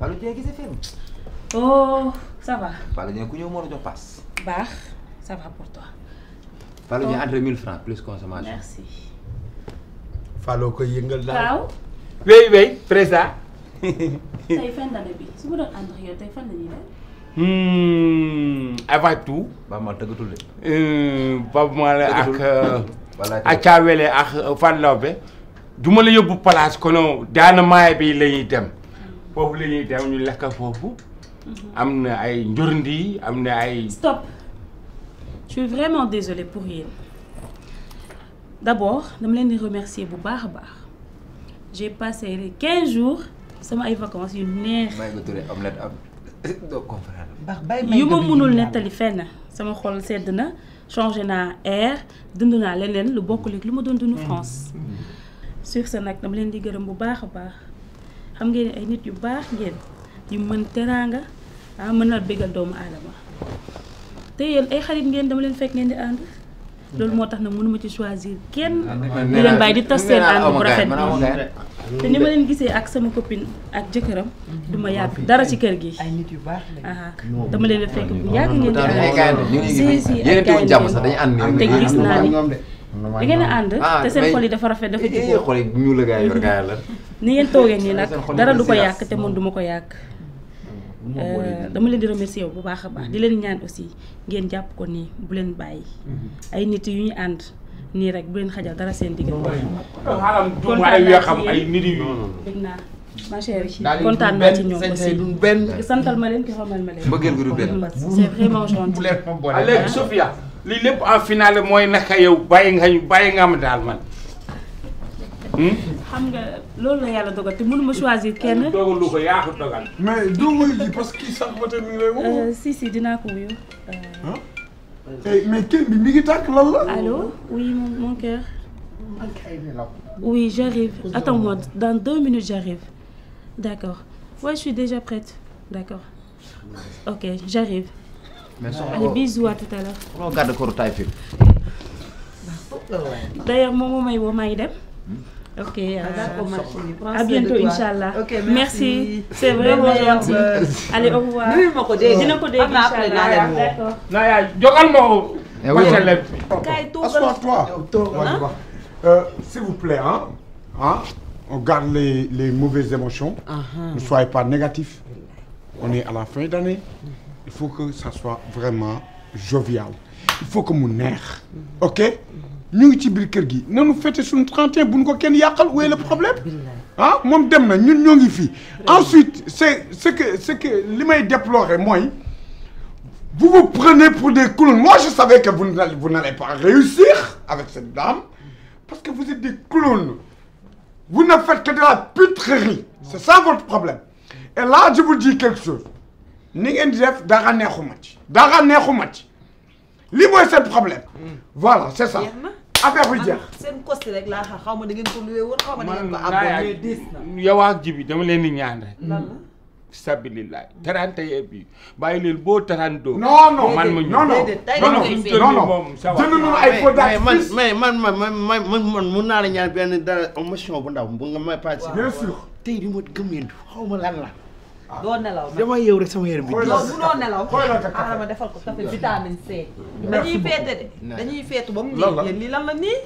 A: Fallou Dieng gis oh ça va. ku ñëw moo la jox paas.
E: baax ça
A: plus consommation. merci. Fallou koy yëngal daal waaw. wéy wéy bi
E: la ñuy dem.
A: Hmm, avant tout. Baba Maal tëggatul de. Euh, Baba ak. Euh, ak Caawele ak euh, Fan Lawbe. du la yóbbu place kono daana maay bi la ñuy dem. Hmm. foofu la dem ñu lekk foofu. am na ay njorndi am na ay. stop
E: je suis vraiment désolée pour yéen d'abord dama leen di remercier bu baax a baax j'ai passé quinze jours sama ay vacances yu neex. may nga yu ma mënul nettali fenn sama xol sedd na changé naa air dund naa leneen lu bokkul lu ma doon dund France. sur sa nag dama leen di gërëm bu baax a baax xam ngeen ay nit yu baax ngeen yu mën teraanga. ah mën na bégal doomu aadama te yéen ay xarit ngeen dama leen fekk ngeen di ànd. moo tax nag mënuma ci choisir kenn. Ah, di leen tas seen ànd bu rafet bi te ni ma leen gisee ak sama copine ak jëkkëram. du ma yàgg dara ci kër gi. ay nit yu baax lañ. Ah, dama leen fekk bu yàgg ngeen di ànd. si si ay gaañ te gis naa ni da
C: ngeen ànd ah, te seen xol yi dafa
E: rafet dafa eh, jubóo.
C: xol yi ñu la gaay yor gaay la.
E: ni ngeen toogee nii nag dara du ko yàq te man duma ko yàq. Euh, dama leen di remercier bu baax a baax di leen ñaan aussi ngeen jàpp ko nii bu leen bàyyi. Mm-hmm. ay nit yu ñu ànd nii rek bu leen xajal dara seen diggante. kontaan naa xam ay nit yu. ma chère kontaan naa ci ñoom aussi santal ma leen ki xamal ma leen. mbëggeel gi du benn c'est vraiment gentil. léegi
A: Sofia lii lépp mooy naka yow bàyyi nga ñu bàyyi nga am daal man. Hmm?
E: xam nga loolu la yàlla dogal te mënuma choisir kenn. dogalu ko yaa ko dogal. mais doo wuyu ji parce que dina sax ba tey mi ngi lay euh, si si dinaa ko wuyu. Eh, mais kenn bi mi ngi tàkk lan la. allô oui dans deux minutes j'arrive d'accord d'accord ok j'arrive. mais soxna Aliou bisous tout à l'heure.
C: soxna gàddu kooru taay fii.
E: d'ailleurs may dem. Hmm? ok ah, euh, à bientôt incha allah ok merci c'est vraiment gentil allez au revoir dina ko dégg incha allah d'accord.
A: Naya jógal ma ko. s'il vous plaît hein, hein, on garde les les mauvaises émotions. Ah, ah. ne soyez pas négatif. on est à la fin d'année. il faut que ça soit vraiment jovial. il faut que mu neex. ok. Mm-hmm. ñu ngi ci biir kër gi nanu fête suñu 31 bu ñu ko kenn yàqal où est le problème ah moom dem na ñun ñoo ngi fii ensuite c'est ce que ce que li may déplorer mooy vous vous prenez pour des clowns moi je savais que vous vous n'allez pas réussir avec cette dame parce que vous êtes des clowns vous ne faites que de la pitrerie c'est ça votre problème et là je vous dis quelque chose ni ngeen di dara neexu ma ci dara neexu ma ci lii mooy seen problème. Hmm. voilà c' est ça. affaire bi jeex. Ah,
B: seen costi rek laa xaw ma da ngeen ko luwee woon xaw ma da ngeen ko abonné diis
A: na. dama leen di ñaan rek. sabilillahi tarante bi bàyyi leen boo tarantoo. non non man ma ñu non non non non jënd nañu man man man man man mun naa la ñaan benn dara émission bu ndaw bu nga may. bien sûr tey li ma gëm leen xaw ma lan la. doo nelaw nag damay yow rek sama yaram bi. xool la bu doo
B: nelaw xaaral ma defal ko café vitamine C. dañuy feete de dañuy feetu ba mu nii lii lan la nii.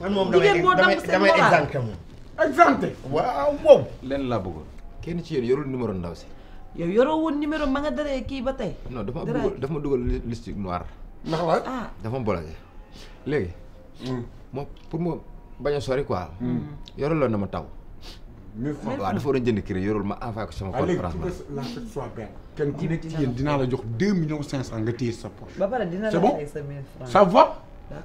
A: man moom jigéen boo damb seen moral damay exempté moom. exempté waaw moom. lenn laa bëggoon kenn ci yéen yorul numéro ndaw si. yow yoroo woon numéro ma nga daree kii
C: ba tey. non dafa dugal dafa ma dugal liste noire. ndax waay ah dafa bloqué léegi. Hmm. moom pour ma bañ a sori quoi. Hmm. yorul la na ma taw.
A: 1000 francs waaw dafa war a jënd crédit yorul ma envoyé ko la ne ci jox sa poche. sa 1000 francs ça va.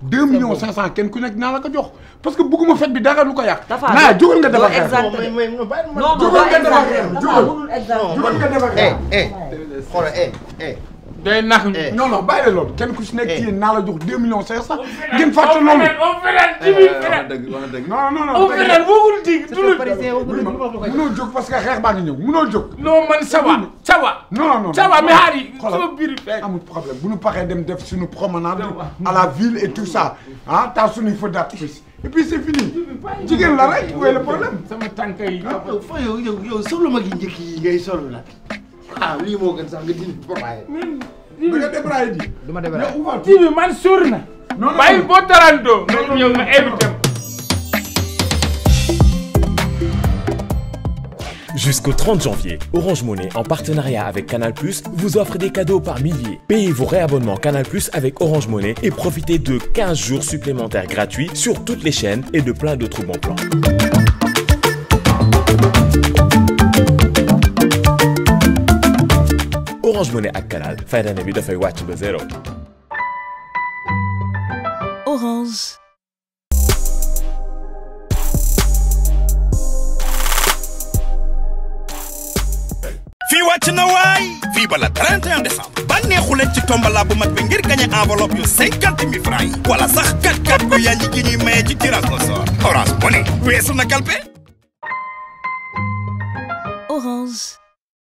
A: 2 kenn ku nekk dinaa la jox parce que bëgguma fête bi dara lu ko yàq. dafa am jógal nga defar xeer non nga defar xeer jógal nga defar xeer. day nax eh. non non bàyyi loolu kenn ku si nekk eh. ci yéen naa la jox deux millions cinq cent ngeen fàtte loolu on feneen ci biir feneen non non non on feneen boogul dig dul mënoo jóg parce que xeex baa ngi ñëw mënoo jóg non man ça va ça va non non ça va mais xaar yi sama biir fekk amul problème bu ñu paree dem def suñu promenade à la ville et tout ça ah taal suñuy feu d'artifice et puis c'est fini jigéen la rek mooy le problème sama tànk yi ah, yow yow yow solo mag yi njëkk yi ngay solo la ah lii moo gën sax nga dindi hmm. na. non non bàyyi boo tarantoo. nga ñëw ma invité Jusqu'au 30 janvier, Orange Monnaie, en partenariat avec Canal+, vous offre des cadeaux par milliers. Payez vos réabonnements Canal+ avec Orange Monnaie et profitez de 15 jours supplémentaires gratuits sur toutes les chaînes et de plein d'autres bons plans. Orange Money ak Canal fay na bi dafay wàcc ba zéro.
D: Orange.
A: fii wàcc na waay fii ba ci tombala bu mag bi ngir enveloppe yu 50 000 francs yi wala sax 4-4 bu na kalpe
D: Orange